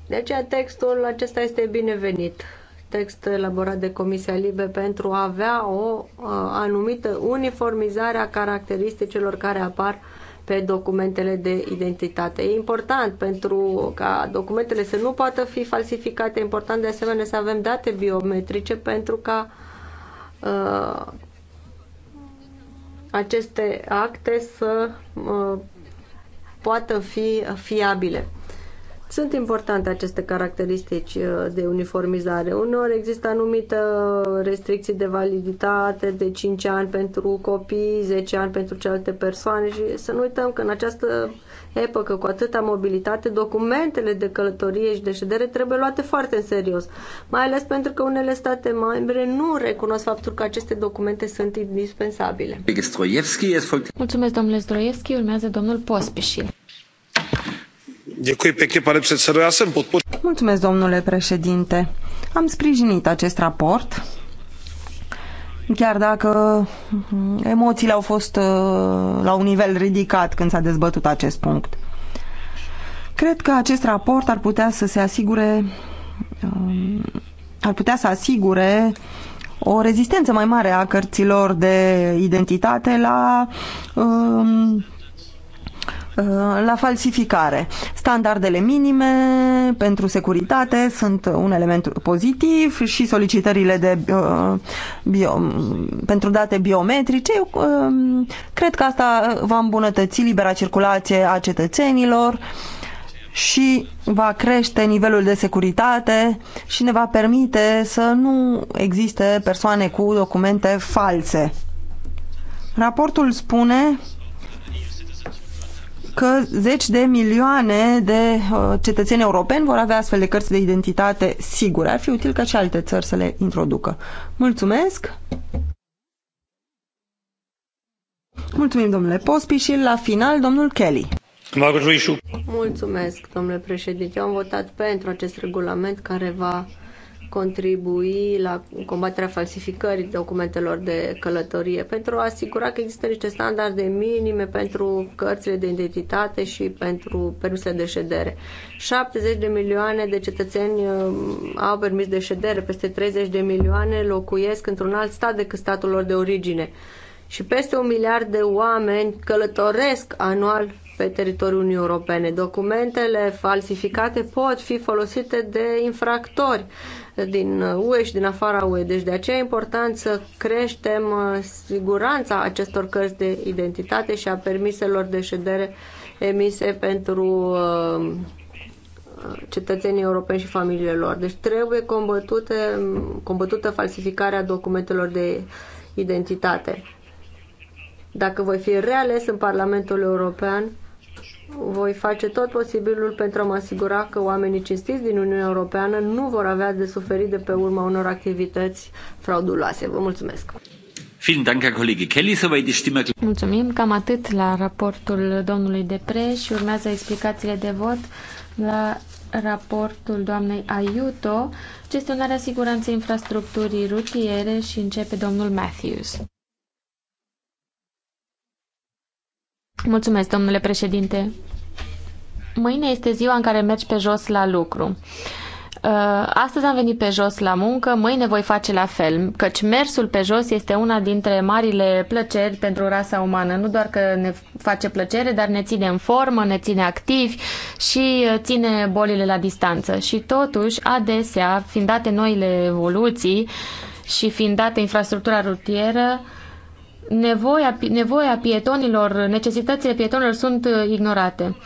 De deci, aceea textul acesta este binevenit. Text elaborat de Comisia Libe pentru a avea o uh, anumită uniformizare a caracteristicilor care apar pe documentele de identitate. E important pentru ca documentele să nu poată fi falsificate, e important de asemenea să avem date biometrice pentru ca uh, aceste acte să uh, poată fi fiabile. Sunt importante aceste caracteristici uh, de uniformizare. Uneori există anumite uh, restricții de validitate de 5 ani pentru copii, 10 ani pentru celelalte persoane și să nu uităm că în această epocă cu atâta mobilitate, documentele de călătorie și de ședere trebuie luate foarte în serios, mai ales pentru că unele state membre nu recunosc faptul că aceste documente sunt indispensabile. Mulțumesc, domnule Zdroievski. Urmează domnul Pospișil. Mulțumesc, domnule președinte. Am sprijinit acest raport, chiar dacă mm, emoțiile au fost uh, la un nivel ridicat când s-a dezbătut acest punct. Cred că acest raport ar putea să se asigure um, ar putea să asigure o rezistență mai mare a cărților de identitate la um, Uh, la falsificare. Standardele minime pentru securitate sunt un element pozitiv și solicitările de bio, uh, bio, pentru date biometrice. Eu uh, cred că asta va îmbunătăți libera circulație a cetățenilor și va crește nivelul de securitate și ne va permite să nu existe persoane cu documente false. Raportul spune că zeci de milioane de uh, cetățeni europeni vor avea astfel de cărți de identitate sigure. Ar fi util ca și alte țări să le introducă. Mulțumesc! Mulțumim, domnule Pospi, și la final, domnul Kelly. Mulțumesc, domnule președinte. Eu am votat pentru acest regulament care va contribui la combaterea falsificării documentelor de călătorie pentru a asigura că există niște standarde minime pentru cărțile de identitate și pentru permisele de ședere. 70 de milioane de cetățeni uh, au permis de ședere, peste 30 de milioane locuiesc într-un alt stat decât statul lor de origine și peste un miliard de oameni călătoresc anual pe teritoriul Uniunii Europene. Documentele falsificate pot fi folosite de infractori din UE și din afara UE. Deci de aceea e important să creștem uh, siguranța acestor cărți de identitate și a permiselor de ședere emise pentru uh, cetățenii europeni și familiile lor. Deci trebuie combătute, combătută falsificarea documentelor de identitate. Dacă voi fi reales în Parlamentul European, voi face tot posibilul pentru a mă asigura că oamenii cinstiți din Uniunea Europeană nu vor avea de suferit de pe urma unor activități frauduloase. Vă mulțumesc! Mulțumim, cam atât la raportul domnului Depre și urmează explicațiile de vot la raportul doamnei Aiuto, gestionarea siguranței infrastructurii rutiere și începe domnul Matthews. Mulțumesc, domnule președinte. Mâine este ziua în care mergi pe jos la lucru. Uh, astăzi am venit pe jos la muncă, mâine voi face la fel, căci mersul pe jos este una dintre marile plăceri pentru rasa umană. Nu doar că ne face plăcere, dar ne ține în formă, ne ține activi și uh, ține bolile la distanță. Și totuși, adesea, fiind date noile evoluții și fiind date infrastructura rutieră, nevoia, nevoia pietonilor, necesitățile pietonilor sunt uh, ignorate.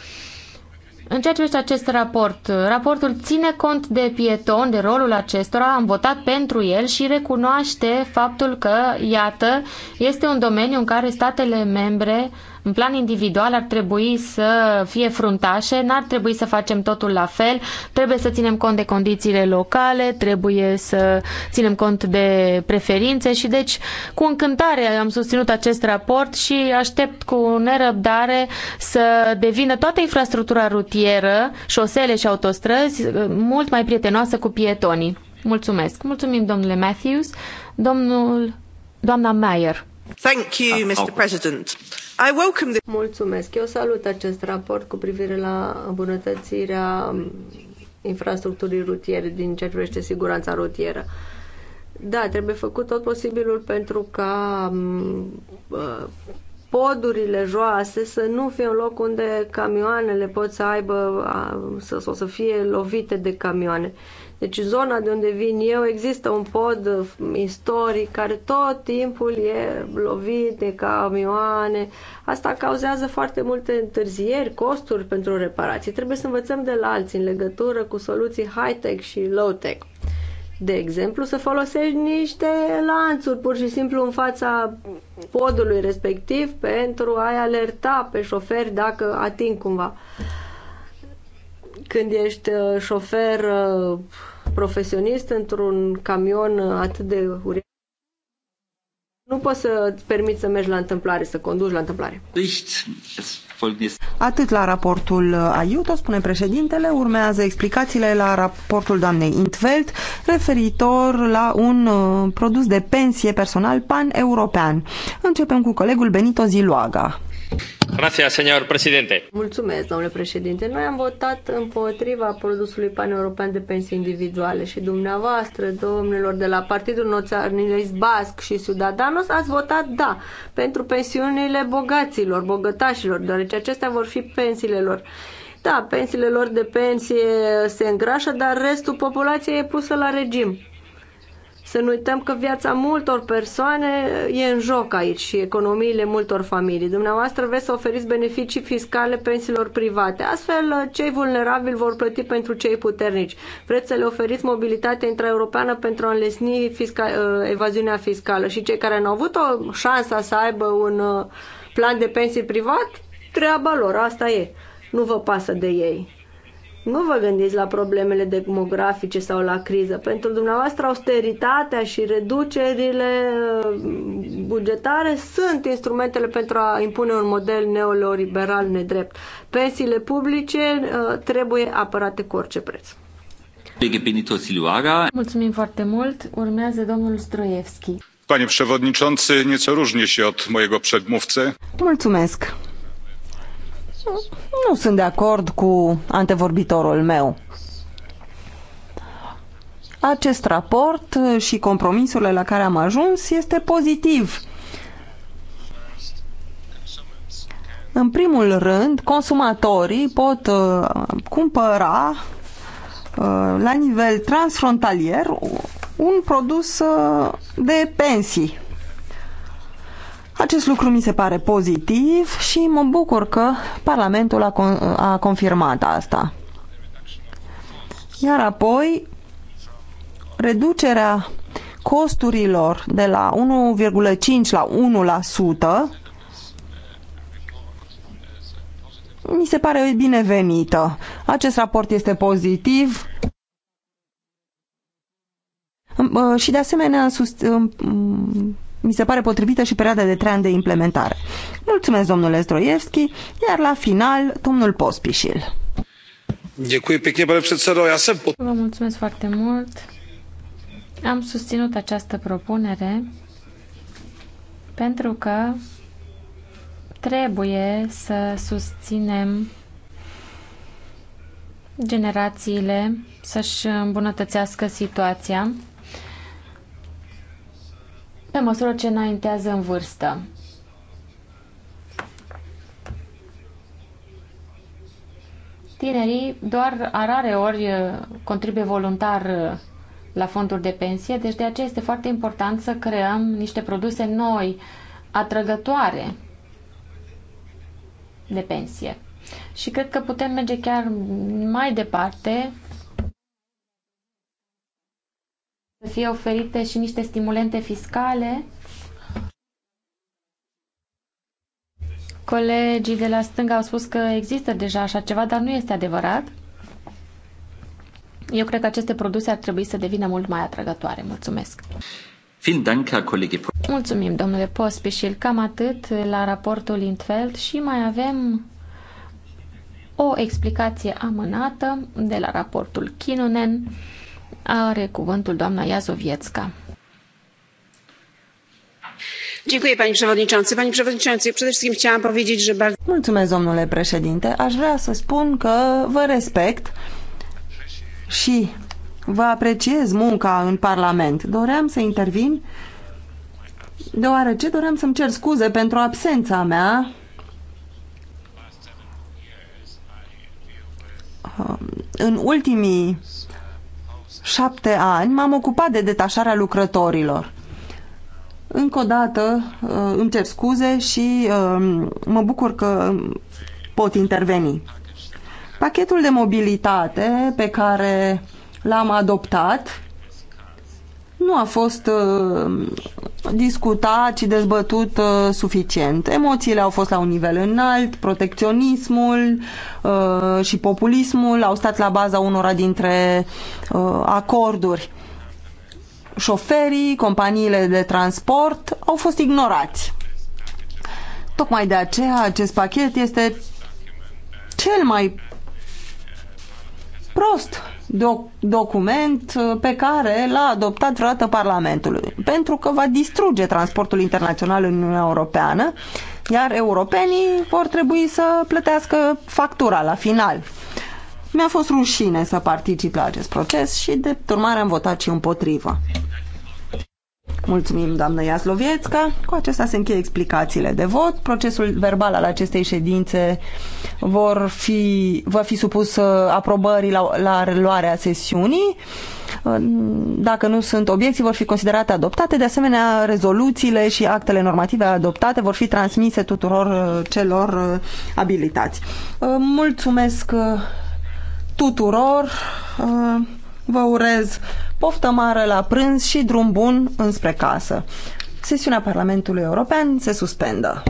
În ceea ce este acest raport, raportul ține cont de pieton, de rolul acestora, am votat pentru el și recunoaște faptul că, iată, este un domeniu în care statele membre în plan individual ar trebui să fie fruntașe, n-ar trebui să facem totul la fel, trebuie să ținem cont de condițiile locale, trebuie să ținem cont de preferințe și deci cu încântare am susținut acest raport și aștept cu nerăbdare să devină toată infrastructura rutieră, șosele și autostrăzi mult mai prietenoasă cu pietonii. Mulțumesc. Mulțumim, domnule Matthews. Domnul, doamna Mayer. Mulțumesc. Eu salut acest raport cu privire la îmbunătățirea um, infrastructurii rutiere din ce privește siguranța rutieră. Da, trebuie făcut tot posibilul pentru ca um, uh, podurile joase să nu fie un loc unde camioanele pot să aibă, să, să fie lovite de camioane. Uh, deci zona de unde vin eu există un pod istoric care tot timpul e lovit de camioane. Asta cauzează foarte multe întârzieri, costuri pentru reparații. Trebuie să învățăm de la alții în legătură cu soluții high-tech și low-tech. De exemplu, să folosești niște lanțuri pur și simplu în fața podului respectiv pentru a-i alerta pe șoferi dacă ating cumva. Când ești uh, șofer uh, profesionist într-un camion atât de uriaș. Nu poți să îți permiți să mergi la întâmplare, să conduci la întâmplare. Atât la raportul Aiuto, spune președintele, urmează explicațiile la raportul doamnei Intveld referitor la un uh, produs de pensie personal pan-european. Începem cu colegul Benito Ziluaga. Mulțumesc, domnule președinte. Noi am votat împotriva produsului pan-european de pensii individuale și dumneavoastră, domnilor de la Partidul Naționalist Basc și Ciudadanos, ați votat da pentru pensiunile bogaților, bogătașilor, deoarece acestea vor fi pensiile lor. Da, pensiile lor de pensie se îngrașă, dar restul populației e pusă la regim. Să nu uităm că viața multor persoane e în joc aici și economiile multor familii. Dumneavoastră vreți să oferiți beneficii fiscale pensiilor private. Astfel, cei vulnerabili vor plăti pentru cei puternici. Vreți să le oferiți mobilitate intraeuropeană pentru a înlesni fisca- uh, evaziunea fiscală. Și cei care n-au avut o șansă să aibă un uh, plan de pensii privat, treaba lor, asta e. Nu vă pasă de ei nu vă gândiți la problemele demografice sau la criză. Pentru dumneavoastră, austeritatea și reducerile uh, bugetare sunt instrumentele pentru a impune un model neoliberal nedrept. Pensiile publice uh, trebuie apărate cu orice preț. Mulțumim foarte mult. Urmează domnul Stroievski. Panie przewodniczący, nieco różni się od mojego przedmówcy. Mulțumesc. Nu sunt de acord cu antevorbitorul meu. Acest raport și compromisurile la care am ajuns este pozitiv. În primul rând, consumatorii pot uh, cumpăra uh, la nivel transfrontalier un produs uh, de pensii. Acest lucru mi se pare pozitiv și mă bucur că Parlamentul a, con a confirmat asta. Iar apoi, reducerea costurilor de la 1,5 la 1% mi se pare binevenită. Acest raport este pozitiv și de asemenea sus, mi se pare potrivită și perioada de trei ani de implementare. Mulțumesc, domnule Zdroievski, iar la final, domnul Pospișil. Vă mulțumesc foarte mult. Am susținut această propunere pentru că trebuie să susținem generațiile să-și îmbunătățească situația pe măsură ce înaintează în vârstă. Tinerii doar a rare ori uh, contribuie voluntar uh, la fonduri de pensie, deci de aceea este foarte important să creăm niște produse noi, atrăgătoare de pensie. Și cred că putem merge chiar mai departe să fie oferite și niște stimulente fiscale. Colegii de la stânga au spus că există deja așa ceva, dar nu este adevărat. Eu cred că aceste produse ar trebui să devină mult mai atrăgătoare. Mulțumesc! Mulțumim, domnule Pospișil. Cam atât la raportul Intfeld și mai avem o explicație amânată de la raportul Kinunen are cuvântul doamna Iazovietska. Mulțumesc, domnule președinte. Aș vrea să spun că vă respect și vă apreciez munca în Parlament. Doream să intervin deoarece doream să-mi cer scuze pentru absența mea. În ultimii șapte ani m-am ocupat de detașarea lucrătorilor. Încă o dată uh, îmi cer scuze și uh, mă bucur că pot interveni. Pachetul de mobilitate pe care l-am adoptat nu a fost uh, discutat și dezbătut uh, suficient. Emoțiile au fost la un nivel înalt, protecționismul uh, și populismul au stat la baza unora dintre acorduri. Șoferii, companiile de transport au fost ignorați. Tocmai de aceea acest pachet este cel mai prost doc document uh, pe care l-a adoptat vreodată Parlamentului, pentru că va distruge transportul internațional în Uniunea Europeană, iar europenii vor trebui să plătească factura la final. Mi-a fost rușine să particip la acest proces și, de urmare, am votat și împotrivă. Mulțumim, doamnă Iaslovietska. Cu acesta se încheie explicațiile de vot. Procesul verbal al acestei ședințe vor fi, va fi supus uh, aprobării la, la reluarea sesiunii. Uh, dacă nu sunt obiecții, vor fi considerate adoptate. De asemenea, rezoluțiile și actele normative adoptate vor fi transmise tuturor uh, celor abilitați. Mulțumesc tuturor. Vă urez poftă mare la prânz și drum bun înspre casă. Sesiunea Parlamentului European se suspendă.